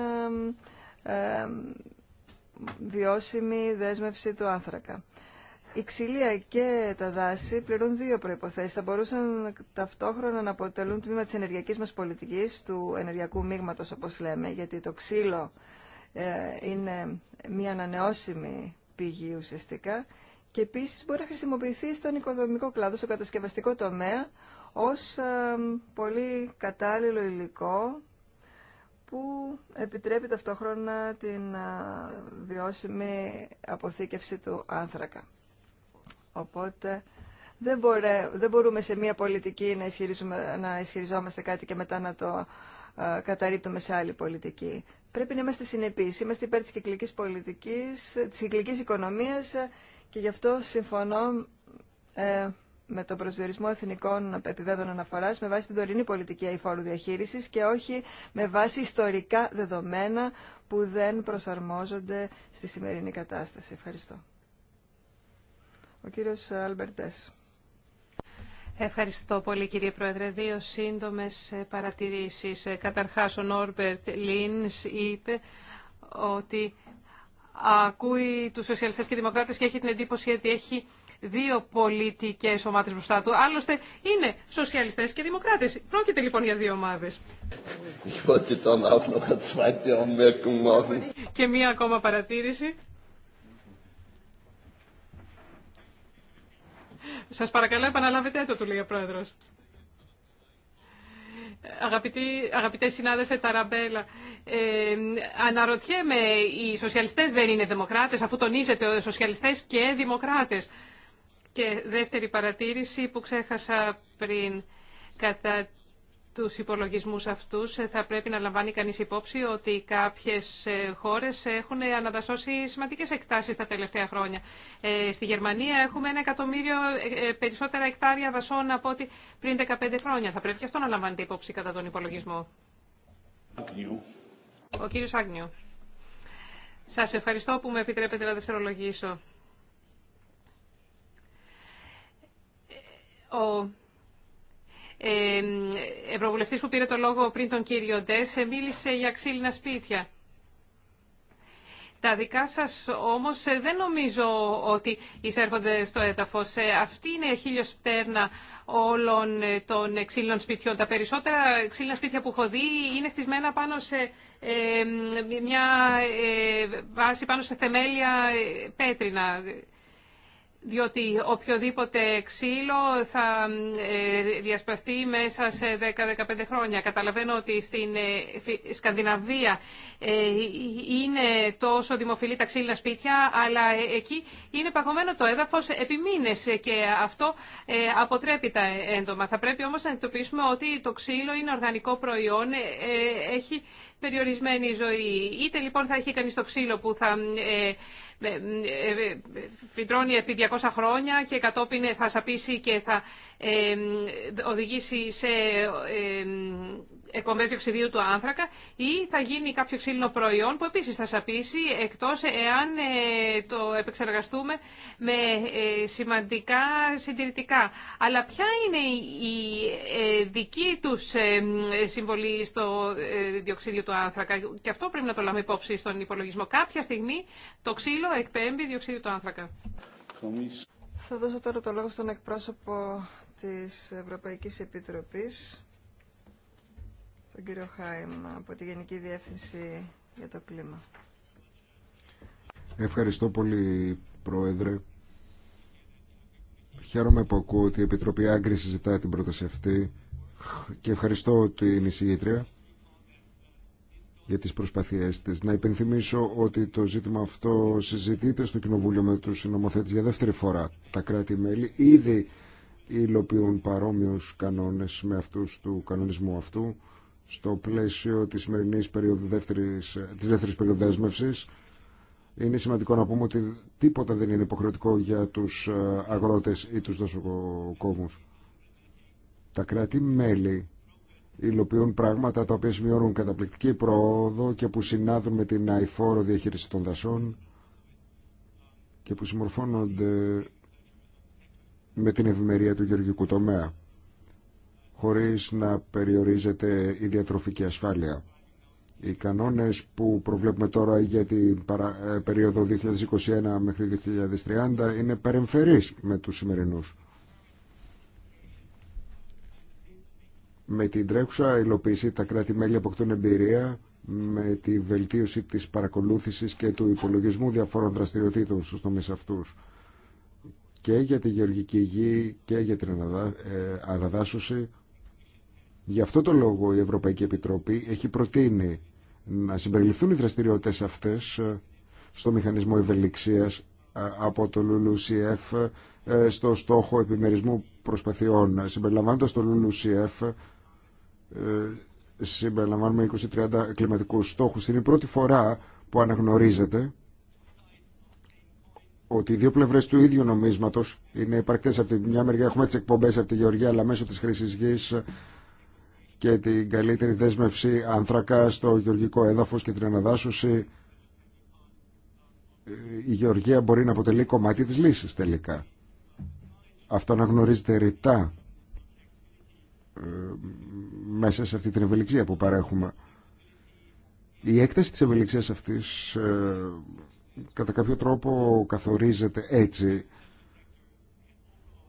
ε, βιώσιμη δέσμευση του άνθρακα. Η ξυλία και τα δάση πληρούν δύο προϋποθέσεις. Θα μπορούσαν ταυτόχρονα να αποτελούν τμήμα της ενεργειακής μας πολιτικής, του ενεργειακού μείγματος όπως λέμε, γιατί το ξύλο ε, είναι μια ανανεώσιμη πηγή ουσιαστικά και επίση μπορεί να χρησιμοποιηθεί στον οικοδομικό κλάδο, στο κατασκευαστικό τομέα, ως ε, πολύ κατάλληλο υλικό που επιτρέπει ταυτόχρονα την ε, βιώσιμη αποθήκευση του άνθρακα. Οπότε δεν, δεν μπορούμε σε μία πολιτική να, να ισχυριζόμαστε κάτι και μετά να το α, ε, καταρρύπτουμε σε άλλη πολιτική. Πρέπει να είμαστε συνεπείς. Είμαστε υπέρ της κυκλικής πολιτικής, της κυκλικής οικονομίας και γι' αυτό συμφωνώ ε, με τον προσδιορισμό εθνικών επιβέδων αναφορά με βάση την τωρινή πολιτική αηφόρου διαχείριση και όχι με βάση ιστορικά δεδομένα που δεν προσαρμόζονται στη σημερινή κατάσταση. Ευχαριστώ. Ο κύριο Αλμπερτέ. Ευχαριστώ πολύ κύριε Πρόεδρε. Δύο σύντομες παρατηρήσει. Καταρχάς ο Νόρμπερτ Λίνς είπε ότι ακούει τους σοσιαλιστές και δημοκράτες και έχει την εντύπωση ότι έχει δύο πολιτικές ομάδες μπροστά του. Άλλωστε είναι σοσιαλιστές και δημοκράτες. Πρόκειται λοιπόν για δύο ομάδες. Και μία ακόμα παρατήρηση. Σας παρακαλώ επαναλάβετε το, του λέει ο Πρόεδρος. Αγαπητοί, αγαπητές συνάδελφε Ταραμπέλα, ε, αναρωτιέμαι, οι σοσιαλιστές δεν είναι δημοκράτες, αφού τονίζετε σοσιαλιστές και δημοκράτες. Και δεύτερη παρατήρηση που ξέχασα πριν. Κατά τους υπολογισμούς αυτούς ε, θα πρέπει να λαμβάνει κανείς υπόψη ότι κάποιες ε, χώρες έχουν αναδασώσει σημαντικές εκτάσεις τα τελευταία χρόνια. Ε, στη Γερμανία έχουμε ένα εκατομμύριο περισσότερα εκτάρια δασών από ότι πριν 15 χρόνια. Θα πρέπει και αυτό να λαμβάνεται υπόψη κατά τον υπολογισμό. Ο κύριος Άγνιου. Σας ευχαριστώ που με επιτρέπετε να δευτερολογήσω. Ο ευρωβουλευτής που πήρε το λόγο πριν τον κύριο ε, μίλησε για ξύλινα σπίτια. Τα δικά σας όμως ε, δεν νομίζω ότι εισέρχονται στο έδαφος. Ε, αυτή είναι η χίλιος πτέρνα όλων των ξύλινων σπιτιών. Τα περισσότερα ξύλινα σπίτια που έχω δει είναι χτισμένα πάνω σε μια βάση, πάνω σε θεμέλια πέτρινα διότι οποιοδήποτε ξύλο θα ε, διασπαστεί μέσα σε 10-15 χρόνια. Καταλαβαίνω ότι στην ε, Σκανδιναβία ε, είναι τόσο δημοφιλή τα ξύλινα σπίτια, αλλά εκεί είναι παγωμένο το έδαφος επί μήνες και αυτό αποτρέπει τα έντομα. Θα πρέπει όμως να εντοπίσουμε ότι το ξύλο είναι οργανικό προϊόν, έχει περιορισμένη ζωή. Είτε λοιπόν θα έχει κανείς το ξύλο που θα φυτρώνει επί 200 χρόνια και κατόπιν θα σαπίσει και θα οδηγήσει σε εκπομπές διοξιδίου του άνθρακα ή θα γίνει κάποιο ξύλινο προϊόν που επίσης θα σαπίσει εκτός εάν ε, το επεξεργαστούμε με ε, σημαντικά συντηρητικά. Αλλά ποια είναι η ε, δική τους συμβολή στο διοξίδιο του άνθρακα και αυτό πρέπει να το λάβουμε υπόψη στον υπολογισμό. Κάποια στιγμή το ξύλο εκπέμπει διοξίδιο του άνθρακα. Θα δώσω τώρα το λόγο στον εκπρόσωπο της Ευρωπαϊκής Επιτροπής, στον κύριο Χάιμ από τη Γενική Διεύθυνση για το Κλίμα. Ευχαριστώ πολύ, Πρόεδρε. Χαίρομαι που ακούω ότι η Επιτροπή Άγκρη συζητά την πρόταση αυτή και ευχαριστώ την εισηγήτρια για τις προσπαθίες της. Να υπενθυμίσω ότι το ζήτημα αυτό συζητείται στο Κοινοβούλιο με τους συνομοθέτες για δεύτερη φορά. Τα κράτη-μέλη ήδη υλοποιούν παρόμοιους κανόνες με αυτούς του κανονισμού αυτού στο πλαίσιο της σημερινής περίοδου δεύτερης, της δεύτερης περίοδου Είναι σημαντικό να πούμε ότι τίποτα δεν είναι υποχρεωτικό για τους ε, αγρότες ή τους δασοκόμους. Τα κράτη-μέλη υλοποιούν πράγματα τα οποία σημειώνουν καταπληκτική πρόοδο και που συνάδουν με την αηφόρο διαχείριση των δασών και που συμμορφώνονται με την ευημερία του γεωργικού τομέα χωρίς να περιορίζεται η διατροφική ασφάλεια. Οι κανόνες που προβλέπουμε τώρα για την ε, περίοδο 2021 μέχρι 2030 είναι παρεμφερείς με τους σημερινούς. Με την τρέχουσα υλοποίηση τα κράτη-μέλη αποκτούν εμπειρία με τη βελτίωση της παρακολούθησης και του υπολογισμού διαφόρων δραστηριοτήτων στους τομείς αυτούς και για τη γεωργική γη και για την ε, αναδάσωση. Γι' αυτό το λόγο η Ευρωπαϊκή Επιτροπή έχει προτείνει να συμπεριληφθούν οι δραστηριότητες αυτές ε, στο μηχανισμό ευελιξίας ε, από το LULUCF στο στόχο επιμερισμού προσπαθειών. Συμπεριλαμβάνοντας το LULUCF συμπεριλαμβάνουμε 20-30 κλιματικούς στόχους. Είναι η πρώτη φορά που αναγνωρίζεται ότι οι δύο πλευρέ του ίδιου νομίσματο είναι υπαρκτέ. Από τη μια μεριά έχουμε τι εκπομπέ από τη Γεωργία, αλλά μέσω τη χρήση γη και την καλύτερη δέσμευση άνθρακα στο γεωργικό έδαφο και την αναδάσωση, η Γεωργία μπορεί να αποτελεί κομμάτι τη λύση τελικά. Αυτό να γνωρίζετε ρητά ε, μέσα σε αυτή την ευελιξία που παρέχουμε. Η έκταση της ευελιξίας αυτής ε, κατά κάποιο τρόπο καθορίζεται έτσι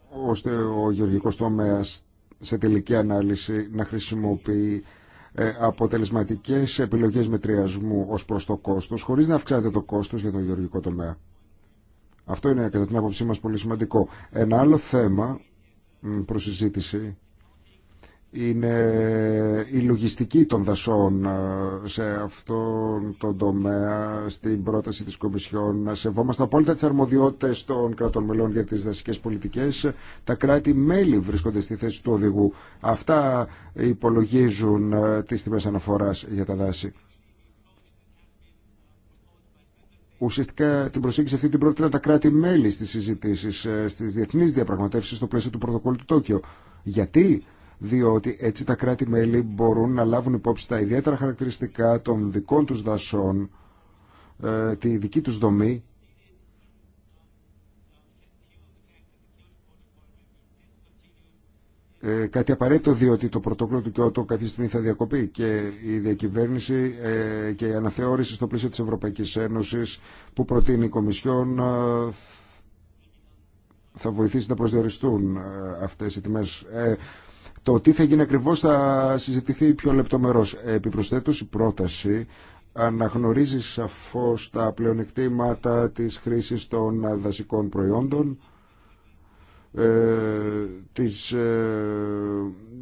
ώστε ο γεωργικός τομέας σε τελική ανάλυση να χρησιμοποιεί ε, αποτελεσματικές επιλογές μετριασμού ως προς το κόστος χωρίς να αυξάνεται το κόστος για τον γεωργικό τομέα. Αυτό είναι κατά την άποψή μας πολύ σημαντικό. Ένα άλλο θέμα προς είναι η λογιστική των δασών ε, σε αυτόν τον τομέα, στην πρόταση της Κομισιόν. Να σεβόμαστε απόλυτα τις αρμοδιότητες των κρατών μελών για τις δασικές πολιτικές. Τα κράτη-μέλη βρίσκονται στη θέση του οδηγού. Αυτά υπολογίζουν ε, τις τιμές αναφοράς για τα δάση. Ουσιαστικά την προσέγγιση αυτή την πρότεινα τα κράτη-μέλη στις συζητήσεις, ε, στις διεθνείς διαπραγματεύσεις στο πλαίσιο του πρωτοκόλλου του Τόκιο. Γιατί διότι έτσι τα κράτη-μέλη μπορούν να λάβουν υπόψη τα ιδιαίτερα χαρακτηριστικά των δικών τους δασών, ε, τη δική τους δομή Ε, κάτι απαραίτητο διότι το πρωτόκολλο του Κιώτο κάποια στιγμή θα διακοπεί και η διακυβέρνηση ε, και η αναθεώρηση στο πλαίσιο της Ευρωπαϊκής Ένωσης που προτείνει η Κομισιόν ε, θα βοηθήσει να προσδιοριστούν ε, αυτές οι τιμές. Το τι θα γίνει ακριβώς θα συζητηθεί πιο λεπτομερώς. Επιπροσθέτως η πρόταση αναγνωρίζει σαφώς τα πλεονεκτήματα της χρήσης των δασικών προϊόντων, ε, της ε,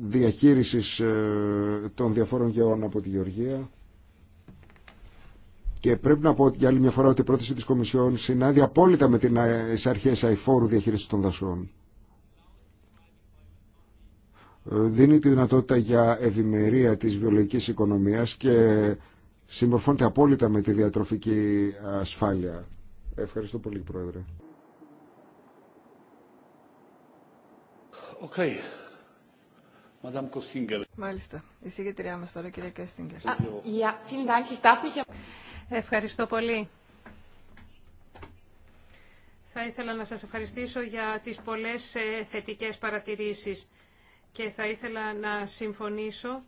διαχείρισης ε, των διαφόρων γεών από τη Γεωργία και πρέπει να πω για άλλη μια φορά ότι η πρόταση της Κομισιόν συνάδει απόλυτα με τις αρχές αηφόρου διαχείρισης των δασών δίνει τη δυνατότητα για ευημερία της βιολογικής οικονομίας και συμμορφώνεται απόλυτα με τη διατροφική ασφάλεια. Ευχαριστώ πολύ, Πρόεδρε. Okay. Μάλιστα. Η μας τώρα, κυρία Κέστιγκερ. Ευχαριστώ πολύ. Θα ήθελα να σας ευχαριστήσω για τις πολλές ε, θετικές παρατηρήσεις και θα ήθελα να συμφωνήσω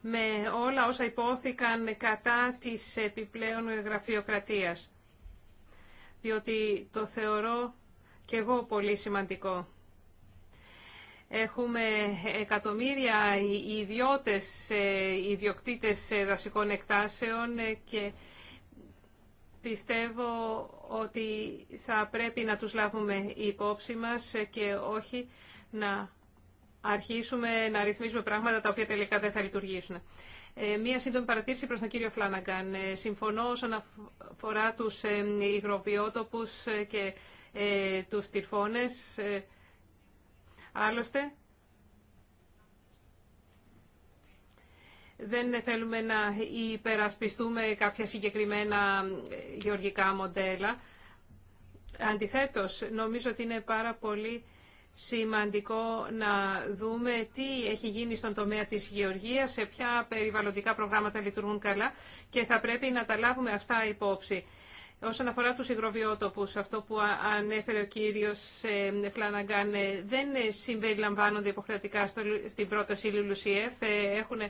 με όλα όσα υπόθηκαν κατά της επιπλέον γραφειοκρατίας, διότι το θεωρώ και εγώ πολύ σημαντικό. Έχουμε εκατομμύρια ιδιώτες, ε, ιδιοκτήτες ε, δασικών εκτάσεων ε, και πιστεύω ότι θα πρέπει να τους λάβουμε υπόψη μας και όχι να αρχίσουμε να ρυθμίζουμε πράγματα τα οποία τελικά δεν θα λειτουργήσουν. Ε, μία σύντομη παρατήρηση προς τον κύριο Φλάναγκαν. Ε, συμφωνώ όσον αφορά τους ε, υγροβιότοπους και ε, τους τυρφώνες. Ε, άλλωστε, δεν θέλουμε να υπερασπιστούμε κάποια συγκεκριμένα γεωργικά μοντέλα. Αντιθέτως, νομίζω ότι είναι πάρα πολύ σημαντικό να δούμε τι έχει γίνει στον τομέα της γεωργίας, σε ποια περιβαλλοντικά προγράμματα λειτουργούν καλά και θα πρέπει να τα λάβουμε αυτά υπόψη. Όσον αφορά τους υγροβιότοπους, αυτό που ανέφερε ο κύριος ε, Φλαναγκάν, ε, δεν συμπεριλαμβάνονται υποχρεωτικά στην πρόταση Λουλουσιεφ. Έχουν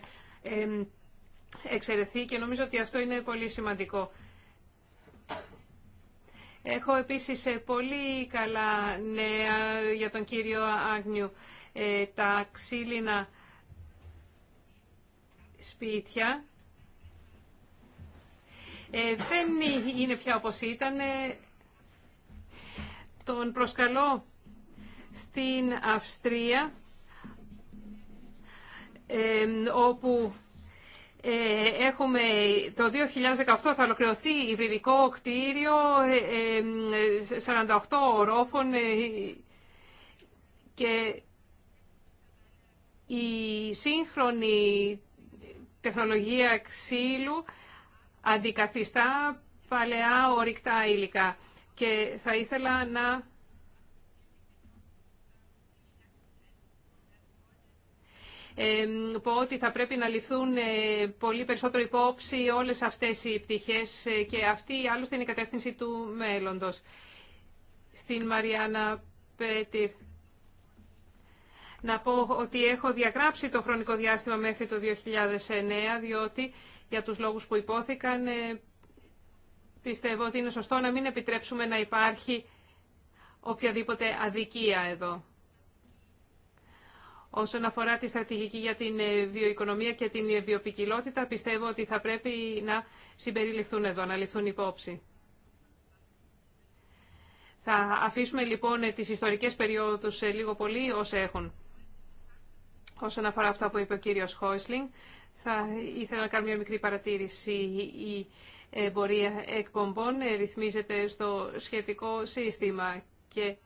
εξαιρεθεί και νομίζω ότι αυτό είναι πολύ σημαντικό. Έχω επίσης ε, πολύ καλά νέα για τον κύριο Άγνιου. Ε, τα ξύλινα σπίτια ε, δεν είναι πια όπως ήταν. Τον προσκαλώ στην Αυστρία όπου ε, έχουμε το 2018 θα ολοκληρωθεί υβριδικό κτίριο 48 ε, ορόφων ε, και η σύγχρονη τεχνολογία ξύλου αντικαθιστά παλαιά ορυκτά υλικά. Και θα ήθελα να πω ότι θα πρέπει να ληφθούν ε, πολύ περισσότερο υπόψη όλες αυτές οι πτυχές ε, και αυτή άλλωστε είναι η κατεύθυνση του μέλλοντος. Στην Μαριάννα Πέτυρ. Να πω ότι έχω διαγράψει το χρονικό διάστημα μέχρι το 2009, διότι για τους λόγους που υπόθηκαν ε, πιστεύω ότι είναι σωστό να μην επιτρέψουμε να υπάρχει οποιαδήποτε αδικία εδώ. Όσον αφορά τη στρατηγική για την ε, βιοοικονομία και την ε, βιοπικιλότητα, πιστεύω ότι θα πρέπει να συμπεριληφθούν εδώ, να ληφθούν υπόψη. Θα αφήσουμε λοιπόν ε, τις ιστορικές περιόδους λίγο πολύ ως έχουν. Όσον αφορά αυτά που είπε ο κύριος Χόισλινγκ, θα ήθελα να κάνω μια μικρή παρατήρηση. Η εμπορία εκπομπών ρυθμίζεται στο σχετικό σύστημα και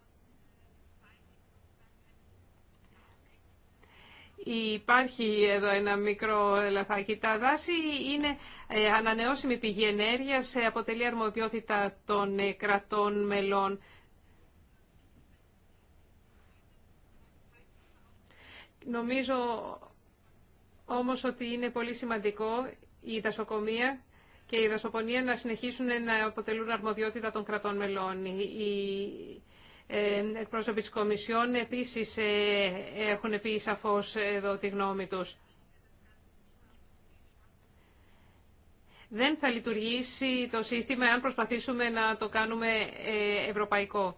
Υπάρχει εδώ ένα μικρό λαθάκι. Τα δάση είναι ε, ανανεώσιμη πηγή ενέργειας, ε, αποτελεί αρμοδιότητα των ε, κρατών μελών. Νομίζω όμως ότι είναι πολύ σημαντικό η δασοκομεία και η δασοπονία να συνεχίσουν να αποτελούν αρμοδιότητα των κρατών μελών. Η ε, εκπρόσωποι της Κομισιόν επίσης ε, έχουν πει σαφώς εδώ τη γνώμη τους. Δεν θα λειτουργήσει το σύστημα αν προσπαθήσουμε να το κάνουμε ε, ευρωπαϊκό.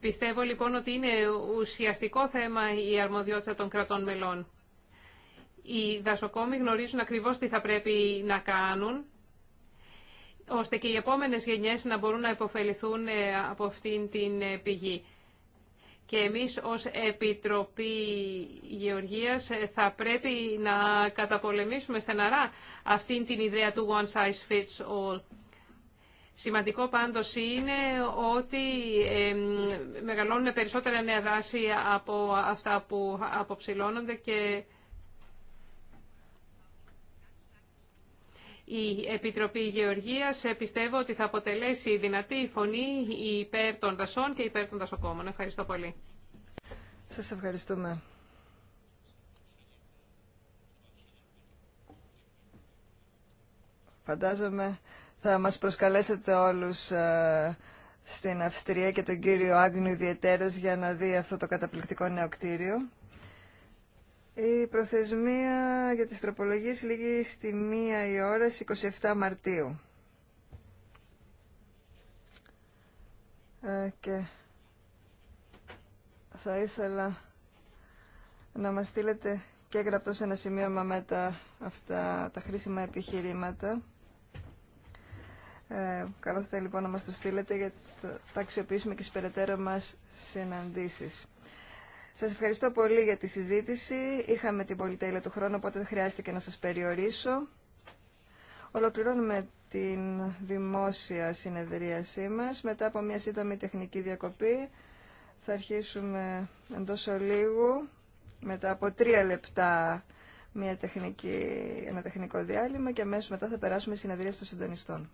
Πιστεύω λοιπόν ότι είναι ουσιαστικό θέμα η αρμοδιότητα των κρατών μελών. Οι δασοκόμοι γνωρίζουν ακριβώς τι θα πρέπει να κάνουν ώστε και οι επόμενες γενιές να μπορούν να υποφεληθούν ε, από αυτήν την ε, πηγή. Και εμείς ως Επιτροπή Γεωργίας ε, θα πρέπει να καταπολεμήσουμε στεναρά αυτήν την ιδέα του one size fits all. Σημαντικό πάντως είναι ότι μεγαλώνουν περισσότερα νέα δάση από αυτά που αποψηλώνονται και Η Επιτροπή Γεωργίας ε, πιστεύω ότι θα αποτελέσει δυνατή φωνή υπέρ των δασών και υπέρ των δασοκόμων. Ευχαριστώ πολύ. Σας ευχαριστούμε. Φαντάζομαι θα μας προσκαλέσετε όλους ε, στην Αυστρία και τον κύριο Άγνου ιδιαιτέρως για να δει αυτό το καταπληκτικό νέο κτίριο. Η προθεσμία για τις τροπολογίες λήγει στη 1 η ώρα 27 Μαρτίου. Ε, και θα ήθελα να μας στείλετε και γραπτό σε ένα σημείωμα με τα, αυτά τα χρήσιμα επιχειρήματα. Ε, καλό θα ήταν λοιπόν να μας το στείλετε γιατί θα τα αξιοποιήσουμε και στις περαιτέρω μας συναντήσεις. Σας ευχαριστώ πολύ για τη συζήτηση. Είχαμε την πολυτέλεια του χρόνου, οπότε δεν χρειάστηκε να σας περιορίσω. Ολοκληρώνουμε την δημόσια συνεδρίασή μας. Μετά από μια σύντομη τεχνική διακοπή θα αρχίσουμε εντός ολίγου, μετά από τρία λεπτά μια τεχνική, ένα τεχνικό διάλειμμα και αμέσως μετά θα περάσουμε συνεδρία των συντονιστών.